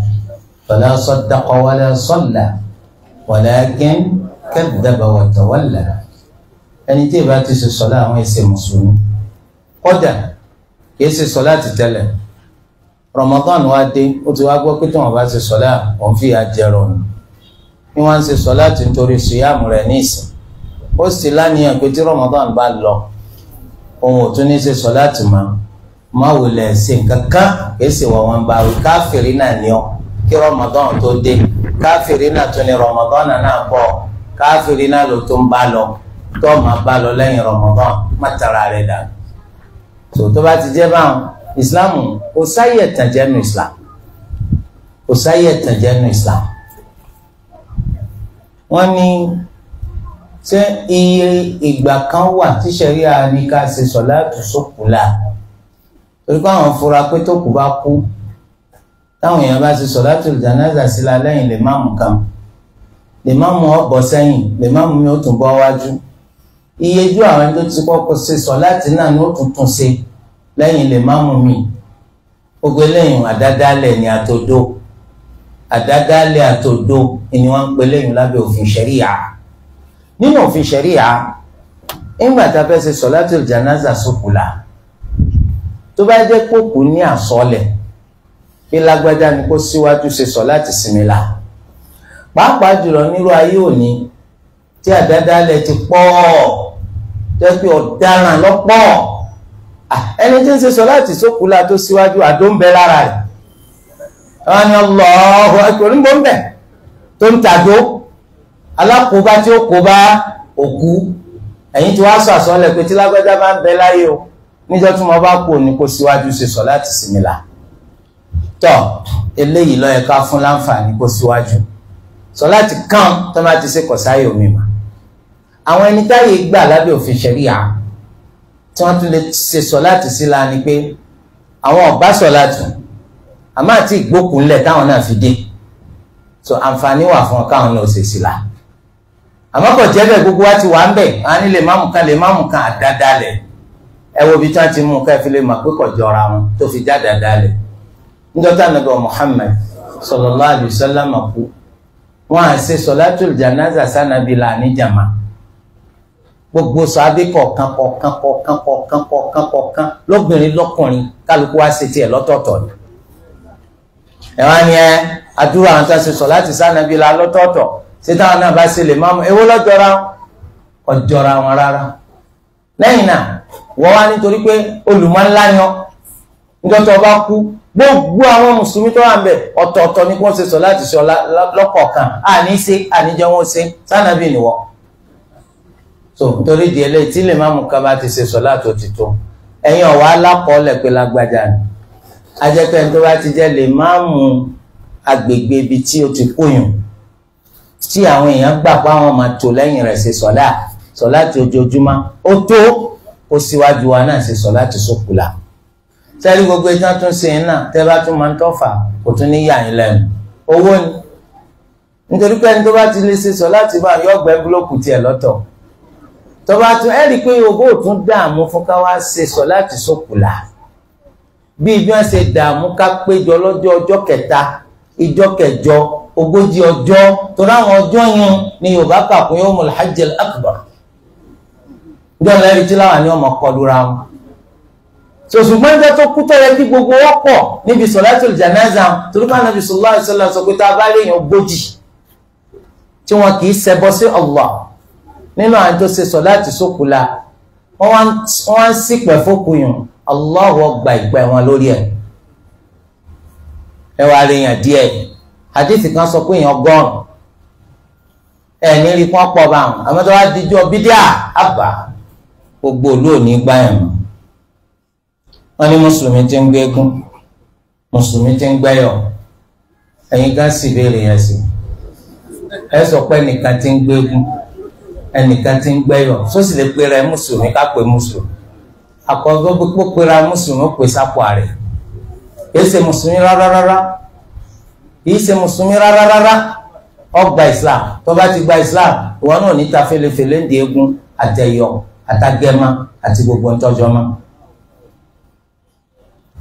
A: فلا صدق ولا صلى ولكن كذب وتولى أن تيباتي الصلاة ويسي مصوم قدر يسي صلاة تلك Ramadan wa dé ó ti wá gbọ́ pé tí wọ́n bá ṣe sọ́lá òun fi àjẹrò ni bí wọ́n ṣe sọ́lá ti ń ṣìyàmù rẹ̀ ní ìsìn ó sì láníyàn pé tí Ramadan bá lọ òun ò tún ní ṣe sọ́lá ti mọ́ má wulẹ̀ ṣe nǹkan kì í ṣe wọ́n wọn bá wí káfìrí náà ní ọ kí Ramadan tó dé káfìrí náà tún ní Ramadan náà bọ̀ káfìrí náà ló tún bá lọ tó máa bá lọ lẹ́yìn Ramadan má tara rẹ̀ dà tó tó bá ti jẹ́ báwọn. Islamu kò sáyé ẹ̀tànjẹ́ nu islam kò sáyé ẹ̀tànjẹ́ nu islam wọ́n ní ṣé iye ìgbà kan wà tí sẹ́ríà ní ká ṣe sọ̀láàtù sókù la torí pé àwọn fura pé tó kù bá kú táwọn èèyàn bá ṣe sọ̀láàtù jánásà sí la lẹ́yìn lè má kan lè má mú sẹ́yìn lè má mi ó tún bọ́ wájú iye ju àwọn tó ti kọ́kọ́ ṣe sọ̀láàtì náà ni ó tún ṣe lẹ́yìn lè má mú mi gbogbo eléyìn àdádálẹ̀ ni àtòdó àdádálẹ̀ àtòdó ni wọ́n ń pè léyìn lábẹ́ òfin ṣẹ̀ríyà nínú òfin ṣẹ̀ríyà ńgbà tá a fẹ́ ṣe sọ̀látìl jànáza sókù la tó bá jẹ́ kókù ní àsọlẹ̀ kí lágbájá ni kó síwájú ṣe sọ̀láti sinmi la pàápàá jùlọ nírú ayé òní tí àdádálẹ̀ ti pọ̀ jẹ́ pé ọ̀daràn lọ́pọ̀ Ah, ẹni tí ń ṣe sọláàtì sókùlà tó síwájú àdó ń bẹ lára rẹ̀ wọn ni ọlọ́ọ̀hún ẹkùn onígbò ń bẹ̀ tó ń tàdó alákòóbá tí ó kó bá òkú ẹ̀yìn tí wàá sọ àsọlẹ̀ pé tí lágbájá bá ń bẹ láyé o níjọ́ tí mo bá kú òní kó síwájú ṣe sọláàtì sinmi la tọ́ eléyìí ló yẹ ká fún láǹfààní kó síwájú sọláàtì kan tó má ti ṣe kọ̀sáyò mi mà àwọn ẹni táyé gbà lábẹ́ òfin ṣẹ̀ríyà tí wọ́n tún lè ṣe sọ̀láàtì sí la ni pé àwọn ọ̀bá sọ̀láàtì àmọ́ àti ìgbókùnlẹ̀ táwọn náà fi dé so àǹfààní wà fún ọ káwọn náà ṣe sí la àmọ́ kò jẹ́ bẹ́ẹ̀ gbogbo wa ti wà ń bẹ̀ wọ́n á ní lè máàmù kan lè máàmù kan àdáadáa lẹ̀ ẹ wo bí tí wọ́n ti mú ká fi lè mọ̀ pé kò jọra wọn tó fi já dáadáa lẹ̀ níjọ́tà nàgbà Muhammad sallallahu alaihi wasallam kú wọ́n á ṣe sọ̀láàtì janaza sanabi la ní jàmáà gbogbo sàábé kọ̀ọ̀kan kọ̀ọ̀kan kọ̀ọ̀kan kọ̀ọ̀kan kọ̀ọ̀kan kọ̀ọ̀kan lóbìnrin lọ́kùnrin kálukú wá ṣe tiẹ̀ lọ́tọ̀ọ̀tọ̀ ni. ẹ wá ní ẹ àdúrà àwọn tá a ṣe sọ láti sànàbí la lọ́tọ̀ọ̀tọ̀ ṣé táwọn náà bá ṣe lè máa mú ewó lọ́jọ́ra ọjọ́ra wọn rárá. lẹ́yìn náà wọ́n wá nítorí pé olùmọ̀ńlá ni ọ́ níjọ́ tó bá kú gbogbo àwọn mùsùlùmí tó wà ń bẹ ọ̀tọ̀ọ̀tọ̀ ni kò ṣe sọ láti sọ lọ́kọ̀ọ̀kan àní ṣe wọn ṣe sànàbí nìwọ̀n so torí di eléyìí tí lè má mú kaba ti ṣe sọ láti òtítọ́ ẹ̀yin ọ̀wá alákọ̀ọ́lẹ̀ pé lágbájá ni ajẹ́pẹ́ tó bá ti jẹ́ lè má mú agbègbè ibi tí o ti kóyùn tí àwọn èèyàn gbà pé àwọn máa tò lẹ́yìn rẹ̀ ṣe sọ̀lá sọ̀lá ti ojoojúmọ́ ó tó ó síwájú wa náà ṣe sọ̀lá ti sókùlà sẹ́rí gbogbo iná tún ṣe é náà tẹ́ bá tún máa ń tọ́fà kò tún ní yà yín lẹ́nu owó ni nítorí pé ẹni tó bá ti lè ṣe sọ̀lá ti bá yọ ọgbẹ́ búlọ́ọ̀kù tiẹ̀ lọ́tọ̀ tọba tún ẹ rí i pé ogó tún dààmú fún ká wá ṣe sọ láti sókùlà bí ibi wọn ṣe dààmú ká péjọ lọ́jọ́ ọjọ́ kẹta ìjọ kẹjọ ogójì ọjọ́ tó ráwọn ọjọ́ yẹn ni yorùbá kà kún yawmul hajjil akbar gbọ́dọ̀ ẹ̀rí tí láwọn ni ọmọ kọlura wọn sòṣùgbọ́n ẹgbẹ́ tó kú tọ́lẹ̀ kí gbogbo wọn pọ̀ níbi solatul janaza torí ká nàbì sallallahu alaihi wasallam sọ pé tá a bá léèyàn ogójì tí wọn kì í ṣẹbọ sí Allah nínú àwọn tó ṣe sọ̀láàtì sókùlà wọ́n wá ń sípẹ̀ fókùnyùn Allahu gba ìpẹ́ wọn lórí ẹ̀ ẹ wá rí yàn díẹ̀ hadithi kan sọ pé èèyàn gọ́ọ̀rùn ẹ ní rí kán pọ̀ bá wọn àmọ́ tó wá dijọ́ bídíà àbá gbogbo òlú ò ní gbá yẹn wọn ní mùsùlùmí ti ń gbégún mùsùlùmí ti ń gbẹ́yọ̀ ẹ̀yin gá sì béèrè yẹn sí ẹ sọ pé nìkan ti ń gbégún ẹnìkan ti ń gbẹ́yọ̀ sósì lè pera ẹ mùsùlùmí ká pè mùsùlùmí àkọ́gbọ́ pípó pera mùsùlùmí pè sápò àrẹ kìí ṣe mùsùlùmí rárá rárá kìí ṣe mùsùlùmí rárá ọgbà islam tó bá ti gba islam ìwọ náà níta fẹlẹfẹlẹ ń di eégún àtẹyọ àtagẹmọ àti gbogbo ntọjọ mọ.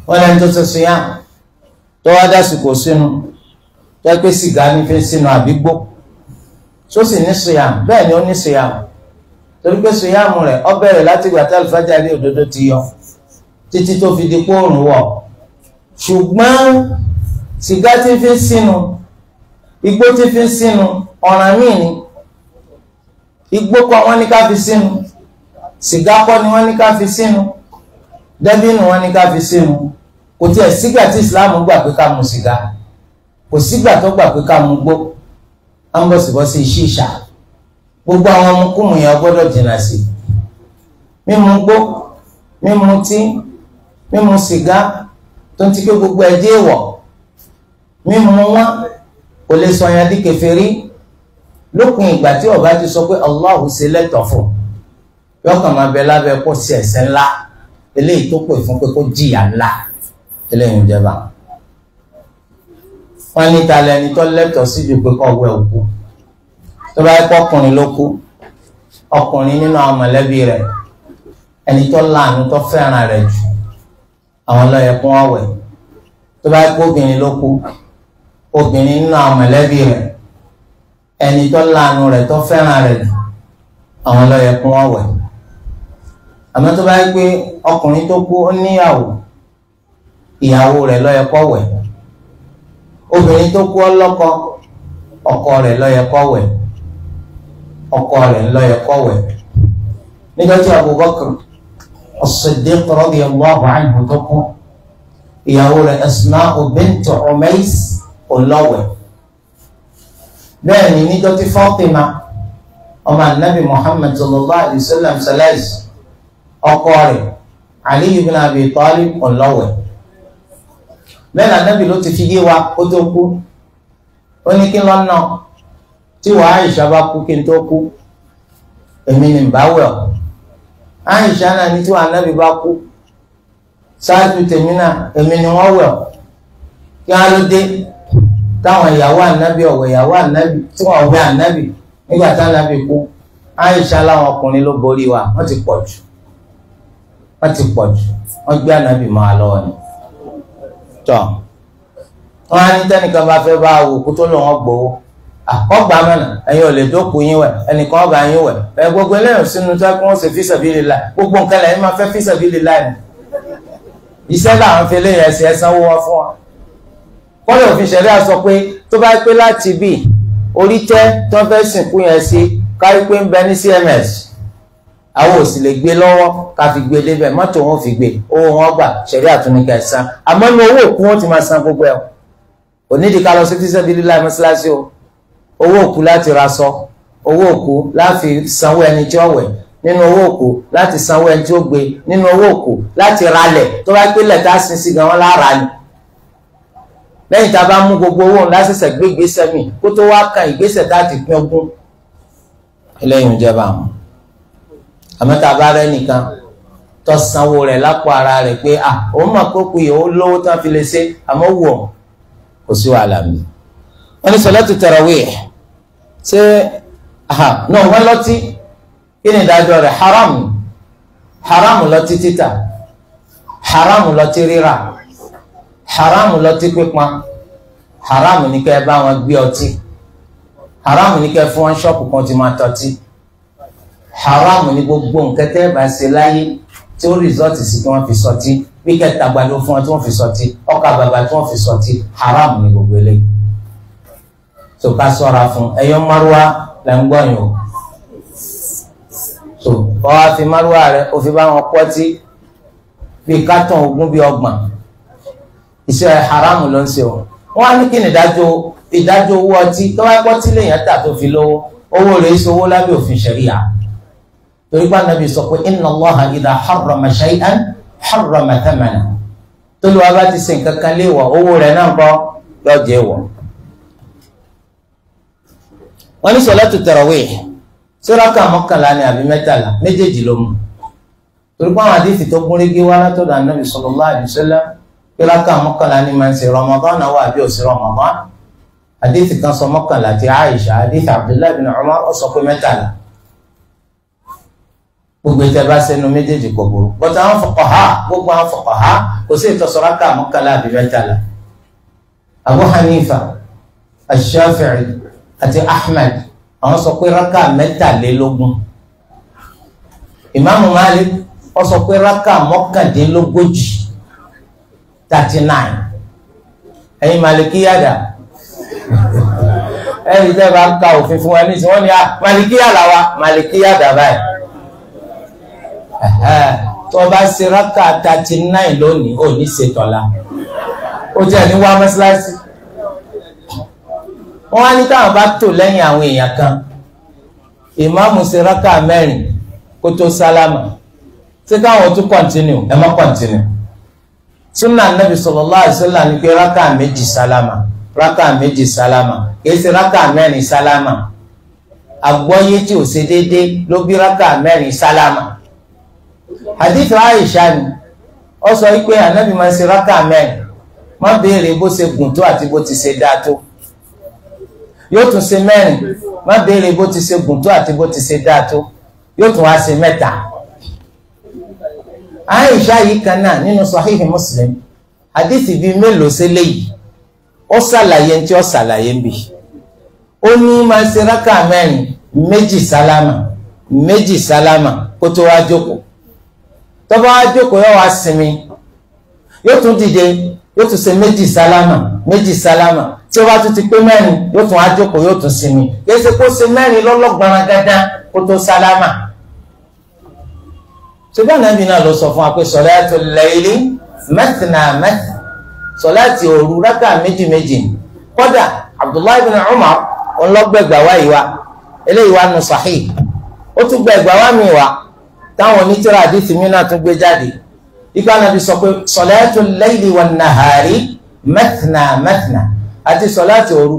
A: wọn lẹni tó tuntun yá tó wá dásìkò sínú tó ẹgbẹ́ sìgá ní fẹ́ sínú àbígbó tó sì ní siyam bẹ́ẹ̀ ni ó ní siyam torí pé siyam rẹ̀ ó bẹ̀rẹ̀ láti ìgbà tí alifájàrí òdodo ti yọ títí tó fi di póòrùn wọ̀ ṣùgbọ́n sìgá tí fi ń sínú igbó tí fi ń sínú ọ̀ràn míì ni igbó kọ́ wọ́n ní ká fi sínú sìgá kọ́ ni wọ́n ní ká fi sínú dẹ́bínù wọ́n ní ká fi sínú kò tiẹ̀ sígbà tí ìsìláàmù gbà pé ká mu sìgá kò sígbà tó gbà pé ká mu gbó à ń bọ̀sibọ́sí ṣíṣà gbogbo àwọn ọmọkùnrin yẹn gbọ́dọ̀ jìnnà sí mímu gbó mímu tí mímu sìgá tó ń ti pé gbogbo ẹ̀jẹ̀ èèwọ̀ mímu wọn kò lè sọ yẹn di kèfèrí lópin ìgbà tí ọba ti sọ pé Allahu ṣe lẹ́tọ̀ fún yọkàn máa bẹ lábẹ́ pọ̀ sí ẹ̀ṣẹ̀ ńlá eléyìí tó pè fún pé kó jìyà ńlá eléyìí ń jẹba wọ́n ní ta lẹni tó lẹ́tọ̀ọ́ síbi pé kọ́ wẹ òkú tó bá yẹ kó ọkùnrin ló kú ọkùnrin nínú àwọn mọ̀lẹ́bí rẹ̀ ẹni tó láàánú tó fẹ́ràn rẹ̀ jù àwọn ló yẹ kó wọ́n wẹ̀ tó bá yẹ kó obìnrin ló kú obìnrin nínú àwọn mọ̀lẹ́bí rẹ̀ ẹni tó láàánú rẹ̀ tó fẹ́ràn rẹ̀ jù àwọn ló yẹ kó àmọ́ tó bá pé ọkùnrin tó kú ó níyàwó ìyàwó rẹ̀ ló yẹ kó obìnrin tó kú ọlọ́kọ ọkọ rẹ̀ lọ́yẹ kọ́wẹ̀ ọkọ rẹ̀ lọ́yẹ kọ́wẹ̀ nígbà tí Abubakar as-Siddiq radiyallahu anhu tó kú ìyàwó rẹ̀ Asma'u bint Umays olọ́wẹ̀ bẹ́ẹ̀ ni níjọ́ tí Fatima ọmọ anabi Muhammad sallallahu alayhi wa ọkọ rẹ̀ Ali ibn Abi Talib olọ́wẹ̀ bẹ́ẹ̀ ni anábì ló ti fi yé wa kó tó kú ó ní kí lọ́n náà tí wọ́n àyíṣà bá kú kí n tó kú èmi ni bá wẹ̀ ọ́ àyíṣà náà ní tí wọ́n anábì bá kú ṣáájú tèmi náà èmi ni wọ́n wẹ̀ ọ́ kí wọ́n á ló dé táwọn ìyàwó ànábì ọ̀wọ̀ ìyàwó ànábì tí wọ́n wẹ̀ ànábì nígbà tá kú àyíṣà láwọn ọkùnrin ló borí wa wọ́n ti pọ̀ jù wọ́n ti pọ̀ jù wọ́n gbé ànábì máa lọ́wọ́ ni. tọ̀ wọ́n á ní tẹ́nìkan bá fẹ́ bá wò kó tó lọ́wọ́ gbowó àkọ́gbà mẹ́nà ẹ̀yin ò lè dókun yín ẹnìkan ọba yín wẹ̀ ẹ̀ gbogbo eléyìí sínú tó kí wọ́n ṣe fi gbogbo nǹkan lẹ́yìn máa fẹ́ fi sabilillah ni iṣẹ́ làwọn fi léyìn ẹ̀sìn ẹ̀sánwó wọn fún wa kọ́lẹ̀ òfin ṣẹlẹ̀ sọ pé tó bá pé láti bì orí tẹ́ tó fẹ́ sìnkú yẹn sí kárí pé ń bẹ ní CMS àwọn ò sì lè gbé lọ́wọ́ ká fi gbé débẹ̀ mọ́tò wọn fi gbé owó wọn gbà ṣẹ̀rí àtúnikà ẹ̀sán àmọ́ ní owó òkú wọn ti máa san gbogbo ẹ̀ ò nídìí ká lọ sí fíṣẹ́ bíi mọ́ṣáláṣí o owó òkú láti ra sọ owó òkú láti sanwó ẹni tí ó wẹ̀ nínú owó òkú láti sanwó ẹni tí ó gbé nínú owó òkú láti ralẹ̀ tó bá pé lẹ̀ tá a sin sí gan wọn lára ni lẹ́yìn tá a bá mú gbogbo owó ńlá ṣẹ̀ṣẹ̀ gbé ìgbésẹ̀ àmọ́ tá a bá rẹ́ nìkan tó sanwó rẹ̀ lápò ara rẹ̀ pé à ah, òun mà kókò yìí ó lówó tán fi lè ṣe àmọ́ wù ọ́ kò sí wàhálà mi. wọ́n ní sọlá ti tarawih ṣé náà wọ́n lọ́tí kí ni ìdájọ́ rẹ̀ haram haram lọ́tí títà haram lọ́tí rírà haram lọ́tí pípa haram ní kẹ́ ẹ bá wọn gbé ọtí haram ní kẹ́ ẹ fún wọn ṣọ́ọ̀pù kan ti máa tọ́tí haram ni gbogbo nǹkan tẹ́ bá ṣe láyé tí ó rìsọ́ọ̀tì sí kí wọ́n fi sọtí wíkẹ́ tagbado fún ọ tí wọ́n fi sọtí ọkà bàbà tí wọ́n fi sọtí haram ni gbogbo eléyìí tó ká sọ́ra fún ẹ̀yọ́ márùwá lẹ́ ń gbọ́yìn o tó wọ́n á fi márùwá rẹ̀ ó fi bá wọn pọ́tí bí kátàn ogún bí ọgbọ̀n iṣẹ́ haram ló ń ṣe o wọ́n á ní kí ni ìdájọ́ ìdájọ́ owó ọtí tó wá gbọ́tí lèèyàn tà tó fi lówó owó rẹ̀ ṣòwò lábẹ́ òfin ṣẹ̀ríyà torí pé anabi sọ pé inna Allaha idha harrama shay'an harrama thamana tóluwa bá ti sìn kankan léèwọ̀ owó rẹ̀ náà kọ́ yọ jẹ́ wọ̀. wọ́n ní salatu tarawih sọ́ràkà mọ́kànlá ni àbí mẹ́tàlá méjèèjì ló mú torí pé àwọn àdéhìí tó gún régé wá látọ̀dọ̀ anabi sallallahu alaihi wasallam pẹ́lákà mọ́kànlá ni máa ń ṣe Ramadan náà wà bí òsì Ramadan àdéhìí kan sọ mọ́kànlá ti Aisha gbogbo ìtẹ̀bá sẹ́nu méjèèjì kò burú bọ́tà àwọn fuqaha gbogbo àwọn fuqaha kò sí ìtọ́sọ̀rọ̀ ká mọ́kànlá àbí Abu Hanifa ash àti Ahmad àwọn sọ pé rákà mẹ́tàlélógún Imam Malik sọ pé raka mọ́kàndínlógójì thirty nine ẹ̀yin Malikiyada ẹ̀yin tẹ́ bá ń ka òfin fún ah, tó o bá ṣe rákà thirty nine lónìí ò ní ṣe tọ̀la ó jẹ́ ní wá mọ́ṣáláṣí wọ́n á ní bá tò lẹ́yìn àwọn èèyàn kan ìmáàmù ṣe rákà mẹ́rin kó tó sálámà ṣé káwọn tún ẹ méjì sálámà rákà méjì sálámà kìí ṣe rákà mẹ́rin sálámà tí ò ṣe déédéé ló hadith aisha ni ó sọ wípé anabi máa ń ṣe rákà mẹ́rin má béèrè bó ṣe gùn tó àti bó ti ṣe dáa tó yóò tún ṣe mẹ́rin má béèrè bó ti ṣe gùn tó àti bó ti ṣe dáa tó yóò tún wá ṣe mẹ́ta aisha yìí kan náà nínú sahihi muslim hadith bíi mélòó ṣe léyìí ó ṣàlàyé tí ó ṣàlàyé ń bì ó ní máa ṣe rákà mẹ́rin méjì sálámà méjì sálámà kó tó wá jókòó tó bá jókòó yóò wá sinmi yóò tún dìde yóò tún ṣe méjì sálámà méjì sálámà tí ó bá tún ti pé mẹ́rin yóò tún wá jókòó yóò tún sinmi kìí ṣe kó ṣe mẹ́rin lọ́lọ́gbọ̀nrán dáadáa kó tó sálámà. ṣùgbọ́n nàbí náà ló sọ fún wa pé salatul layli mathna mathna sọláàtì òru rákà méjì méjì kódà Abdullahi bin Umar ọlọ́gbẹ̀gbà wáyé wa eléyìí wa nù sahih ó tún gbẹ̀gbà wá mi wá táwọn onítìrà àdìsí mi náà tún gbé jáde ipa nàbí sọ pé sọláàtù láìlì wà nàhàrí mẹtìnà mẹtìnà àti sọláàtù òru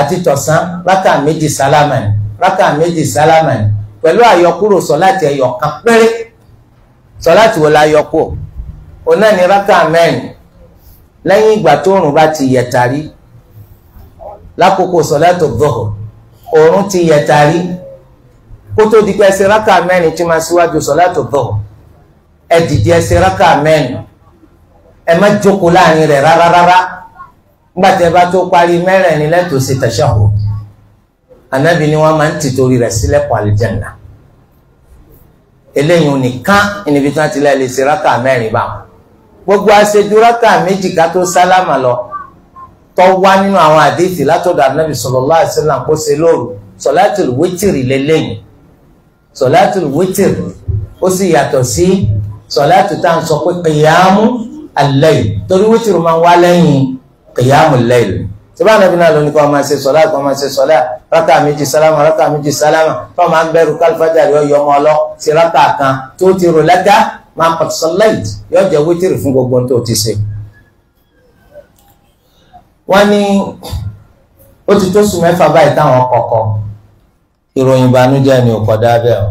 A: àti tọ̀sán rákà méjì sálámà ni rákà méjì sálámà ni pẹ̀lú àyọkúrò sọláàtù ẹ̀yọ̀kan péré sọláàtù wò la yọkú òun náà ni rákà mẹ́rin lẹ́yìn ìgbà tó òrùn bá ti yẹ̀tàrí lákòókò sọláàtù dhuhr òrùn ti yẹ̀tàrí kó tó di pé ẹsẹ̀ rákà mẹ́rin tí máa síwájú sọ̀láàtò bọ̀ ẹ dìde ẹsẹ̀ rákà mẹ́rin ẹ má jókòó láàrin rẹ̀ rárá rárá nígbà tí ẹ bá tó parí mẹ́rin ní lẹ́tọ̀ọ́ sí tashahhud ànábì ni wọ́n máa ń tìtorí rẹ̀ sílẹ̀kùn àlìjẹ̀nà eléyìí nìkan níbi tí wọ́n ti lẹ́ẹ̀lì sí rákà mẹ́rin bá gbogbo aṣojú rákà méjì ká tó sálámà lọ tó wá nínú àwọn àdéhìí látọ̀dọ̀ ànábì sallallahu alaihi wasallam lóru sọ̀láàtò wítìrì lélẹ́yìn sọ̀látù wítìr ó sì yàtọ̀ sí sọ̀látù tá à ń sọ pé kìyàmù al-layl torí wítìr máa ń wá lẹ́yìn kìyàmù al-layl tí bá nàbí náà lónìí kó ọmọ ṣe sọlá kó ọmọ ṣe sọlá rákà méjì sálámà rákà méjì sálámà tó máa ń bẹ̀rù kálífàjà rẹ yọ ọmọ ọlọ sí rákà kan tó ti rò lẹ́gà máa pàtó sọláìtì yọ jẹ wítìrì fún gbogbo tó ti ṣe. wọ́n ní ó ti tó sùn mẹ́fà báyìí táwọn kọ̀ọ̀kan ìròyìn ìbànújẹ́ ni òkò dábẹ́ ọ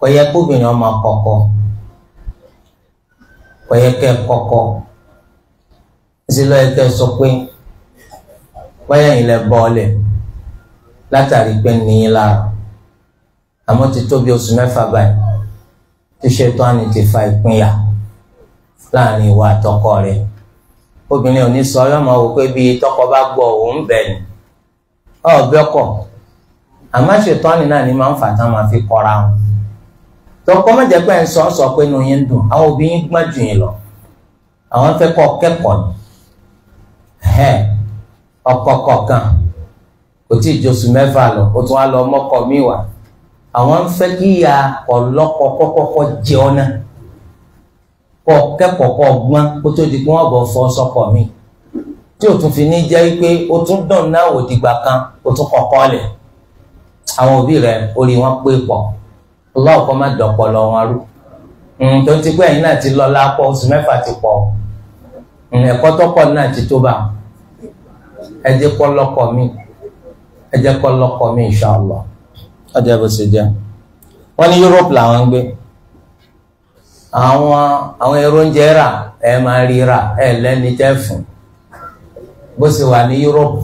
A: kò yẹ kóbìnrin ọmọ kọkọ kò yẹ kẹ kọkọ ìsìlọ yẹ kẹ sọ pé wáyà yìí lẹ bọ́ọ̀lẹ̀ látàrí pé nìyí lára àmọ́ ti tó bí oṣù mẹ́fà báyìí tí ṣètò àní ti fa ìpínyà láàrin ìwà àtọkọ rẹ obìnrin ò ní sọ ọlọ́mọ wò pé bí tọkọ bá gbọ́ òun bẹ̀ ni ọ̀ọ́bẹ́kọ̀ àmọ́ ṣètọ́ni náà ni máa ń fà tán máa fi kọ́ra wọn tọkọ mọ̀jẹ̀ pé ń sọ sọ pé inú yín dùn àwọn òbí yín gbọ́n jù yín lọ àwọn fẹ́ kọ́ kẹ́kọ̀ọ́ ni ọkọ kọ̀ọ̀kan kò tí ì josù mẹ́fà lọ ó tún wá lọ mọ́kọ mi wá àwọn fẹ́ kí ya ọlọ́kọ kọ́kọ́kọ́ jẹ ọ́ náà kọ́ kẹ́kọ̀ọ́ kọ́ gbọ́n kó tó di pé wọ́n fọ́ sọ́kọ mi tí o tún fi ní jẹ́ pé o tún dùn náà òdìgbà kan o tún kọ̀kọ́ lẹ̀ àwọn òbí rẹ orí wọn pé pọ̀ ọlọ́ọ̀kọ́ má dọ̀pọ̀ lọ wọn rú hmm, tó ti pé ẹ̀yin náà ti lọ lápọ̀ oṣù mẹ́fà ti pọ̀ hmm, ẹ̀kọ́ tọ́pọ̀ náà ti tó bá ẹ jẹ́ kọ́ lọ́kọ mi ẹ jẹ́ kọ́ lọ́kọ mi inshallah ọjọ́ bó ṣe jẹ́ wọ́n ní Europe làwọn ń gbé àwọn àwọn èrò oúnjẹ rà ẹ máa rí rà ẹ lẹ́ni tẹ́ fún bó ṣe wà ní Europe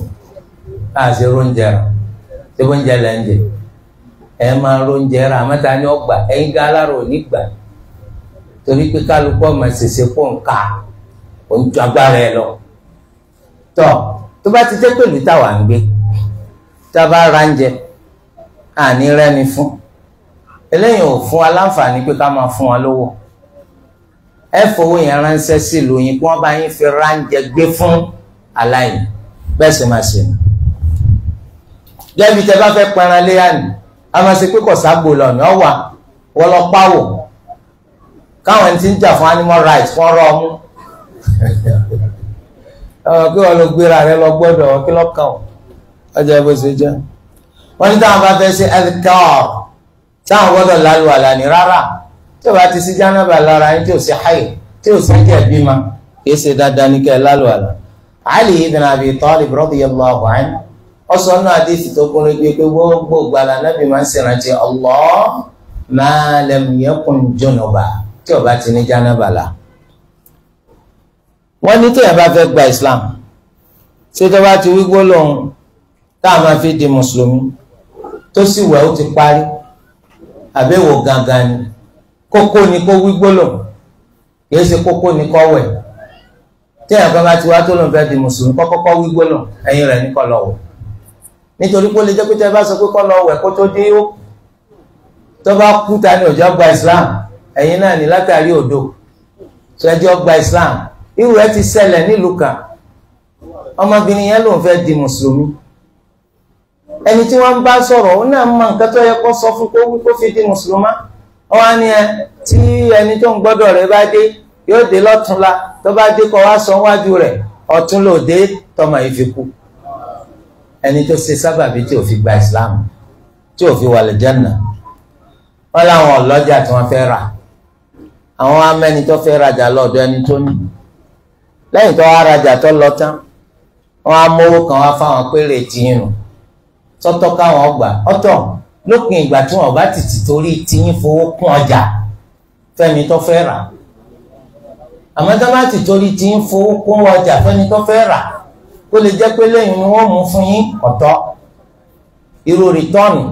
A: láti èrò oúnjẹ rà ṣé bó ń jẹ lẹ́ ń jẹ ẹ máa róúnjẹ rà àmọ́ ta ni ó gbà ẹ̀yin gá alárò ò ní gbà torí pé kálukú ọmọ ṣèṣe pọ̀ ń ka ò ń ju agbára ẹ lọ tọ tó bá ti jẹ́ pé mi táwa ń gbé tá a bá ra ń jẹ àní rẹ́ni fún eléyìí ò fún wa láǹfààní pé ká máa fún wa lówó ẹ fowó yẹn ránṣẹ́ sílùú yín kí wọ́n bá yín fi ráńjẹ gbé fún aláìní bẹ́ẹ̀ sì máa ṣe nù jẹ́bi tẹ bá fẹ́ pẹran léyà ni a máa ṣe pé kò ságbó lọ́nà ọ̀wà wọlọ́pàwò káwọn ẹni tí ń jà fún animal rights fún ọrọ̀ ọmú ọmọ kí wọn lọ gbéra rẹ lọ gbọ́dọ̀ kí lọ́kàn ọjọ́ bó ṣe jẹ́ wọ́n ní táwọn bá fẹ́ ṣe ẹ̀díkọ́ọ̀ táwọn gbọ́dọ̀ lálùwàlà ní rárá tí o bá ti sí jánábà lára yín tí o sì háyè tí o sì jẹ́ bímọ kì í ṣe dáadáa ní kẹ́ lálùwàlà Ali ibn Abi Talib radiyallahu anhu ọsọ náà àdéhìí tó kún rẹ pé gbogbo gbala nábì máa ń ṣèrántí Allah ma lam yakun junuba tí ó bá ti ní jánábà la. ní tóyàn bá fẹ́ gba Islam ṣé tó bá ti wí gbólóhùn tá a máa fi di mùsùlùmí tó sì wẹ̀ ó ti parí àbẹ̀wò gangan ni kókó ni kó wí gbólóhùn kì í ṣe kókó ni kó wẹ̀ téèyàn kan bá ti wá tó lóun fẹ́ di mùsùlùmí kọ́kọ́kọ́ wí gbólóhùn ẹ̀yìn rẹ̀ ní kọ́ nítorí pé ó lè jẹ́ pé tẹ́ bá sọ pé kọ́ lọ wẹ̀ kó tó dé ó tó bá kú ta ni òjò gba Islam ẹ̀yin náà ní látàrí òdo tó ẹjọ́ gba Islam irú ẹ ti ṣẹlẹ̀ nílùú kan ọmọbìnrin yẹn lòun fẹ́ di mùsùlùmí ẹni tí wọ́n bá sọ̀rọ̀ ó náà mọ nǹkan tó yẹ kó sọ fún kó wí kó fi di mùsùlùmá wọ́n á ní ẹ tí ẹni tó ń gbọ́dọ̀ rẹ̀ bá dé yóò dé lọ́túnla tó bá dé kó wá sọ ẹni tó ṣe sábàbí tí ò fi gba islam tí ò fi wà lẹ́jẹ̀nà wọ́n láwọn ọlọ́jà tí wọ́n fẹ́ rà àwọn amẹ́ni tó fẹ́ rajà lọ́dọ̀ ẹni tó ní lẹ́yìn tó wá rajà tó lọ tán wọ́n á mówó kan wá fáwọn péré tìyín nù tọ́tọ́ káwọn gbà ọ̀tọ̀ lópin ìgbà tí wọ́n bá tìtì torí tìyín fowó kún ọjà fẹ́ni tó fẹ́ rà àmọ́ tó bá ti torí tìyín fowó kún ọjà fẹ́ni tó fẹ́ rà ó lè jẹ́ pé lẹ́yìn ni wọ́n mú fún yín ọ̀tọ̀ irú rìtọ́ọ̀nù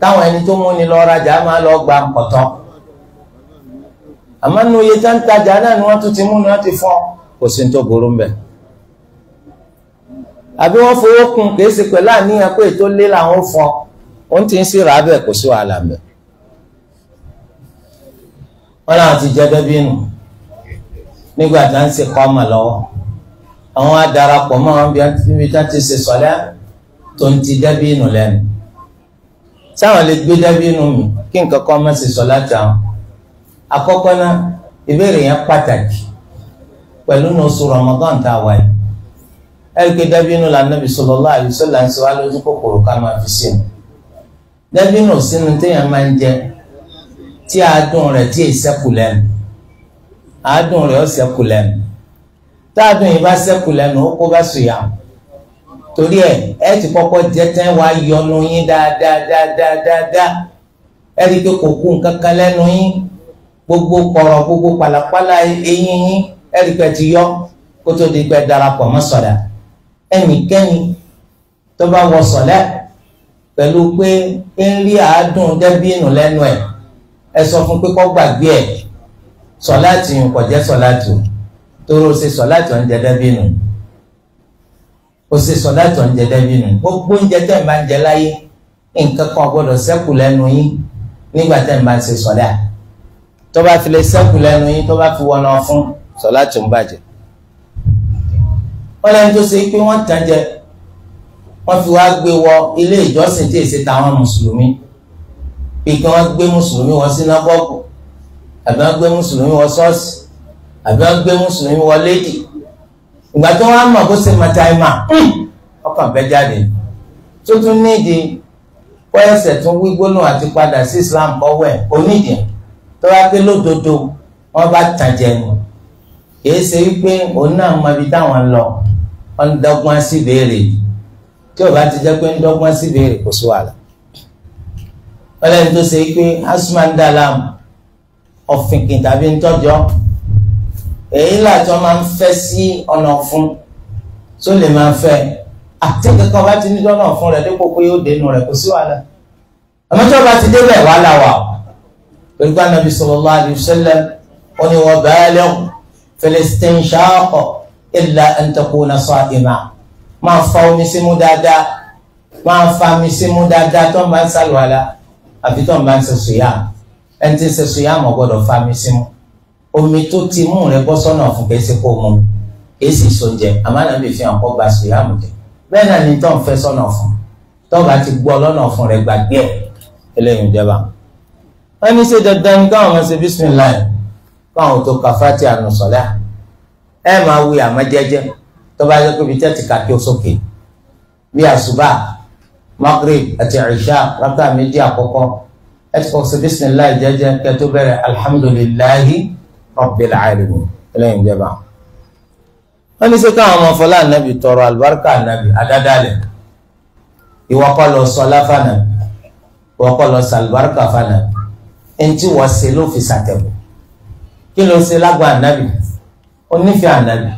A: táwọn ẹni tó múni lọ rajà máa lọ gba ọ̀tọ̀ àmọ́ nínú iye tá ń tajà náà ni wọ́n tún ti múni wọ́n ti fọ́ kò sí ní tó burú ń bẹ̀ àbí wọ́n fowó kun kìí sì pẹ̀lú àníyàn pé ètò lé làwọn ó fọ́ òun ti ń sì rà á kò sí wàhálà ń bẹ̀ wọ́n láwọn ti jẹ́ bẹ́bí nù nígbà tá ń ṣe kọ́ ọmọ lọ́wọ́ àwọn adarapọ̀ mọ́ àwọn ibi tí wọ́n ti ṣe sọ́lá tó ń ti dẹ́bí inú lẹ́nu sáwọn lè gbé dẹ́bí inú mi kí nǹkan kan má ṣe sọ́lá tà wọn. àkọ́kọ́ náà ìbéèrè yẹn pàtàkì pẹ̀lú ní oṣù Ramadan tá a wà yìí ẹ̀rí pé dẹ́bí inú la Nabi sallallahu alaihi wasallam ń sọ wá lójú kòkòrò ká máa fi ṣe mu dẹ́bí inú sínú téèyàn máa ń jẹ tí àádùn rẹ̀ tí èsẹ́kù lẹ́nu àádùn rẹ̀ ó ṣẹ́kù lẹ́nu táàdùn yìí bá sẹ́kù lẹ́nu ó kó bá sùyà torí ẹ ẹ ti kọ́kọ́ jẹ tẹ́ wá yọnu yín dáadáa dáadáa dáadáa ẹ rí i pé kò kú nǹkan kan lẹ́nu yín gbogbo kọ̀rọ̀ gbogbo pàlàpàlà eyín yín ẹ rí i pé ti yọ kó tó di pé darapọ̀ mọ́ sọ̀dà ẹnikẹ́ni tó bá wọ sọ̀lẹ́ pẹ̀lú pé ń rí àádùn dẹ́bìnù lẹ́nu ẹ̀ ẹ sọ fún pé kó gbàgbé ẹ̀ sọ̀lá tì yín kò jẹ́ sọ̀lá tì tóró ṣe sọ láti oúnjẹ dẹ́bí nù ó ṣe sọ láti oúnjẹ dẹ́bí nù gbogbo oúnjẹ tẹ̀ ń bá ń jẹ láyé nǹkan kan gbọ́dọ̀ ṣẹ́kù lẹ́nu yín nígbà tẹ̀ ń bá ń ṣe sọ̀lá tó bá fi lè ṣẹ́kù lẹ́nu yín tó bá fi wọnà fún sọ̀lá tó ń bàjẹ́ wọ́n lẹ́nu tó ṣe pé wọ́n tàn jẹ wọ́n fi wá gbé wọ ilé ìjọsìn tí èsì táwọn mùsùlùmí bí kí wọ́n gbé mùsùlùmí wọ sínágọ́gù àbí wọ́n gbé mùsùlùmí wọ ṣọ́ọ̀ṣì àbí wọ́n gbé mùsùlùmí wọlé dì ìgbà tó wọ́n á mọ̀ kó ṣe mọ̀tàìmà hmm, ọkàn bẹ́ jáde tó tún nídìí kọ́ ẹsẹ̀ tún wí àti padà sí Islam bọ́wọ́ ẹ̀ onídìí tó wá pé lódodo wọ́n bá tàn jẹ nù kìí ṣe wípé òun náà mọ ibi táwọn lọ wọ́n ń dọ́gbọ́n sí béèrè tí ò bá ti jẹ́ pé ń dọ́gbọ́n sí béèrè kò sí wàhálà wọ́n lẹ́ni tó ṣe wípé asúmọ̀ ń dà tàbí ń èyí làjọ máa ń fẹ́ sí ọ̀nà fún tó lè máa fẹ́ àti kankan bá ti ní dọ́nà fún rẹ̀ dípò pé ó dénú rẹ̀ kò sí wàhálà
C: àmọ́ tí wọ́n bá ti débẹ̀
A: wàhálà wà ó pẹ̀lú pé anabi sallallahu alaihi wasallam ó ní wa baligh fil istinshaq illa an takuna sa'ima máa fa omi sí mú dáadáa máa fa omi sí mú dáadáa tó ń bá ń sálùwàlà àfi tó ń bá ń sẹ̀sùn yá ẹni tí ń mọ̀ gbọ́dọ̀ fa omi sí mú omi tó ti mú rẹ bọ́ sọ́nà fún kẹsí kó mu èsì sóúnjẹ àmàlà bí fi hàn kọ́ gba sùyàmù jẹ bẹ́ẹ̀ náà ni tó ń fẹ́ sọ́nà fún tọ́ba ti gbọ́ lọ́nà fún rẹ gbàgbé ẹ̀ eléyìí ń jẹba. wọ́n ní ṣe dandan ní káwọn ọmọ ṣe bísímìláì káwọn tó ka fati ànusọ̀lá ẹ máa wí àmọ́ jẹ́jẹ́ tọ́ba yẹ kó ibi tẹ́ ti kàkí sókè bí àṣùbà magrib àti ìṣá rákà méjì àkọ́kọ́ ẹ ti kọ́ ṣe bísímìláì jẹ́jẹ́ kẹ́ tó bẹ̀rẹ̀ alhamdulilayi rabbil alamin ẹlẹ́yìn ìjẹba. wọ́n ní sẹ́ká àwọn ọmọ fọlá ànábì tọrọ àlùbáríkà ànábì àdádálẹ̀ ìwọ́kọ́ lọ sọ láfànà ìwọ́kọ́ lọ sọ àlùbáríkà fànà ẹni tí wọ́n ṣe ló fi ṣàtẹ̀wò kí ló ṣe lágbo ànábì onífẹ́ ànábì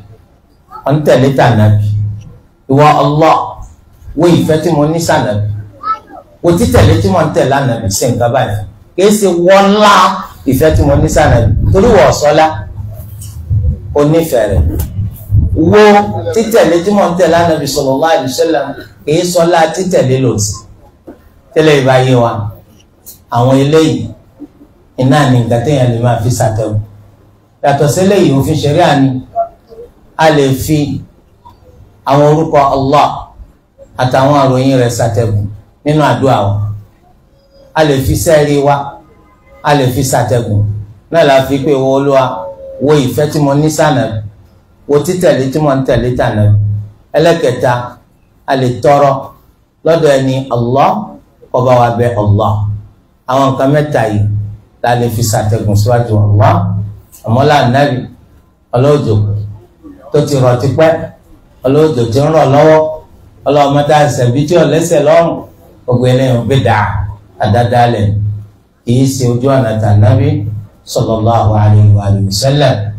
A: ọ̀ntẹ̀lẹ́tà ànábì ìwọ Allah wo ìfẹ́ tí mo ní sànàbì wo títẹ̀lé tí ń tẹ̀lé ànábì ṣe báyìí kì í ṣe wọ́n ńlá ìfẹ́ tí mo ní sànàbì torí wọ̀ sọ́lá onífẹ̀ẹ́ rẹ̀ wo títẹ̀lé tí mo ń tẹ̀lé ànábì sallallahu alaihi wasallam kì í sọ́lá títẹ̀lé lòsì tẹ́lẹ̀ ìbáyé wa àwọn eléyìí iná ni nǹkan téèyàn lè máa fi ṣàtẹ̀wò yàtọ̀ sílẹ̀ yìí òfin ṣẹ̀ríà ni a lè fi àwọn orúkọ Allah àtàwọn àròyìn rẹ̀ ṣàtẹ̀wò nínú àdúrà wa a lè fi sẹ́ẹ̀rí wa a lè fi ṣàtẹ̀wò náà la fi pé wọ́n lọ́wọ́ wo ìfẹ́ tí mo ní sànàbí wo títẹ̀lé tí mo ń tẹ̀lé tànàbí ẹlẹ́kẹta a lè tọrọ lọ́dọ̀ ẹni Allah kó bá wa bẹ Allah àwọn nǹkan mẹ́ta yìí la lè fi ṣàtẹ̀gùn síwájú Allah àmọ́lá ànábì ọlọ́jọ́ tó ti rọ̀ tipẹ́ ọlọ́jọ́ ti ń rọ̀ lọ́wọ́ ọlọ́mọdé àṣẹbí tí ọ̀lẹ́sẹ̀ lọ́rùn gbogbo ẹlẹ́yìn ò bẹ dà àdáda lẹ̀ kì í ṣe ojú ọ̀nà tànàbí sallallahu alayhi wa sallam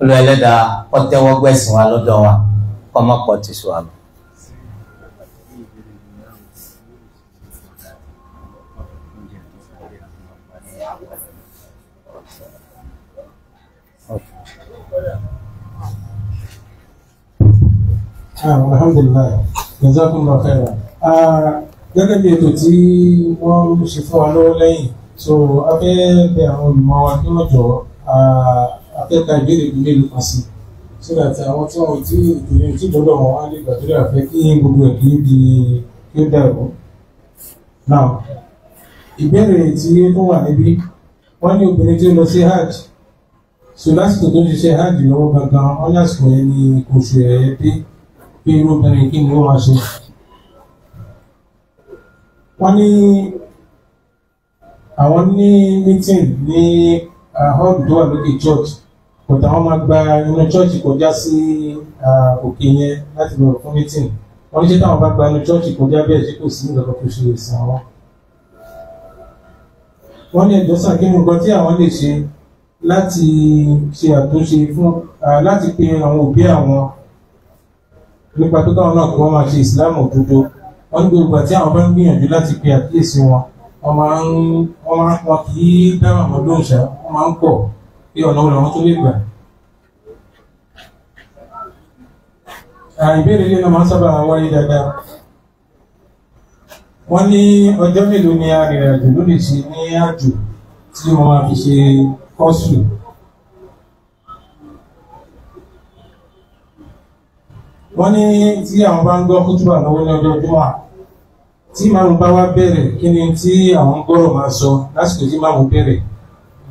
A: olú ẹlẹ́dàá ọ̀tẹ́wọ́gbẹ̀sìn wa lọ́dọ̀ wa kọ́mọ́pọ̀ ti sùn àlọ́.
C: Ah, alhamdulilayi jazakumullahu khairan ah, gẹ́gẹ́ bí ètò tí wọ́n ń ṣe fún wa lọ́wọ́ lẹ́yìn so a fẹ́ bẹ àwọn olùmọ̀ wa kí wọ́n jọ a fẹ́ ka ìbéèrè ìdílé ló kan sí so that àwọn tí wọn ti ìdílé tí gbọ́dọ̀ wọn á lè gbàdúrà fẹ́ kí gbogbo ẹ̀ kì í bi kí ó dàrú. now ìbéèrè tí ó wà níbí wọ́n ní obìnrin tí ó lọ sí hajj so lásìkò tó ń ṣiṣẹ́ hajj lọ́wọ́ gangan wọ́n lásìkò yẹn ni kò ṣe ẹ̀ dé pé irú obìnrin kí ni ó máa ṣe. wọ́n ní àwọn ní meeting ní ah, hall tó wà lókè church but àwọn máa gba inú church kọjá sí ah, òkè yẹn láti lọ fún meeting wọ́n ní ṣé táwọn bá gba inú church kọjá bẹ́ẹ̀ ṣé kò sí ìdọ̀kọ̀ tó ṣe èsì àwọn. wọ́n ní ẹ̀dọ́sà kí ni nǹkan tí àwọn lè ṣe láti ṣe àtúnṣe fún ah, láti pe àwọn òbí àwọn nípa pé káwọn náà kí wọ́n máa ṣe ìsìlámù òdodo wọ́n ní gbogbo àti àwọn bá ń gbìyànjú láti pe àkíyèsí wọn wọ́n máa ń wọ́n máa wọn kì í dáhùn àwọn lóhùn ṣá wọ́n máa ń pọ̀ bí ọ̀nà ọ̀nà wọn tó lè gbà. ìbéèrè ilé náà máa ń sábà wáyé dáadáa wọ́n ní ọjọ́ mélòó ni arìnrìnàjò ló lè ṣe ní àjò tí wọ́n máa fi ṣe kọ́sù. wọ́n ní tí àwọn bá ń gbọ́ kútùbà lọ́wọ́ ní ọjọ́ jùmọ̀ tí màmú bá wá bẹ̀rẹ̀ kí ni tí àwọn gbọ́rọ̀ máa sọ lásìkò tí màmú bẹ̀rẹ̀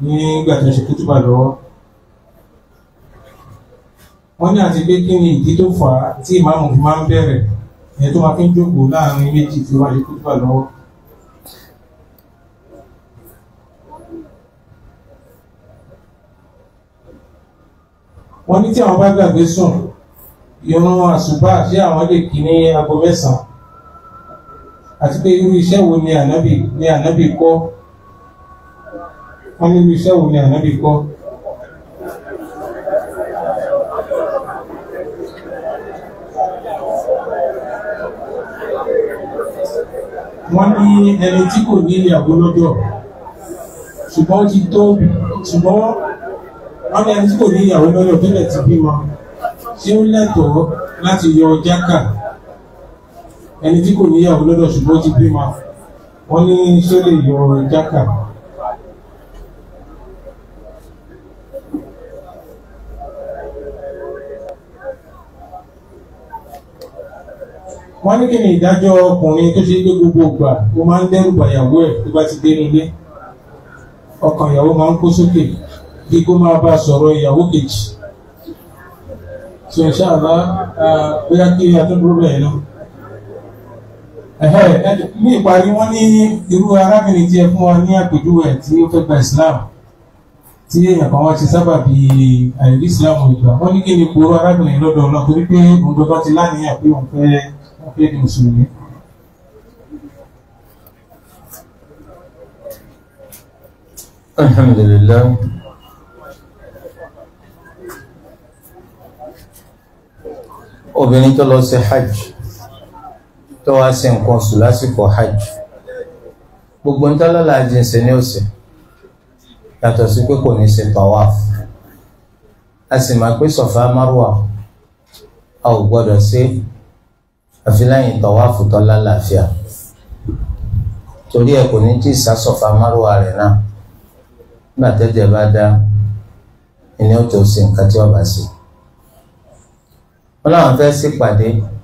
C: nígbà tó ń ṣe kútùbà lọ́wọ́ wọ́n ní àti pé kí ni ìdí tó fà á tí ìmáàmù fi máa ń bẹ̀rẹ̀ ẹ̀ tó máa fi ń jókòó láàrin méjì tí wọ́n ṣe kútùbà lọ́wọ́ wọ́n ní tí àwọn bá gbàgbé sùn ìrun àsùbá ṣé àwọn lè kí ní aago mẹ́sàn-án àti pé irú iṣẹ́ wo ni ànábì ni ànábì kọ́ wọ́n ní irú iṣẹ́ wo ni ànábì kọ́. wọ́n ní ẹni tí kò ní ìyàwó lọ́dọ̀ ṣùgbọ́n ti tó ṣùgbọ́n wọ́n ní ẹni tí kò ní ìyàwó lọ́dọ̀ tó lẹ̀ ti bímọ ṣé ó lẹ́tọ̀ọ́ láti yọ jákà ẹni tí kò níyàwó lọ́dọ̀ ṣùgbọ́n ti bímọ wọ́n ní ṣé lè yọ jákà. wọ́n ní kí ni ìdájọ́ ọkùnrin tó ṣe pé gbogbo ìgbà ó máa ń dẹ́rù bàyàwó ẹ̀ tó bá ti dé nílé ọkàn ìyàwó máa ń kó sókè bí kó máa bá sọ̀rọ̀ ìyàwó kejì tí ó ń ṣáàlá bóyá kí atúndúró bẹ̀rẹ̀ náà ní ìparí wọ́n ní irú arábìnrin tí ẹ fún wa ní àpèjúwe tí ó fẹ́ gba Islam tí èèyàn kan wá ṣe sábà bí àìrí Islam ìgbà wọ́n ní kí ni kúrò arábìnrin lọ́dọ̀ Ọlọ́run torí pé òun gbọ́dọ̀ ti láníyàn pé òun fẹ́ wọ́n fẹ́ di mùsùlùmí.
A: Alhamdulillah. obìnrin tó lọ sí hajj tó wá ṣe nǹkan oṣù lásìkò hajj gbogbo ntọ́lọ́lá ajínsẹ̀ ní ọ̀sẹ̀ yàtọ̀ sí pé kò ní ṣe tawaf a sì máa pé sọ̀fà márùwà a ò gbọ́dọ̀ ṣe àfi lẹ́yìn tawaf tó lálàáfíà torí ẹ kò ní tí ì sá sọ̀fà márùwà rẹ̀ náà nígbà tẹ́tẹ́ bá dá ẹni ó tó ṣe nǹkan tí wọ́n bá wọ́n láwọn fẹ́ ṣèpàdé. Si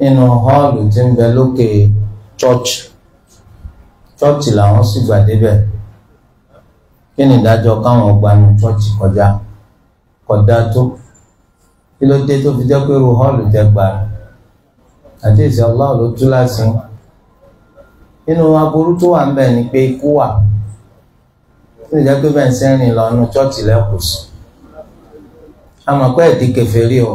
A: nínú họ́ọ̀lù tí ń bẹ lókè chọ́ọ̀chì chọ́ọ̀chì làwọn sì gbà kí ni ìdájọ́ káwọn gbanu chọ́ọ̀chì kọjá kọjá tó kí ló dé tó fi jẹ́ pé irú họ́ọ̀lù tẹ gbà àti ló tú láti nínú aburú tó wà ń bẹ ni pé ikú wà kí ni ìjẹ́ pé bẹ́ẹ̀ ń sẹ́rìn lọ lẹ́kùsùn àmọ́ pé ẹ̀dí kẹfẹ́ rí o.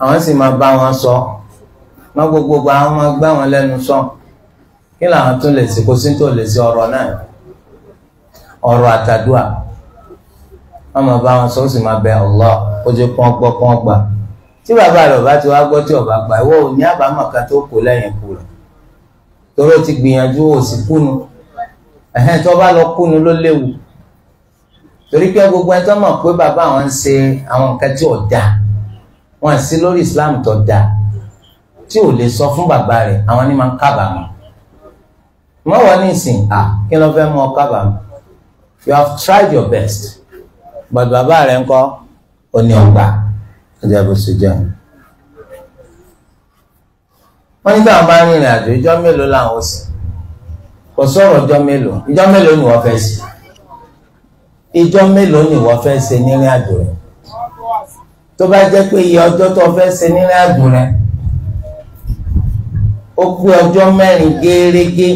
A: àwọn sì máa bá wọn sọ má gbogbogbò àwọn máa gbá wọn lẹ́nu sọ kí làwọn tún lè ṣe kó sí tó lè ṣe ọ̀rọ̀ náà ọ̀rọ̀ àtàdúà wọn máa bá wọn sọ ó sì máa bẹ ọlọ ojú pọn gbọ pọn gbà tí bàbá rẹ ọba ti wá gbọ́ tí ọba gbà ìwọ ò ní àbámọ̀ kan tó kó lẹ́yìn ikú rẹ torí ó ti gbìyànjú ó sì kúnu ẹ̀hẹ́n tó bá lọ kúnu ló léwu torí pé gbogbo ẹni tó mọ̀ pé bàbá àwọn ń ṣe àwọn nǹkan tí ò dáa wọn sí lórí islam tó dáa tí ò lè sọ fún bàbá rẹ̀ àwọn ni máa ń kábàámọ̀ wọn wọ ní ìsìn à kí ló fẹ́ mú ọ kábàámọ̀ you have tried your best but bàbá rẹ̀ ńkọ́ ó ní ọgbà ọjà bó ṣe jẹun wọn ní táwọn bá rìnrìn àjò ìjọ mélòó làwọn ò kò sọ̀rọ̀ ìjọ mélòó ìjọ mélòó ni wọ́n fẹ́ sí ìjọ mélòó ni wọ́n fẹ́ ṣe nírìn àjò rẹ̀ tó bá jẹ́ pé iye ọjọ́ tó fẹ́ ṣe nílẹ̀ àjò rẹ ó pé ọjọ́ mẹ́rin gẹ́rẹ́gẹ́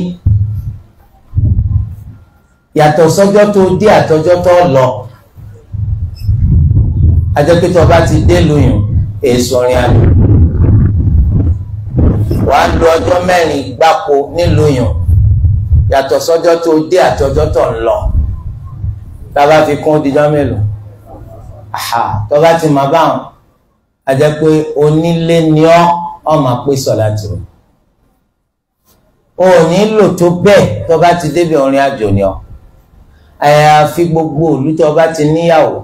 A: yàtọ̀ sọ́jọ́ tó dé àtọjọ́ tó lọ ajẹ́pẹ́tọ́ bá ti dé lóyún èso rìn àjò wàá lo ọjọ́ mẹ́rin gbáko nílòyún yàtọ̀ sọ́jọ́ tó dé àtọjọ́ tó lọ tá a bá fi kún ó mélòó tọ́ba ti máa bá wọn a jẹ́ pé onílé ni ọ́ ọ́ máa pé sọ̀lá tìrò o ní lò tó bẹ́ẹ̀ tọ́ba ti débi orin àjò ni ọ́ àyàfi gbogbo òlú tọ́ba ti níyàwó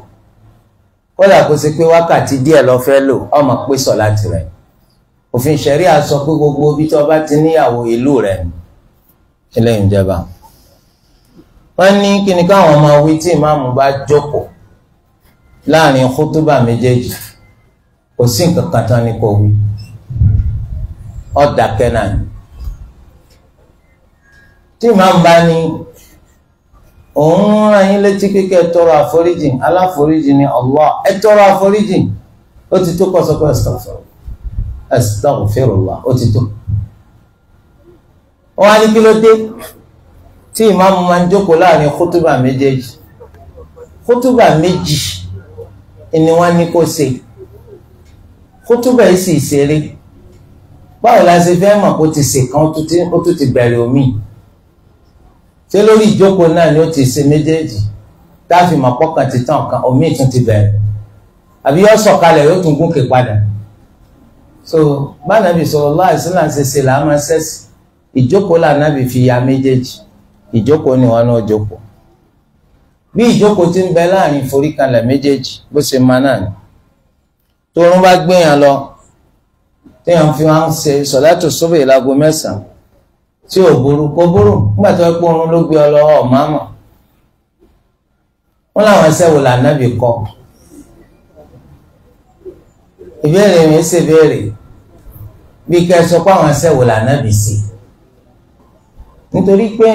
A: kódà kó ṣe pé wákàtí díẹ̀ lọ fẹ́ lò ọ́ máa pé sọ̀lá tìrẹ̀ òfin ṣẹ̀ríà sọ pé gbogbo ibi tọ́ba ti níyàwó ìlú rẹ̀ ilé ìjọba wọ́n ní kí káwọn máa wí tí ìmáàmù bá jókòó láàrin kútúbà méjèèjì kò sí nǹkan kan tán ní kò wí ọ̀dà kẹ́nà ni tí màá bá ní òun ràn yín létí kíkẹ́ tọrọ àforíjì aláforíjì ni Allah ẹ tọrọ àforíjì ó ti tó kọsọkọ astaghfirullah ó ti tó wọn á ní kí ló dé tí ìmáàmù máa ń jókòó láàrin kútúbà méjèèjì kútúbà méjì ni wọ́n ní kó ṣe kútúbà yìí sì ṣeré báwo la ṣe fẹ́ mọ̀ kó ti ṣe kan ó tún ti bẹ̀rẹ̀ omi ṣé lórí ìjókòó náà ni ó ti ṣe méjèèjì táàfin mọ̀ pọ́kàn ti tàn kan omi tún ti bẹ̀rẹ̀ àbí yóò sọ̀kalẹ̀ yóò tún gúnkè padà so bánàbì sallallahu alaihi wasallam ṣe ṣe làá máa ṣẹ́sì ìjókòó làánàbì fi ya méjèèjì ìjókòó ni wọn náà jókòó bí ìjókòó ti ń bẹ láàrin ìforíkanlẹ̀ méjèèjì bó ṣe máa náà ni torun bá gbéyàn lọ téèyàn fi wá ń ṣe sọ̀látò sóbè ìlago mẹ́sàn-án tí ò burú kò burú nígbà tó pé oorun ló gbé ọ lọ ọ̀máàmọ̀ wọn làwọn ẹsẹ̀ wò lànàbì kọ ìbéèrè mi ṣe béèrè bí kẹ́ ẹ sọ pé àwọn ẹsẹ̀ wò lànàbì sí nítorí pé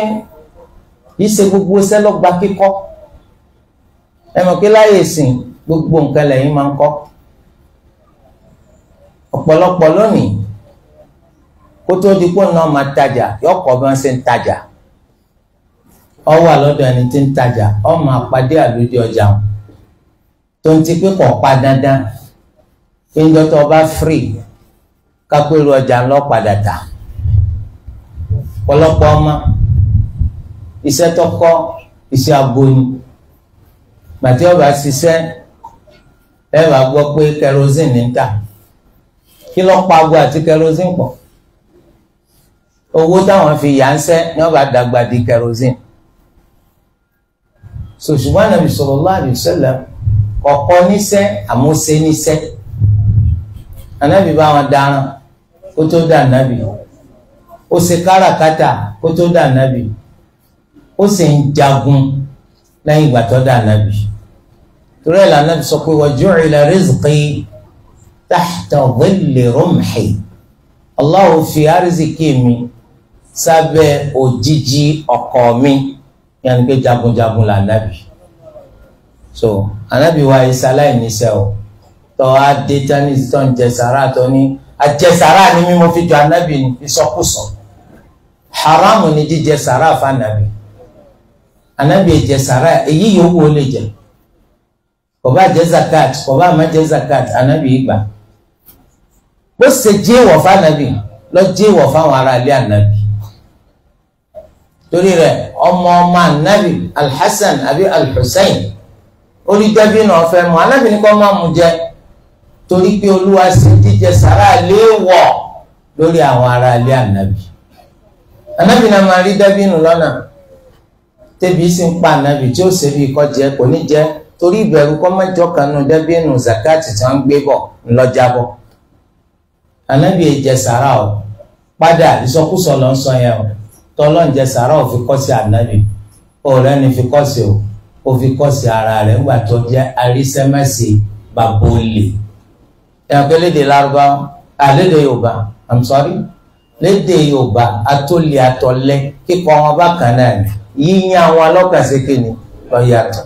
A: yìí ṣe gbogbo sẹ́lọ́gba kíkọ́ ẹ mọ̀ pé láyé ìsìn gbogbo nǹkan lẹ́yìn máa ń kọ́ ọ̀pọ̀lọpọ̀ lónìí kó tó di pé náà máa tajà yọ kọ́ bí wọ́n ṣe ń tajà ọ wà lọ́dọ̀ ẹni tí ń tajà ọ máa pàdé àlùdí ọjà wọn tó ń ti pé kọ̀ pa dandan pé ńjọ́ tó bá free kápẹ́rù ọjà ńlọ padà tà ọ̀pọ̀lọpọ̀ ọmọ iṣẹ́ tó kọ́ iṣẹ́ abóyin gbàtí ọba ṣiṣẹ́ ẹ bá pé kerosene ń tà kí ló pa agbo àti kerosene pọ̀ owó táwọn fi yà ń sẹ́ ni ọba dàgbà di kerosene sòṣùgbọ́n Ànábì sallallahu alaihi wasallam kọ̀kọ́ níṣẹ́ àmúṣe níṣẹ́ ànábì bá wọn dáràn kó tó dà ànábì ó ṣe káràkátà kó tó dà ànábì ó sì ń jagun lẹ́yìn ìgbà tó dà ànábì torí ẹ̀ lànà sọ pé wa ju'ila rizqi tahta dhilli rumhi Allah fi àrísìkì mi sábẹ́ òjìji ọkọ̀ mi yàní pé jagunjagun là nàbì so ànábì wa isa aláìníṣẹ́ o tọ́ a dé tání tó ń jẹ sàrà tó ní àjẹsàrà ni mímọ́ fi jọ ànábì ìsọkúsọ haramu ni jíjẹ sàrà fún ànábì ànábì ìjẹsàrà èyí yòówù ó lè jẹ kò bá jẹ́ zakat kò bá má jẹ́ zakat anabi ìgbà bó ṣe jẹ́ ìwọ̀ fanabi lọ jẹ́ ìwọ̀ fáwọn ará ilé anabi torí rẹ̀ ọmọ ọmọ anabi alhassan àbí alhussein orí dàbínù ọ̀fẹ́ mu anabi ní kó má mu jẹ torí pé olúwa ṣe jíjẹ sàrà léèwọ̀ lórí àwọn ará ilé anabi anabi náà máa rí dàbínù lọ́nà tẹ́bi sì ń pa anabi tí ó ṣe bí kó kò ní jẹ torí ìbẹ̀rù kọ́mọ́jọ́ kanú dẹ́bínú zakati tí wọ́n ń gbé bọ̀ ńlọ́jàbọ̀ ànábì ẹ̀jẹ̀ sàrà o padà ìsọkúsọ ló ń sọ yẹn o tọ́lọ́ ń jẹ sàrà ò fi kọ́ sí ànábì ọ̀rẹ́ ni fi kọ́ sí o ó fi kọ́ sí ara rẹ̀ ńgbà tó jẹ́ arísẹ́mẹ́sì babolè ẹ̀rọ pé léde lárúbá àlédè yorùbá i'm sorry léde yorùbá atólè atọ́lẹ́ kíkọ́ wọn bákan náà yíyan wọn lọ́kàn sí kíni lọ́yàtọ̀.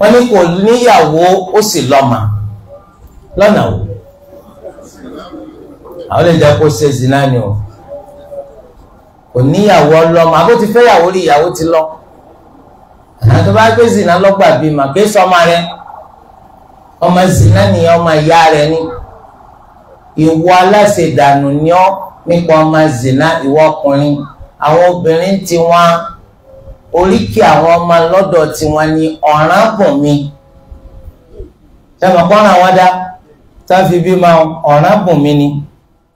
A: wọ́n ní kò níyàwó ó sì lọ́mọ lọ́nà o àwọn lè jẹ́ kó ṣe zina ni o kò níyàwó ọlọ́mọ àbó ti fẹ́ yàwó rí ìyàwó ti lọ àti bá gbé zina lọ́gbà bíi mà kí sọmọ rẹ ọmọ zina ni ọmọ ìyá rẹ ni ìwọ aláṣẹ ìdànù ni ọ nípa ọmọ zina ìwọ ọkùnrin àwọn obìnrin tiwọn. oríkì àwọn ọmọ lọ́dọ̀ tiwọn ni ọ̀ràn bọ̀ mi ṣẹ́mi kọ́ra wọn dá tá a fi bí ma ọ̀ràn bọ̀ mi ni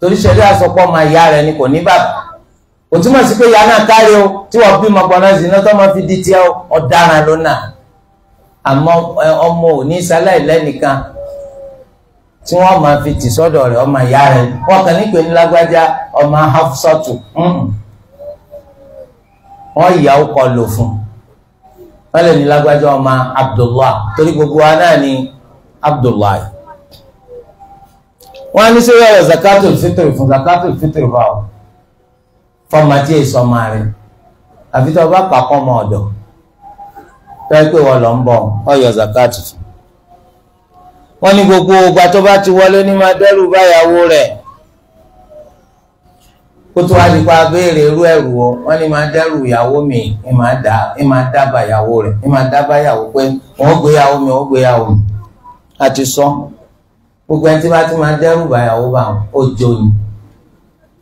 A: torí ṣẹlẹ̀ àsopọ̀ ọmọ ìyá rẹ̀ ni kò ní bàbá kò túmọ̀ sí pé ìyá náà kárí o tí wọ́n bí mọ̀gbọ́nà sí iná tó máa fi di tiẹ̀ ọ̀daràn lónà àmọ́ ọmọ ò ní sáláì lẹ́nìkan tí wọ́n máa fi tì sọ́dọ̀ rẹ̀ ọmọ ìyá rẹ̀ wọ́n kàn ní pé ní lágbájá ọmọ Hafsatu. Hmm. wọ́n yà ó kọ lò fún wọ́n lè ní lágbájá ọmọ Abdullahi torí gbogbo wa náà ni Abdullah wọ́n á ní sẹ́yìn ọ̀rọ̀ zakatul fitri fún zakatul fitri bá ọ fọmọ èso ọmọ rẹ àfi tí wọ́n bá pàkọ́ ọmọ ọ̀dọ̀ lọ ń bọ̀ fún wọ́n ní gbogbo ọgbà tó bá ti wọlé ní kótó wá di pa béèrè irú ẹrù ọ wọn ni máa dẹrù mi ẹ máa dá ẹ máa dábàá ìyàwó rẹ máa dábàá ìyàwó pé wọn ó gbéyàwó mi wọn ó gbéyàwó mi ti sọ gbogbo ẹni tí bá ti máa dẹrù bá ìyàwó bá ó jó ni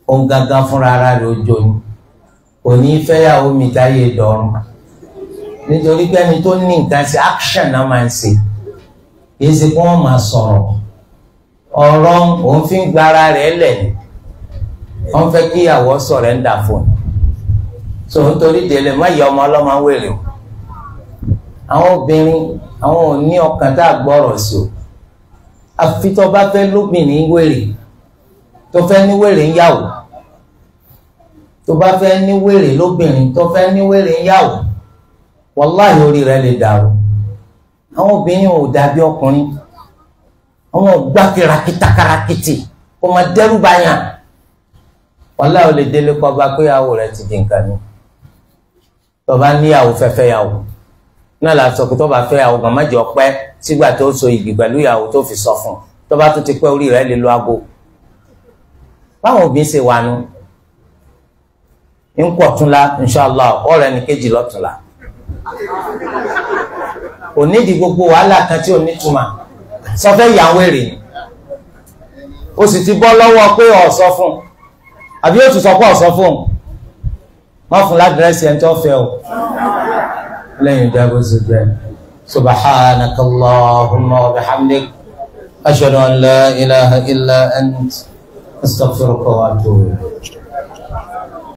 A: òun gangan fúnra ara rẹ ó jó ni ní fẹ́ ìyàwó mi táyé dọ̀rùn nítorí pé ẹni tó ní nǹkan ṣe action náà máa ń ṣe kì í sọ̀rọ̀ ọ̀rọ̀ òun wọ́n fẹ́ kí ìyàwó sọ̀rẹ́ńdà fún so nítorí délé má yọ ọmọ ọlọ́mọ wèrè o àwọn obìnrin àwọn ò ní ọkàn tá a gbọ́rọ̀ sí o àfi tó bá fẹ́ lóbìnrin wèrè tó fẹ́ ní wèrè ń yàwó tó bá fẹ́ ní wèrè lóbìnrin tó fẹ́ ní wèrè ń yàwó wàláhì orí rẹ lè dàrú àwọn obìnrin ò dàbí ọkùnrin àwọn ò gbá kìràkìtàkàràkìtì kò má dẹ́rù báyà wàhálà ò lè délé kọ́ bá pé ìyàwó rẹ̀ ti di nǹkan ni tó bá níyàwó fẹ́fẹ́ yàwó náà la sọ pé tó bá fẹ́ yàwó gan má jẹ́ ọpẹ́ sígbà tó so igi pẹ̀lú ìyàwó tó fi sọ fún tó bá tó ti pẹ́ orí rẹ̀ lè lo aago báwọn òbí ṣe wà nù ń pọ̀ túnla inṣàlá ọ̀rẹ́ ni kejì lọ́túnla onídìí gbogbo wàhálà kan tí ò ní túmọ̀ yàwó èrè ó sì ti bọ́ lọ́wọ́ pé ọ̀ sọ fún un àbí yóò tún sọ pé ọ̀sán fóun wọ́n fún ládírẹ́sì ẹni tó fẹ́ o lẹ́yìn ìjábọ̀ ṣùgbẹ́ subhanaka allahumma wa
B: bihamdik ashhadu an la ilaha illa ant astaghfiruka wa atubu